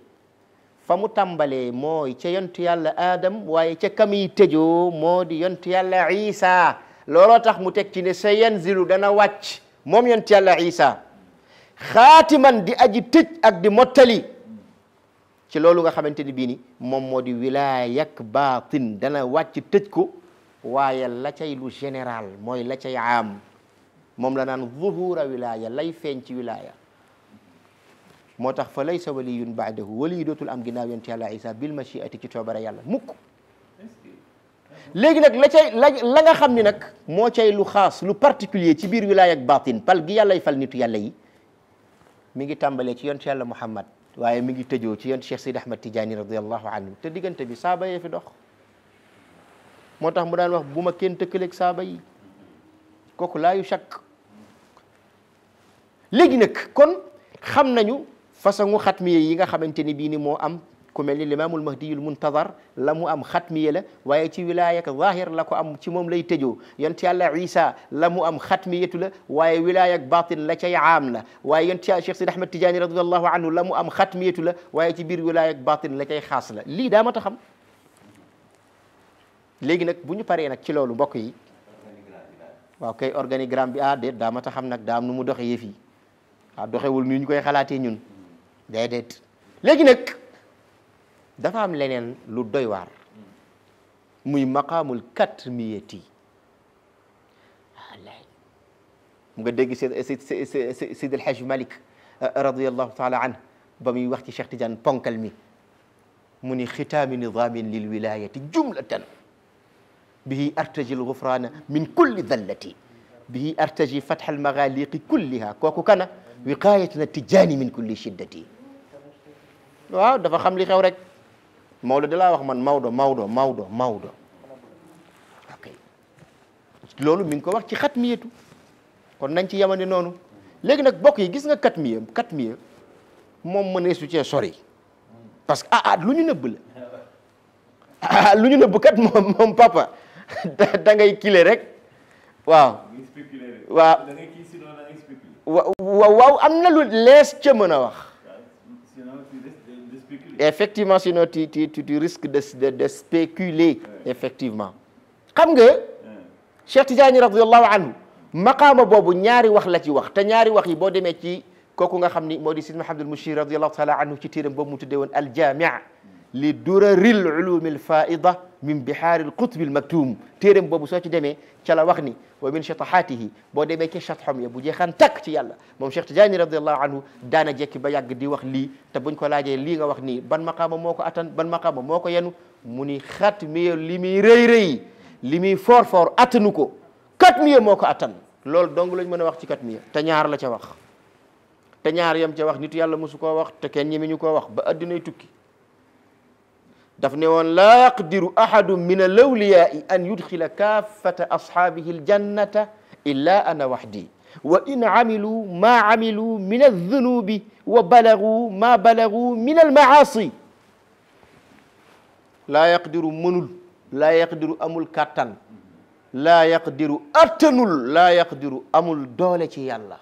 famu tambale moy ci yontu yalla adam waye ci kamiy tejo modi yontu yalla isa lolo tax mu tek ci ne sa yanzilu dana wacc mom yontu yalla isa khatiman di aji tej ak di motali ci loolu nga xamanteni bi ni mom modi di wilaayak batin dana wacc tej ko waaye la cay lu général mooy la cay am moom la naan zuhura wilaya lay feeñ ci wilaya moo tax fa laysa waliyun baadahu waliyu dootul am ginnaaw yonent yàlla isa bil machiati ci coobare yàlla mukk léegi nag la cay la nga xam ni nag moo cay lu xaas lu particulier ci biir wilaya ak batin pal gi yàlla fal nitu yàlla yi mi ngi tàmbalee ci yonent yàlla muhammad waaye mi ngi tëjoo ci yonent cheikh sidi ahmad tidiani radiallahu anhu te diggante bi saaba yee fi dox motax mu daan wax buma ma kenn tëkkaleeg saaba yi kooku yu chàkk léegi nag kon xam nañu façon xatmiye yi nga xamante ni bii ni moo am ku mel ni limaamul mahdiyul muntazar la mu am xatmiye la waaye ci wilaaya ka zahir la ko am ci moom lay tëjoo yonent yàlla isa la mu am xatmiyatu la waaye wilaaya ak batin la cay aam la waaye yonent yàlla cheikh sid ahmad tijaani radiallahu anhu la mu am xatmiyatu la waaye ci biir wilaaya ak batin la cay xaas la lii daa ma ta xam léegi nag bu ñu paree nag ci loolu mbokk yi waaw kay organigramme bi ah déet daa mat a xam nag daa am nu mu doxe yëf yi waaw doxewul ni ñu koy xalaatee ñun déedéet léegi nag dafa am leneen lu doy waar muy maqaamul katmiyati wala mu nga dégg Seydi El Hadji Malick radiyallahu taala anhu ba muy wax ci Cheikh Tidiane ponkal mi mu ni xitaami nidaamin lil wilayati jumlatan به أرتجي الغفران من كل ذلة به أرتجي فتح المغاليق كلها كوكو كان وقايتنا التجاني من كل شدتي waaw dafa xam li xew rek Maodo da laa wax man Maodo Maodo Maodo Maodo ok loolu mi ngi ko wax ci xatmiyatu kon nañ ci yemane noonu léegi nag bokk yi gis nga xatmiya xatmiya moom mënee su cee sori parce que ah ah lu ñu nëbb la ah lu ñu nëbb kat moom moom papa da ngay kile rek waaw waaw waaw am lu lees ca mën wax effectivement sinon tu tu tu tu risques de de de spéculer effectivement xam nga Cheikh Tidiane radiallahu anhu maqaama boobu ñaari wax la ci wax te ñaari wax yi boo demee ci kooku nga xam ni moo di Sidna Abdul Mushir radiallahu taala anhu ci téeram boobu mu tuddee woon al jamia liduraril ulumil faida min bihaaril qutbi al maktum téeréem boobu soo ci demee ca la wax ni wa min shatahaatihi boo demee ca shatham ya bu jeexan takk ci yàlla moom Cheikh Tidiane radiallahu anhu daana jekki ba yàgg di wax lii te buñ ko laajee lii nga wax nii ban maqaama moo ko attan ban maqaama moo ko yenu mu ni xat miyo li muy rëy rëy li muy foor foor attanu ko kat miyo moo ko attan loolu dong lañ mën a wax ci kat miyo te ñaar la ca wax te ñaar yam ca wax nitu yàlla mosu koo wax te kenn ñemeñu koo wax ba addinay tukki دفنون لا يقدر أحد من الأولياء أن يدخل كافة أصحابه الجنة إلا أنا وحدي وإن عملوا ما عملوا من الذنوب وبلغوا ما بلغوا من المعاصي لا يقدر منل لا يقدر أمل كتن لا يقدر أتنل لا يقدر أمل دولتي يالله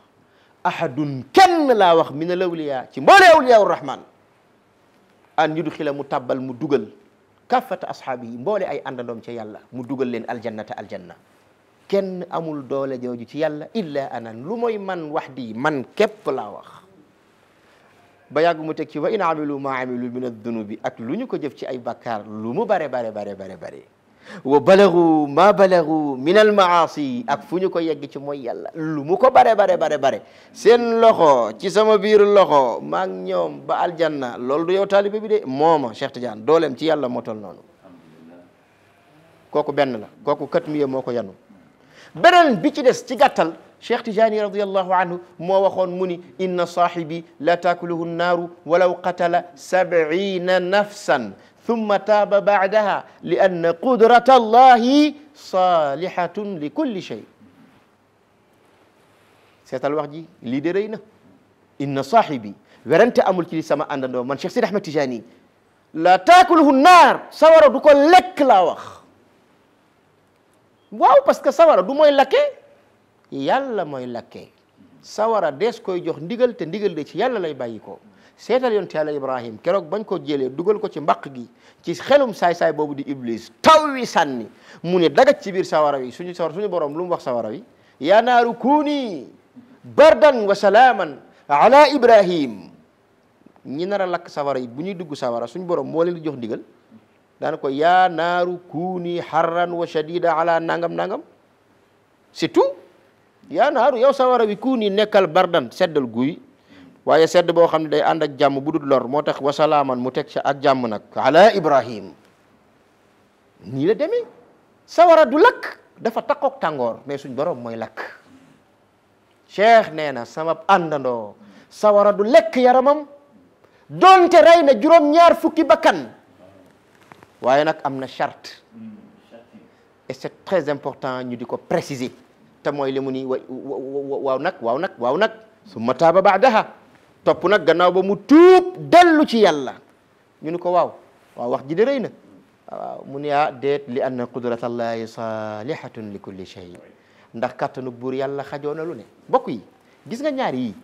أحد كن لا وخ من الأولياء تمولي أولياء الرحمن أن يدخل متبال مدوغل كافة أصحابه مبولي أي أندلوم تي يالا مدوغل لين الجنة الجنة كن أمول دولة جوجي تي يالا إلا أنا لموي من وحدي من كيب لا وخ بياغ متكي وإن عملوا ما عملوا من الذنوب أك لونيو كو جفتي أي بكار لومو باري باري باري باري باري, باري. وبلغوا ما بلغوا من المعاصي اكفوني كو يغي سي موي يالا لومو كو باري باري باري باري سين لوخو سي سما بير لوخو ما نيوم با الجنه لول دو يو طالب بي دي موما شيخ تيان دولم سي يالا موتول نونو كوكو بن لا كوكو كاتمي موكو يانو بنن بي سي ديس سي غاتال شيخ تجاني رضي الله عنه مو وخون موني ان صاحبي لا تاكله النار ولو قتل سبعين نفسا ثم تاب بعدها لأن قدرة الله صالحة لكل شيء سيطة الوقت جي لدرينا إن صاحبي ورنت أمول كلي سما أنا دو من شخصي رحمة تجاني لا تاكله النار سوارو دوكو لك لا وخ واو باسكو سوارو دو موي لكي يالا موي لكي سوارو ديس كوي جوخ ندقل تندقل ديش يالا لاي بايكو seetal yoon te ibrahim kerok ban ko jëlee dugal ko ci mbaq gi ci xelum say say bobu di iblis tawwi sanni mune daga cibir dagat ci bir sawara wi suñu sawar suñu borom lum wax sawara wi ya naaru bardan wa salaman ala ibrahim ñi sawarawi, lak sawara yi buñu dugg sawara suñu borom mo leen di jox digal dan ko ya narukuni harran wa shadida ala nangam nangam tout ya naru yow sawara wi kuni nekkal bardan seddal guy waye sedd bo xamni day and ak jamm bu lor motax wa salaman mu tek ci ak jamm nak ala ibrahim ni la demé sawara du lak dafa takok tangor mais suñ borom moy lak cheikh neena sama andando sawara du lek yaramam donte rey na juróom ñaar fukki bakkan waye nak amna charte et c'est très important ñu diko ko préciser ta moy limuni mu ni waaw nak waaw nak waaw summa taaba ba'daha topp nag gannaaw ba mu tuub dellu ci yàlla ñu ni ko waaw waaw wax ji de rëy na waaw mu ne ah déet li anna qudratallahi salihatun li kulli shay ndax kattanu buur yàlla xajoo na lu ne bokk yi gis nga ñaar yi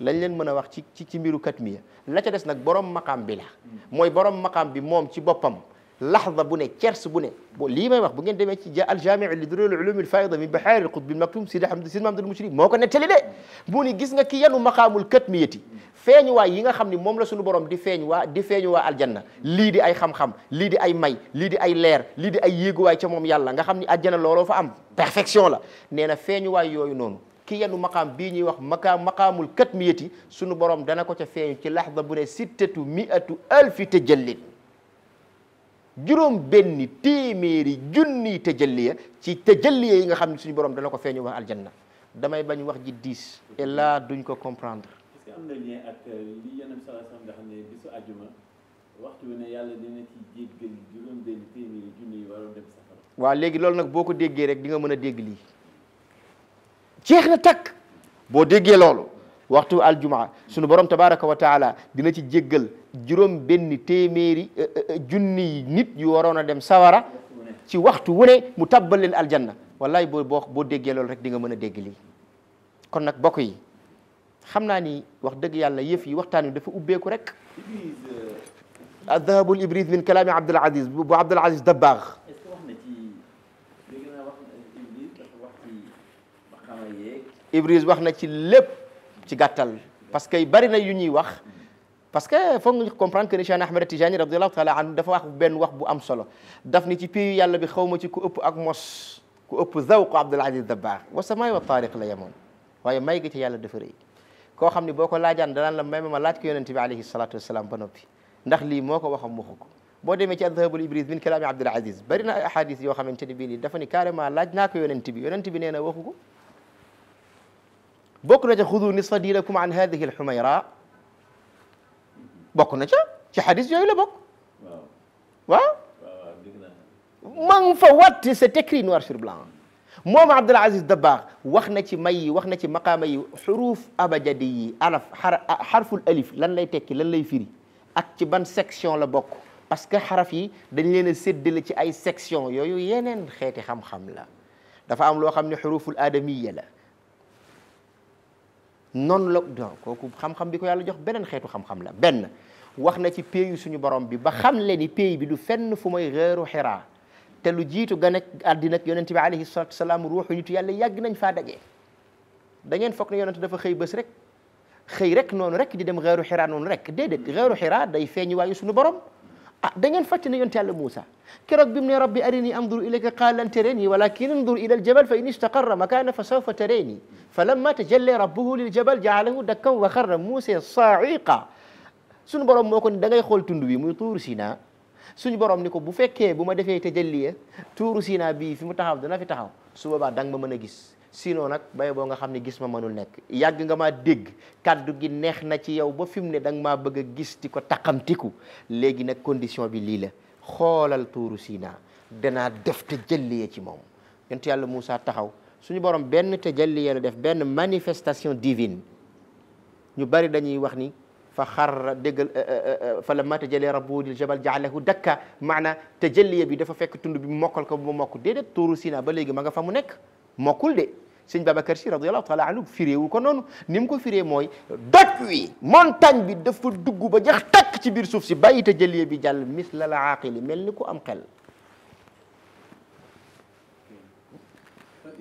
lañ leen mën a wax ci ci mbiru katmiya la ca des nag borom maqaam bi la mooy borom maqaam bi moom ci boppam لحظه بني كيرس بني بو لي ماي واخ بو نين ديمي جا الجامع لدرر العلوم الفائضه من بحار القطب المكتوم سيدي حمد سيدي محمد المشري موكو نتالي دي بوني غيس نغا كي يانو مقام الكتميتي فيني وا ييغا خامني موم لا سونو بوروم دي فيني وا دي فيني وا الجنه لي دي اي خام خام لي دي اي ماي لي دي اي لير لي دي اي ييغو واي تي موم يالا nga خامني الجنه لولو فا ام بيرفكسيون لا نينا فيني وا يوي نونو كي يانو مقام بي ني واخ مقام مقام الكتميتي سونو بوروم دانا كو تي فيني تي لحظه بوني 600000 تجلد juróom benni téeméeri junni tajalliya ci tajalliya yi nga xam ne suñu borom dana ko feeñu wax aljanna damay bañ wax ji diis et duñ ko comprendre. est-ce que am euh, léegi loolu nag boo ko déggee rek di nga mën a dégg lii jeex na takk boo déggee loolu waxtu aljumaa suñu borom tabaraka wa dina ci jéggal. جروم بن تيميري جني نيت يو ورونا ديم سوارا سي وقت ووني متبلن الجنه والله بو بو ديغي لول رك ديغا مانا ديغي لي كون نك بوكي خمنا ني واخ دغ يالا ييف يي وقتاني دا فا اوبيكو رك الذهب الابريز من كلام عبد العزيز بو عبد العزيز دباغ ابريز واخنا سي لب سي غاتال باسكو يبارينا يوني واخ parce que faut nous comprendre que ne Cheikh Ahmed Tidiane radiyallahu taala anhu dafa wax benn wax bu am solo daf ni ci pays yàlla bi xaw ma ci ku ëpp ak mos ku ëpp zawqu Abdul Aziz Dabakh wa samaay wa taariq la yemoon waaye may gi ci yàlla dafa rëy koo xam ne boo ko laajaan danaan la may ma ma laaj ko yonente bi alayhi salatu wasalaam ba noppi ndax lii moo ko waxam waxu ko boo demee ci adhabul ibris min kalaami Abdul Aziz bari na ay ahadis yoo xamante ne bii nii dafa ni carrément laaj na ko yonente bi yonente bi nee na waxu ko bokk na ca xudu nisfa diinakum an hadihi alxumayra bokk na ca ci xadis yooyu la bokk waaw ma ngi fa watti c'est écrit noir sur blanc moom Abdul Aziz Dabakh wax na ci may yi wax na ci maqaama yi xuruuf abajadi yi alaf xarful alif lan lay tekki lan lay firi ak ci ban section la bokk parce que xaraf yi dañ leen a séddale ci ay section yooyu yeneen xeeti xam-xam la dafa am loo xam ne xuruuful aadamiya la noonu la donc kooku xam-xam bi ko yàlla jox benen xetu xam-xam la ben wax na ci peyu suñu borom bi ba xam le ni pey bi du fenn fu mooy gheru hira te lu jitu gan ak àddina ak yonent bi alayhi salatu salaam ruuxu nitu yàlla yag nañ fa daje da ngeen fokk ne yonnati dafa xëy bés rek xëy rek nonu rek di dem gheru hira nonu rek dedet gheru hira day feñu wayu suñu borom ah da ngeen fàtte ne yonent Yàlla Moussa keroog bi mu ne rabbi arini anzur ilayka qaala lan tarani walakin anzur ila aljabal fa in istaqarra makana fa sawfa tarani falamma tajalla rabbuhu liljabal ja'alahu dakkan wa xarra Moussa sa'iqa suñu borom moo ko ni da ngay xool tund wi muy tuuru Sinaa suñu borom ni ko bu fekkee bu ma defee tajalliya tuuru sina bii fi mu taxaw dana fi taxaw su boobaa da nga ma mën a gis sinon nag bay boo nga xam ne gis ma mënul nekk yàgg nga maa dégg kàddu gi neex na ci yow boo fi mu ne da maa bëgg gis ti ko taqamtiku léegi nag condition bi lii la xoolal tuuru Sina danaa def te jëlliye ci moom yonent yàlla Moussa taxaw suñu borom benn te jëlliye def benn manifestation divine ñu bari dañuy wax ni fa xarra déggal euh, euh, euh, fa lamma tajalli rabbuhu lil jabal ja'alahu dakka maana tajalliya bi dafa fekk tund bi mokkal ko ba mu mokk déedéet tuuru Sina ba léegi ma nga fa mu nekk mokkul de سين بابا كرشي رضي الله تعالى عنه فيري وكونون نيمكو فيري موي دوتوي مونتاج بي دا فا دوغ با جاخ تاك سي بير سوف سي باي تا بي جال مثل العاقل ملنيكو ام خل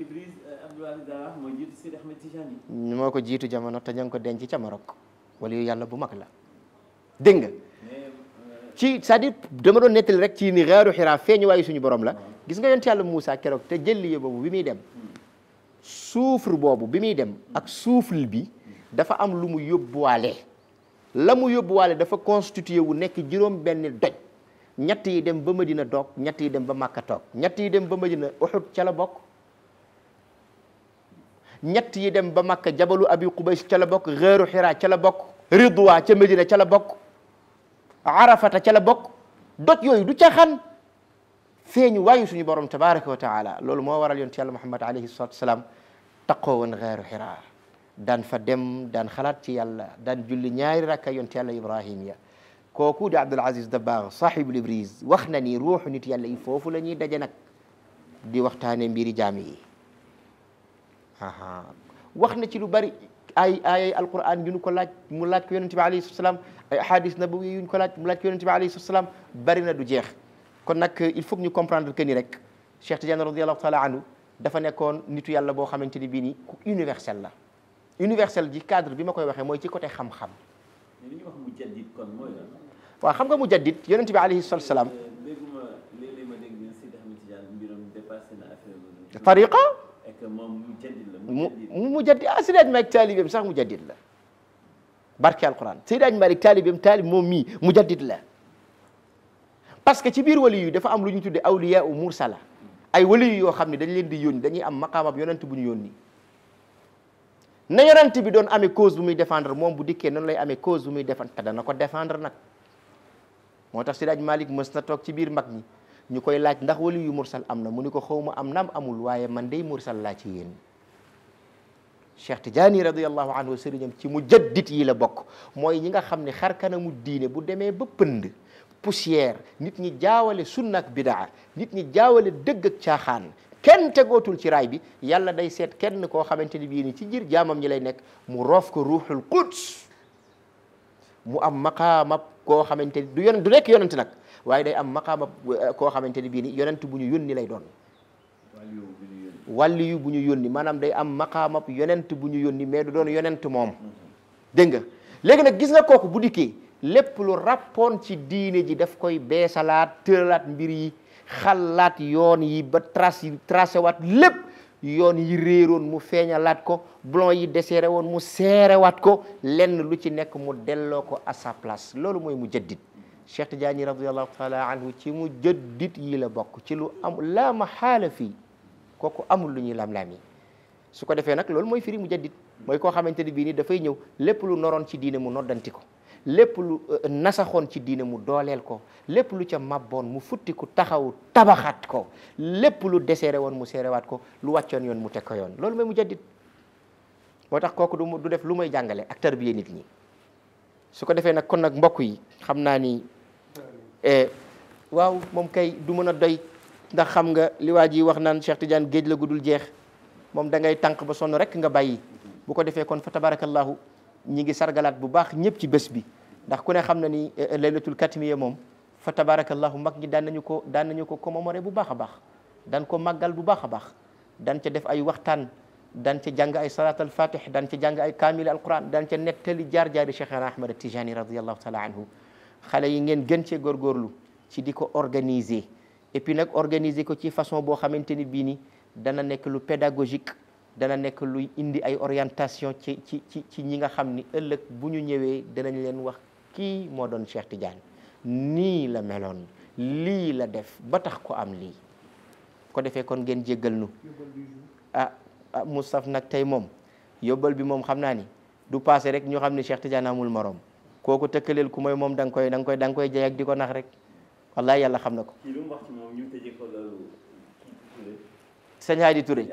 ابريز عبد الوهاب دراح مو جيتو سيد احمد تيجاني نيماكو جيتو جامانو تا جانكو دنجي تا ماروك ولي يالا بو ماك لا دينغ ci sa euh, di dama do netal rek ci ni gharu hira feñu soufre boobu bi muy dem ak souffle bi dafa am lu mu yóbbuwaale la mu yóbbuwaale dafa constitué wu nekk juróom benn doj ñett yi dem ba Madina doog ñetti yi dem ba Makka toog ñett dem ba Madina Uhud ca la bokk ñett yi dem ba Makka jabalu abi Qubays ca la bokk xeeru Xira ca la bokk Ridwa ca ca la bokk Arafata ca la bokk doj yooyu du ca feeñu waayu suñu borom tabaraka wa taala loolu moo waral yonent yàlla muhammad alayhi salatu wasalaam taqoo woon xeeru xiraa daan fa dem daan xalaat ci yàlla daan julli ñaari rakka yonent yàlla ibrahim ya kooku di abdul aziz dabbaax sahibul ibris wax na ni ruuxu nit yàlla yi foofu la ñuy daje nag di waxtaane mbiri jaam yi wax na ci lu bari ay ay alquran yu ñu ko laaj mu laaj ko yonent bi alayhi salatu wasalaam ay ahadis nabawi yu ñu ko laaj mu laaj ko yonent bi alayhi salatu wasalaam bari na du jeex kon nag il faut que ñu comprendre que ni rek Cheikh Tidiane radiallahu taala anhu dafa nekkoon nitu yàlla boo xamante ni bii nii ku universel la universel ji cadre bi ma koy waxee mooy ci côté xam-xam. li waaw xam nga mu jaddit yonent bi alayhi salatu salaam. dégguma léeg-léeg ma dégg ngeen Seydi Ahmed Tidiane tariqa. mu mujaddid ah Seydi Malik taalibeem sax mujaddid la barke alquran Seydi Aj Malik taalibeem taalib moom mii jaddit la. parce que ci biir wali yu dafa am lu ñu tuddee awliya u mursala ay wali yu yoo xam ne dañ leen di yónni dañuy am maqaamab yonent bu ñu yónni na yonent bi doon amee cause bu muy défendre moom bu dikkee noonu lay amee cause bu muy défendre te dana ko défendre nag moo tax Siraj Malik mës na toog ci biir mag ñi ñu koy laaj ndax wali yu mursal am na mu ni ko xaw am naam amul waaye man dey mursal laa ci yéen Cheikh Tidiane radiyallahu anhu sëriñam ci mujaddid yi la bokk mooy ñi nga xam ne xar kanamu diine bu demee ba poussière nit ñi jaawale sunna ak bidaa nit ñi jaawale dëgg ak caaxaan kenn tegootul ci raay bi yàlla day seet kenn koo xamante ni bii ni ci jir jaamam ñi lay nekk mu roof ko ruuxul quds mu am maqaamab koo xamante ni du yonent du nekk yonent nag waaye day am maqaamab eh, koo xamante ni bii ni yonent bu ñu yónni lay doon wàlli yu bu ñu yónni maanaam day am maqaamab yonent bu ñu yónni mais du doon yonent moom dégg nga léegi nag gis nga kooku bu dikkee lépp lu rappoon ci diine ji def koy beesalaat tëralaat mbir yi xalaat yoon yi ba trace yi waat lépp yoon yi réeroon mu feeñalaat ko blon yi desserré woon mu waat ko lenn lu ci nekk mu delloo ko a sa place loolu mooy mu jëddit Cheikh Tidiane radiallahu taala anhu ci mu jëddit yii la bokk ci lu am laa maxaala fii kooku amul lu ñuy lam-laam yi su ko defee nag loolu mooy firi mu jëddit mooy koo xamante ne bii ni dafay ñëw lépp lu noroon ci diine mu noddanti ko lépp lu euh, nasaxoon ci diine mu dooleel ko lépp lu ca mabboon mu futtiku taxaw tabaxaat ko lépp lu deseere woon mu seerewaat ko lu wàccoon yoon mu teg ko yoon loolu mooy mu jaddit moo tax kooku du du def lu may jàngale ak tarbiye nit ñi su ko defee nag kon nag mbokk yi xam naa ni eh, waaw moom kay du mën a doy ndax xam nga li ji wax naan Cheikh Tidiane géej la guddul jeex moom dangay ngay tànk ba sonn rek nga bàyyi bu ko defee kon fa tabarakallahu ñi ngi sargalaat bu baax ñëpp ci bés bi ndax ku ne xam na ni eh, laylatul katmiya moom fa tabarakallahu mag ñi daan nañu ko daan nañu ko commémorer bu baax a baax daan ko màggal bu baax a baax daan ca def ay waxtaan daan ca jàng ay salat al fatih daan ca jàng ay kaamil al quran daan nekk nettali jaar-jaari Cheikhana Ahmad Tijani radiallahu taala anhu xale yi ngeen gën cee góorgóorlu ci di ko organiser et puis nag organiser ko ci façon boo xamante ni bii ni dana nekk lu pédagogique dana nekk luy indi ay orientation ci ci ci ci ñi nga xam ni ëllëg bu ñu ñëwee danañ leen wax kii moo doon Cheikh Tidiane nii la meloon lii la def ba tax ko am lii ko defee kon ngeen jéggal nu ah mu ah, Moustapha nag tey moom yobbal bi moom xam naa ni du passé rek ñu xam ni Cheikh Tidiane amul morom kooku tëkkaleel ku mooy moom da koy da koy da koy jay di ko nax rek wallahi yàlla xam na ko. sëñ Hadi Touré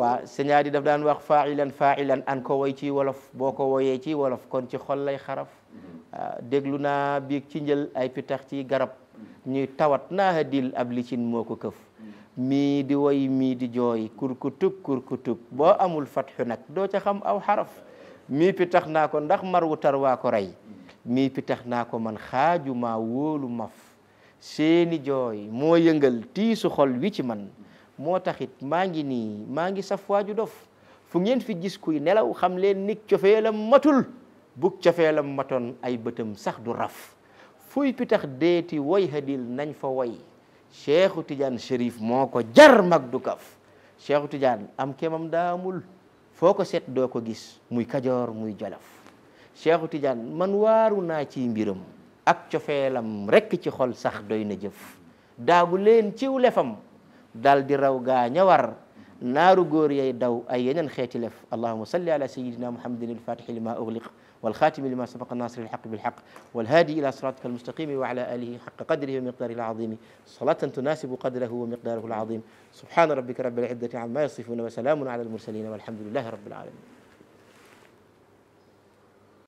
waaw sëñ daf daan wax failan failan an ko woy ci wolof boo ko woyee ci wolof kon ci xol lay xaraf mm-hmm. ah, déglu naa biig ci njël ay pitax ci garab ñuy mm-hmm. tawat naa hadil ab licin moo ko këf mm-hmm. mii di woy mii di jooy kurkutub kurkutub boo amul fat nag doo ci xam aw xaraf mii pitax naa ko ndax mar wu waa ko rey mii pitax naa ko man xaaju maa wóolu maf seeni jooy moo yëngal tiisu xol wi ci man moo taxit maa ngi nii maa ngi saf waaju dof fu ngeen fi gis kuy nelaw xam leen ni cofeelam matul bu cofeelam matoon ay bëtam sax du raf fuy pitax deeti woy hadil nañ fa woy Cheikhu Tidiane Chérif moo ko jar mag du kaf Cheikhu Tidiane am kemam daamul foo ko seet doo ko gis muy kajoor muy jolof Cheikhu Tidiane man waaru naa ci mbiram ak cofeelam rekk ci xol sax doy na jëf daagu leen ciw lefam dal di raw gaa ña war naaru góor daw ay yeneen xeeti lef allahuma salli ala sayidina muhammadin alfatixi lima والخاتم لما سبق الناصر الحق بالحق والهادي إلى صراطك المستقيم وعلى آله حق قدره ومقداره العظيم صلاة تناسب قدره ومقداره العظيم سبحان ربك رب العزة عما يصفون وسلام على المرسلين والحمد لله رب العالمين